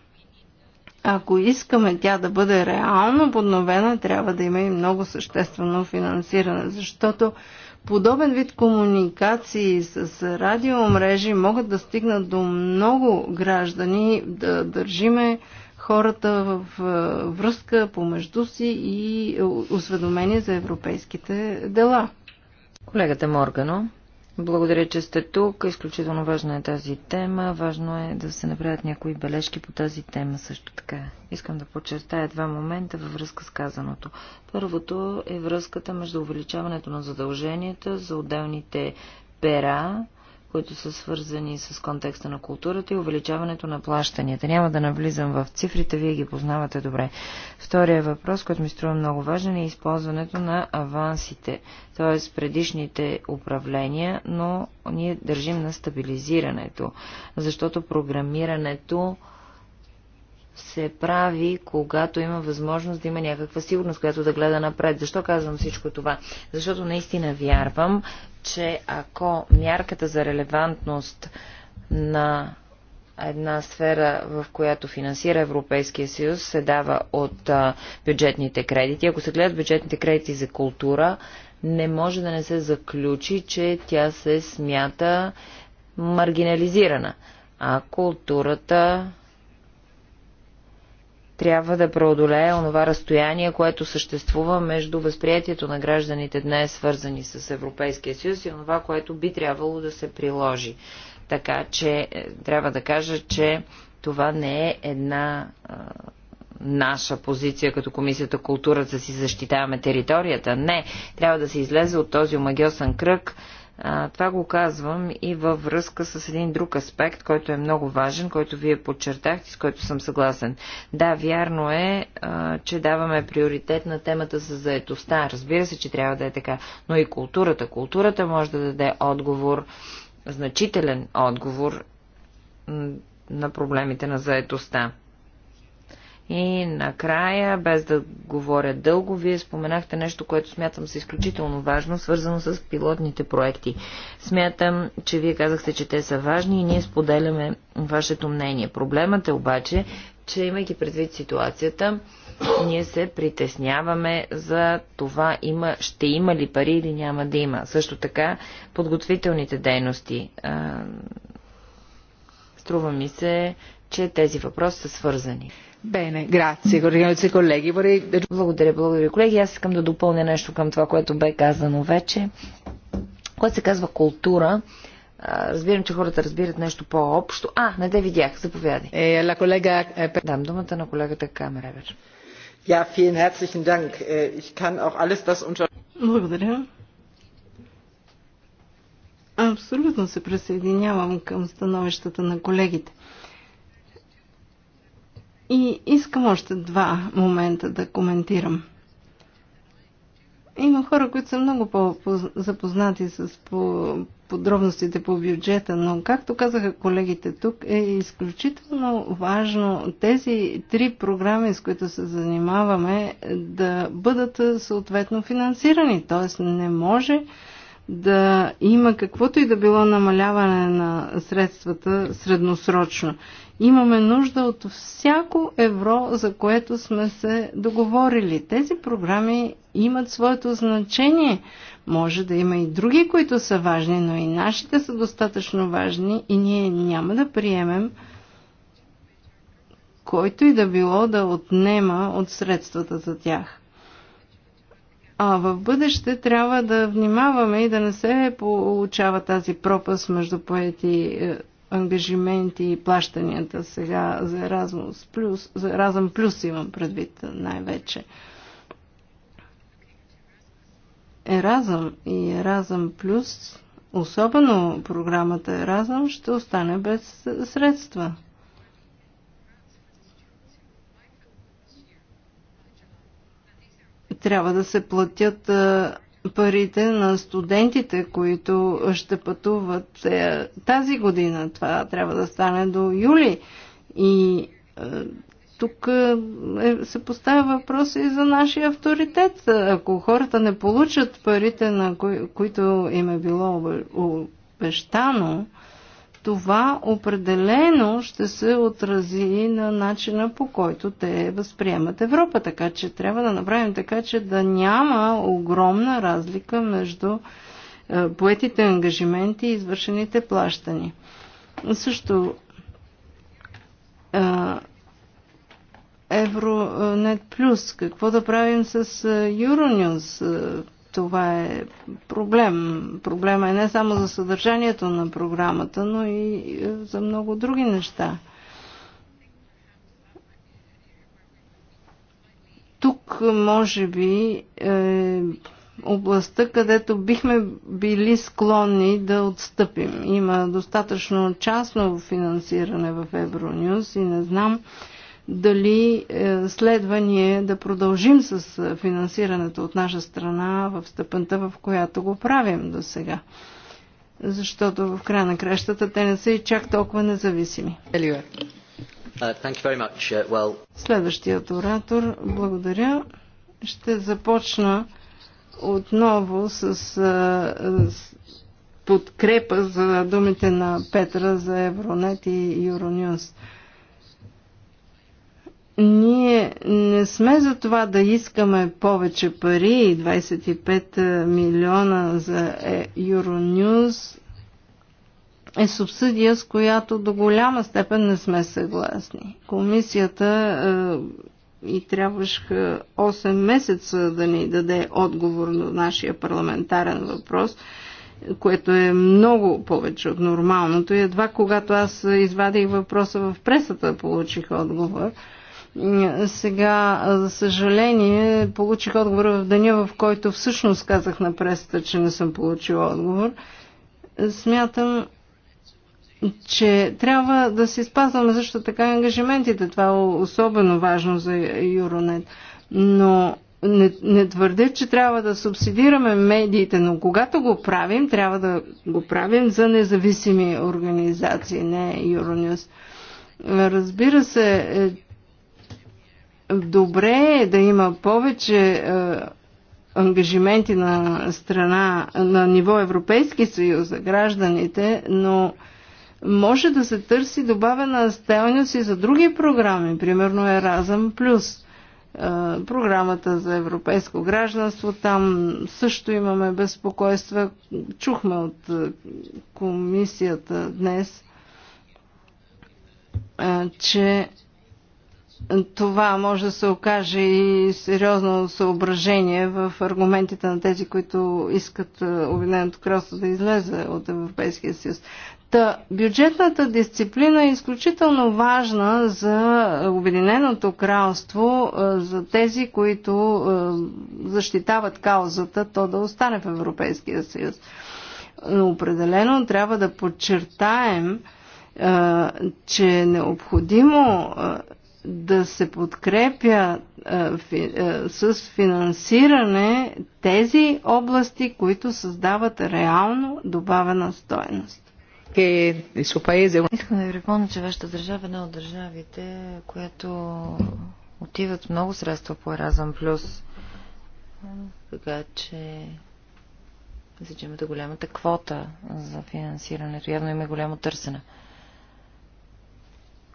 Speaker 3: Ако искаме тя да бъде реално подновена, трябва да има и много съществено финансиране, защото подобен вид комуникации с радиомрежи могат да стигнат до много граждани, да държиме хората в връзка помежду си
Speaker 1: и осведомени за европейските дела. Колегата Моргано. Благодаря, че сте тук. Изключително важна е тази тема. Важно е да се направят някои бележки по тази тема също така. Искам да подчертая два момента във връзка с казаното. Първото е връзката между увеличаването на задълженията за отделните пера които са свързани с контекста на културата и увеличаването на плащанията. Няма да навлизам в цифрите, вие ги познавате добре. Втория въпрос, който ми струва много важен, е използването на авансите, т.е. предишните управления, но ние държим на стабилизирането, защото програмирането се прави, когато има възможност да има някаква сигурност, която да гледа напред. Защо казвам всичко това? Защото наистина вярвам, че ако мярката за релевантност на една сфера, в която финансира Европейския съюз, се дава от бюджетните кредити. Ако се гледат бюджетните кредити за култура, не може да не се заключи, че тя се смята маргинализирана. А културата трябва да преодолее онова разстояние, което съществува между възприятието на гражданите днес, свързани с Европейския съюз и онова, което би трябвало да се приложи. Така че е, трябва да кажа, че това не е една а, наша позиция като Комисията културата си защитаваме територията. Не, трябва да се излезе от този омагиосен кръг това го казвам и във връзка с един друг аспект, който е много важен, който вие подчертахте, с който съм съгласен. Да, вярно е, че даваме приоритет на темата за заетостта. Разбира се, че трябва да е така, но и културата. Културата може да даде отговор, значителен отговор на проблемите на заетостта. И накрая, без да говоря дълго, вие споменахте нещо, което смятам се изключително важно, свързано с пилотните проекти. Смятам, че вие казахте, че те са важни и ние споделяме вашето мнение. Проблемът е обаче, че имайки предвид ситуацията, ние се притесняваме за това има, ще има ли пари или няма да има. Също така, подготвителните дейности. А, струва ми се, че тези въпроси са свързани. Благодаря, благодаря, колеги. Аз искам да допълня нещо към това, което бе казано вече. Което се казва култура, разбирам, че хората разбират нещо по-общо. А, не те видях, заповядай. Е, la колега... Е, Дам думата на колегата Камеревер.
Speaker 2: Ja, vielen herzlichen Dank. Е, ich kann auch alles das unter...
Speaker 1: Благодаря.
Speaker 3: Абсолютно се присъединявам към становищата на колегите. И искам още два момента да коментирам. Има хора, които са много по-запознати с по подробностите по бюджета, но както казаха колегите тук, е изключително важно тези три програми, с които се занимаваме, да бъдат съответно финансирани. Т.е. не може да има каквото и да било намаляване на средствата средносрочно. Имаме нужда от всяко евро, за което сме се договорили. Тези програми имат своето значение. Може да има и други, които са важни, но и нашите са достатъчно важни и ние няма да приемем който и да било да отнема от средствата за тях. А в бъдеще трябва да внимаваме и да не се получава тази пропаст между поети е, ангажименти и плащанията сега за Erasmus+, плюс, за Erasmus плюс имам предвид най-вече. Еразъм и Еразъм плюс, особено програмата Еразъм, ще остане без средства. Трябва да се платят а, парите на студентите, които ще пътуват е, тази година. Това трябва да стане до юли. И е, тук е, се поставя въпрос и за нашия авторитет. Ако хората не получат парите, на кои, които им е било обещано, това определено ще се отрази на начина по който те възприемат Европа. Така че трябва да направим така, че да няма огромна разлика между е, поетите ангажименти и извършените плащани. Също е, Евронет Плюс, какво да правим с е, Euronews? това е проблем. Проблема е не само за съдържанието на програмата, но и за много други неща. Тук, може би, е областта, където бихме били склонни да отстъпим. Има достатъчно частно финансиране в Евронюс и не знам дали е, следва ние да продължим с е, финансирането от наша страна в стъпента, в която го правим до сега. Защото в края на кращата те не са и чак толкова независими. Uh,
Speaker 2: uh,
Speaker 3: Следващият оратор, благодаря. Ще започна отново е, с, подкрепа за думите на Петра за Евронет и Euronews. Ние не сме за това да искаме повече пари, 25 е, милиона за е, Euronews е субсидия, с която до голяма степен не сме съгласни. Комисията е, и трябваше 8 месеца да ни даде отговор на нашия парламентарен въпрос, което е много повече от нормалното. И едва когато аз извадих въпроса в пресата, получих отговор. Сега, за съжаление, получих отговор в деня, в който всъщност казах на пресата, че не съм получила отговор. Смятам, че трябва да си спазваме също така ангажиментите. Това е особено важно за Юронет. Но не, не твърдя, че трябва да субсидираме медиите, но когато го правим, трябва да го правим за независими организации, не Euronews. Разбира се, добре е да има повече е, ангажименти на страна на ниво Европейски съюз за гражданите, но може да се търси добавена стелност и за други програми, примерно Еразъм Плюс. Е, програмата за европейско гражданство, там също имаме безпокойства. Чухме от е, комисията днес, че това може да се окаже и сериозно съображение в аргументите на тези, които искат е, Обединеното кралство да излезе от Европейския съюз. Та, бюджетната дисциплина е изключително важна за Обединеното кралство, е, за тези, които е, защитават каузата, то да остане в Европейския съюз. Но определено трябва да подчертаем, че е необходимо да се подкрепя а, е, фи, а, е, с финансиране тези области, които създават реално добавена
Speaker 1: стоеност. Искам да ви припомня, че вашата държава е една от държавите, която отиват много средства по Еразъм Плюс. Така че мисля, че имате голямата квота за финансирането. Явно има голямо търсене.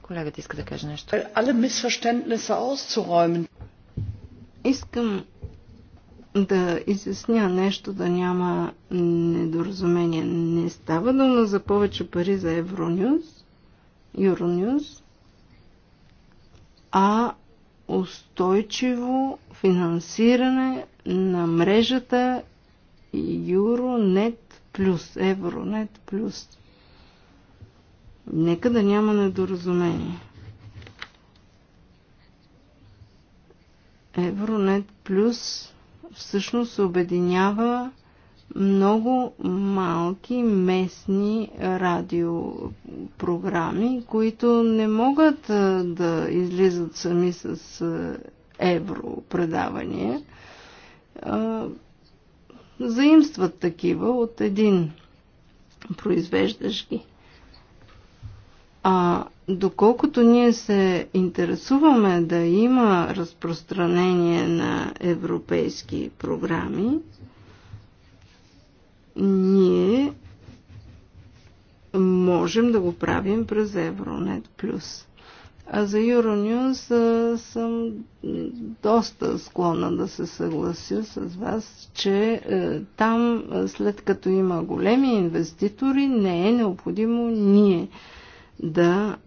Speaker 1: Колегата иска да каже нещо.
Speaker 3: Искам да изясня нещо, да няма недоразумение. Не става дума за повече пари за Евронюс, Юронюс, а устойчиво финансиране на мрежата Юронет плюс, Евронет плюс. Нека да няма недоразумение. Евронет Плюс всъщност обединява много малки местни радиопрограми, които не могат да излизат сами с европредавания. Заимстват такива от един произвеждаш ги. А доколкото ние се интересуваме да има разпространение на европейски програми, ние можем да го правим през Евронет Плюс. А за Euronews съм доста склонна да се съглася с вас, че е, там след като има големи инвеститори, не е необходимо ние да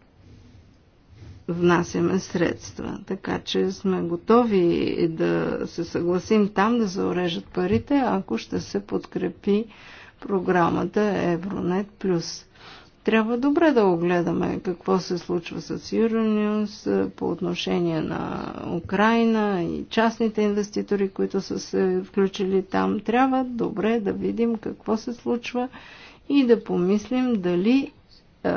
Speaker 3: внасяме средства. Така че сме готови да се съгласим там да заорежат парите, ако ще се подкрепи програмата Евронет Плюс. Трябва добре да огледаме какво се случва с Euronews е, по отношение на Украина и частните инвеститори, които са се включили там. Трябва добре да видим какво се случва и да помислим дали е,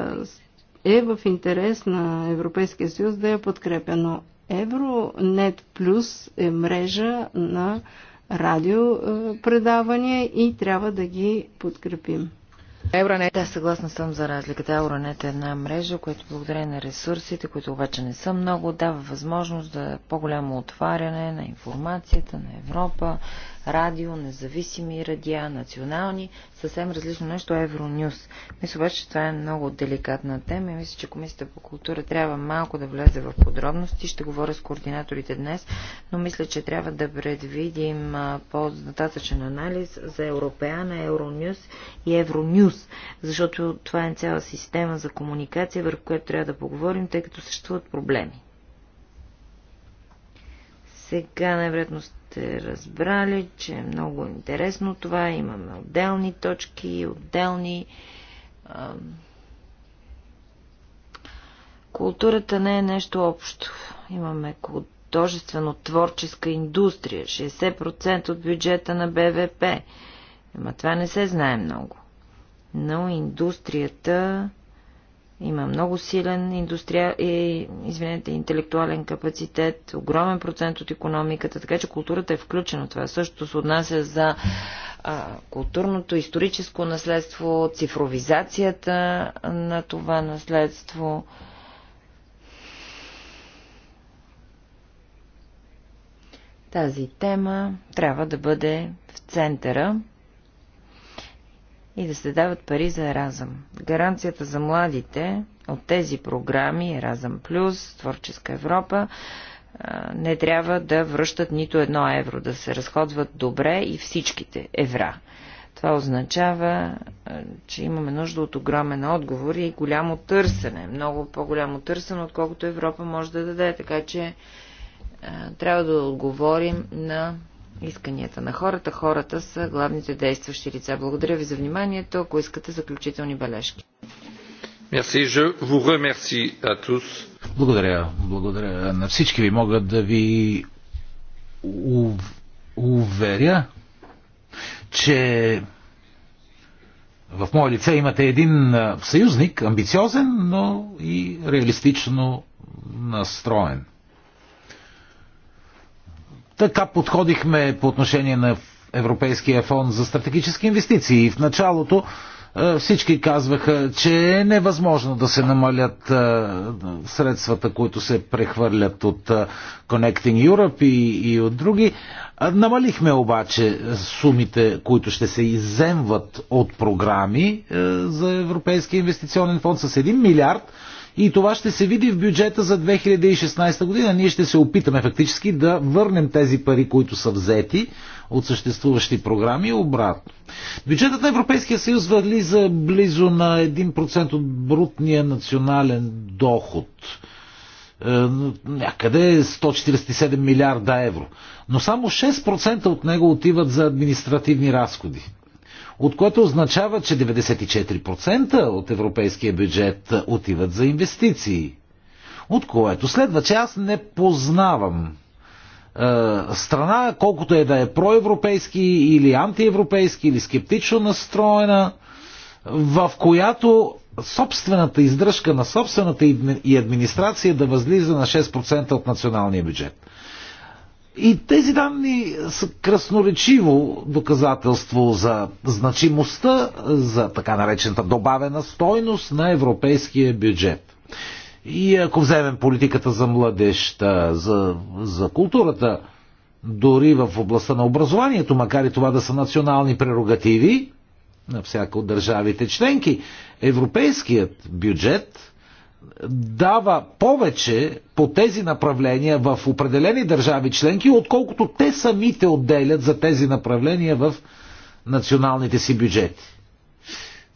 Speaker 3: е в интерес на Европейския съюз да я подкрепя, но Евронет Плюс е мрежа на
Speaker 1: радиопредавания е, и трябва да ги подкрепим. Евронет, да, съгласна съм за разликата. Евронет е една мрежа, която благодарение на ресурсите, които обаче не са много, дава възможност да е по-голямо отваряне на информацията на Европа, радио, независими радиа, национални, съвсем различно нещо Евронюс. Мисля обаче, че това е много деликатна тема и мисля, че Комисията по култура трябва малко да влезе в подробности. Ще говоря с координаторите днес, но мисля, че трябва да предвидим по-нататъчен анализ за Европеана, Евронюс и Евронюс, защото това е цяла система за комуникация, върху която трябва да поговорим, тъй като съществуват проблеми. Сега най-вероятно сте разбрали, че е много интересно това. Имаме отделни точки, отделни. Културата не е нещо общо. Имаме художествено-творческа индустрия, 60% от бюджета на БВП. Ама това не се знае много. Но индустрията има много силен индустри... и, извинете, интелектуален капацитет, огромен процент от економиката, така че културата е включена. Това също се отнася за а, културното, историческо наследство, цифровизацията на това наследство. Тази тема трябва да бъде в центъра и да се дават пари за Еразъм. Гаранцията за младите от тези програми, Еразъм Плюс, Творческа Европа, не трябва да връщат нито едно евро, да се разходват добре и всичките евра. Това означава, че имаме нужда от огромен отговор и голямо търсене. Много по-голямо търсене, отколкото Европа може да даде. Така че трябва да отговорим на исканията на хората. Хората са главните действащи лица. Благодаря ви за вниманието. Ако искате заключителни бележки.
Speaker 2: Благодаря. Благодаря на всички ви. Мога да ви уверя, че в мое лице имате един съюзник, амбициозен, но и реалистично настроен. Така подходихме по отношение на Европейския фонд за стратегически инвестиции. И в началото е, всички казваха, че е невъзможно да се намалят е, средствата, които се прехвърлят от е, Connecting Europe и, и от други. Намалихме обаче сумите, които ще се иземват от програми за Европейския инвестиционен фонд с 1 милиард и това ще се види в бюджета за 2016 година. Ние ще се опитаме фактически да върнем тези пари, които са взети от съществуващи програми обратно. Бюджетът на Европейския съюз върли за близо на 1% от брутния национален доход е, някъде 147 милиарда евро. Но само 6% от него отиват за административни разходи от което означава, че 94% от европейския бюджет отиват за инвестиции. От което следва, че аз не познавам е, страна, колкото е да е проевропейски или антиевропейски или скептично настроена, в която собствената издръжка на собствената и администрация да възлиза на 6% от националния бюджет. И тези данни са красноречиво доказателство за значимостта, за така наречената добавена стойност на европейския бюджет. И ако вземем политиката за младеща, за, за културата, дори в областта на образованието, макар и това да са национални прерогативи на всяка от държавите членки, европейският бюджет дава повече по тези направления в определени държави членки, отколкото те самите отделят за тези направления в националните си бюджети.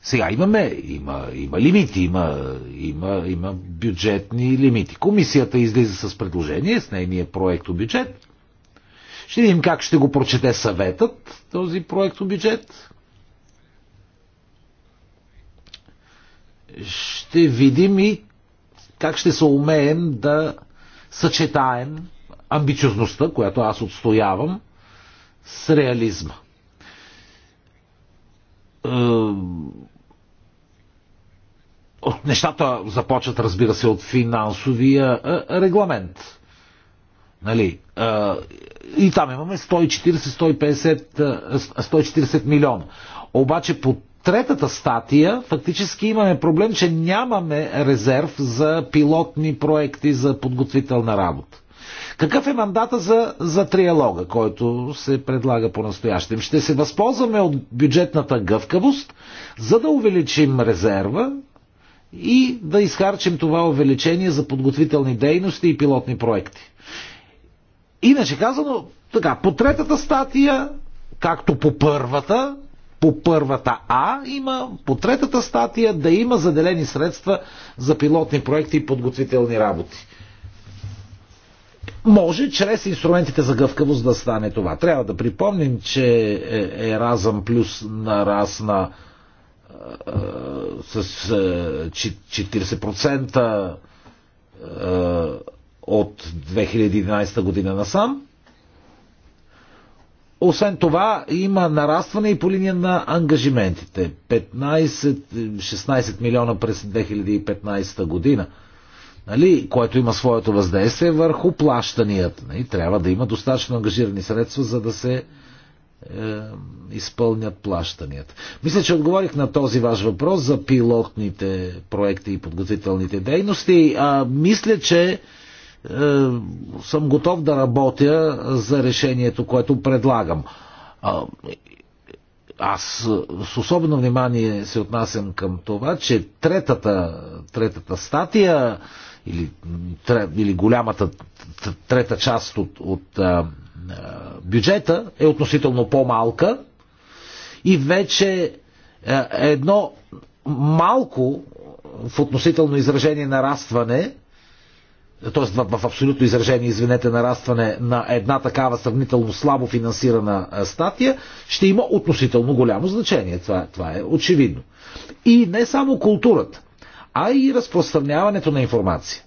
Speaker 2: Сега имаме, има, има лимити, има, има, има бюджетни лимити. Комисията излиза с предложение, с нейния проект. бюджет. Ще видим как ще го прочете съветът, този проекто бюджет. Ще видим и как ще се умеем да съчетаем амбициозността, която аз отстоявам, с реализма. Е, нещата започват, разбира се, от финансовия е, регламент. Нали? Е, и там имаме 140-150 140 милиона. Обаче по третата статия фактически имаме проблем, че нямаме резерв за пилотни проекти за подготвителна работа. Какъв е мандата за, за триалога, който се предлага по-настоящем? Ще се възползваме от бюджетната гъвкавост, за да увеличим резерва и да изхарчим това увеличение за подготвителни дейности и пилотни проекти. Иначе казано, така, по третата статия, както по първата, по първата А има, по третата статия да има заделени средства за пилотни проекти и подготвителни работи. Може чрез инструментите за гъвкавост да стане това. Трябва да припомним, че е, е, Еразъм плюс нарасна е, с е, 40% е, от 2011 година насам. Освен това, има нарастване и по линия на ангажиментите. 15-16 милиона през 2015 година, нали, което има своето въздействие върху плащанията. Нали. Трябва да има достатъчно ангажирани средства, за да се е, изпълнят плащанията. Мисля, че отговорих на този ваш въпрос за пилотните проекти и подготвителните дейности. А, мисля, че е, съм готов да работя за решението, което предлагам. Аз с особено внимание се отнасям към това, че третата, третата статия или, или голямата трета част от, от а, бюджета е относително по-малка и вече а, едно малко в относително изражение нарастване т.е. В, в абсолютно изражение, извинете, нарастване на една такава сравнително слабо финансирана статия, ще има относително голямо значение. Това, това е очевидно. И не само културата, а и разпространяването на информация.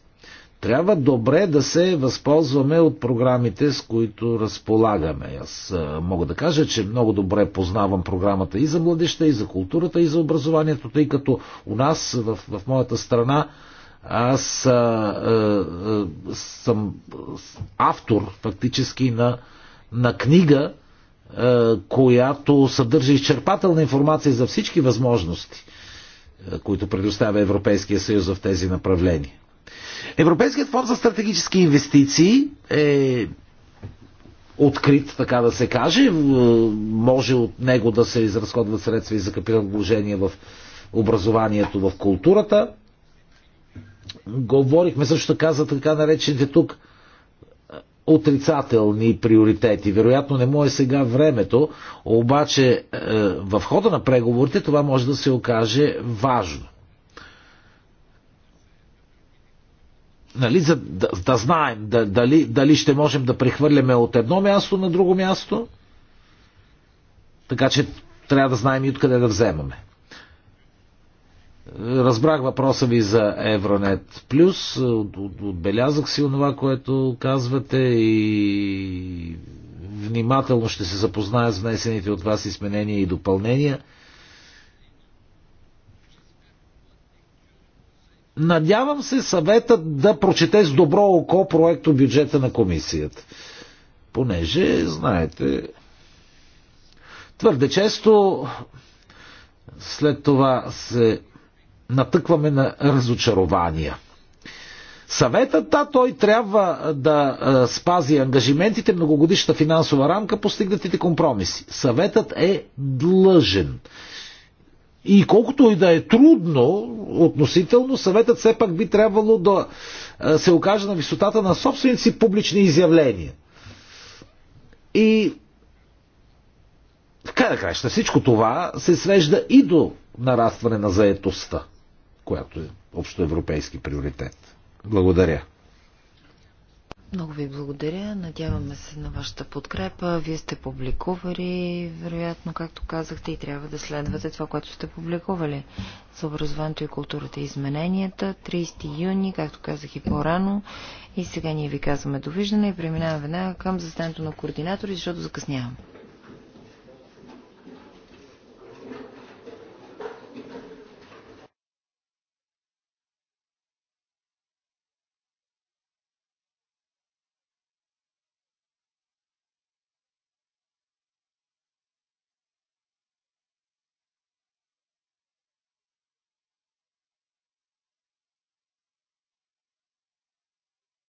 Speaker 2: Трябва добре да се възползваме от програмите, с които разполагаме. Аз мога да кажа, че много добре познавам програмата и за младеща, и за културата, и за образованието, тъй като у нас в, в моята страна аз а, а, съм автор фактически на, на книга, а, която съдържа изчерпателна информация за всички възможности, а, които предоставя Европейския съюз в тези направления. Европейският фонд за стратегически инвестиции е открит, така да се каже. Е, може от него да се изразходват средства и за вложения в образованието, в културата. Говорихме също така за така наречените тук е, отрицателни приоритети. Вероятно не му е сега времето, обаче е, в хода на преговорите това може да се окаже важно. Нали, за, да, да знаем да, дали, дали ще можем да прехвърляме от едно място на друго място, така че трябва да знаем и откъде да вземаме. Разбрах въпроса ви за Евронет Плюс. Отбелязах си онова, което казвате и внимателно ще се запозная с внесените от вас изменения и допълнения. Надявам се съветът да прочете с добро око проекто бюджета на комисията. Понеже, знаете, твърде често след това се натъкваме на разочарования. Съветът, да, той трябва да спази ангажиментите, многогодишната финансова рамка, постигнатите компромиси. Съветът е длъжен. И колкото и да е трудно относително, съветът все пак би трябвало да се окаже на висотата на собствените си публични изявления. И така да кажа, всичко това се свежда и до нарастване на заетостта която е общоевропейски приоритет. Благодаря.
Speaker 1: Много ви благодаря. Надяваме се на вашата подкрепа. Вие сте публикували, вероятно, както казахте, и трябва да следвате това, което сте публикували. За образованието и културата и измененията. 30 юни, както казах и по-рано. И сега ние ви казваме довиждане и преминаваме веднага към застанието на координатори, защото закъсняваме.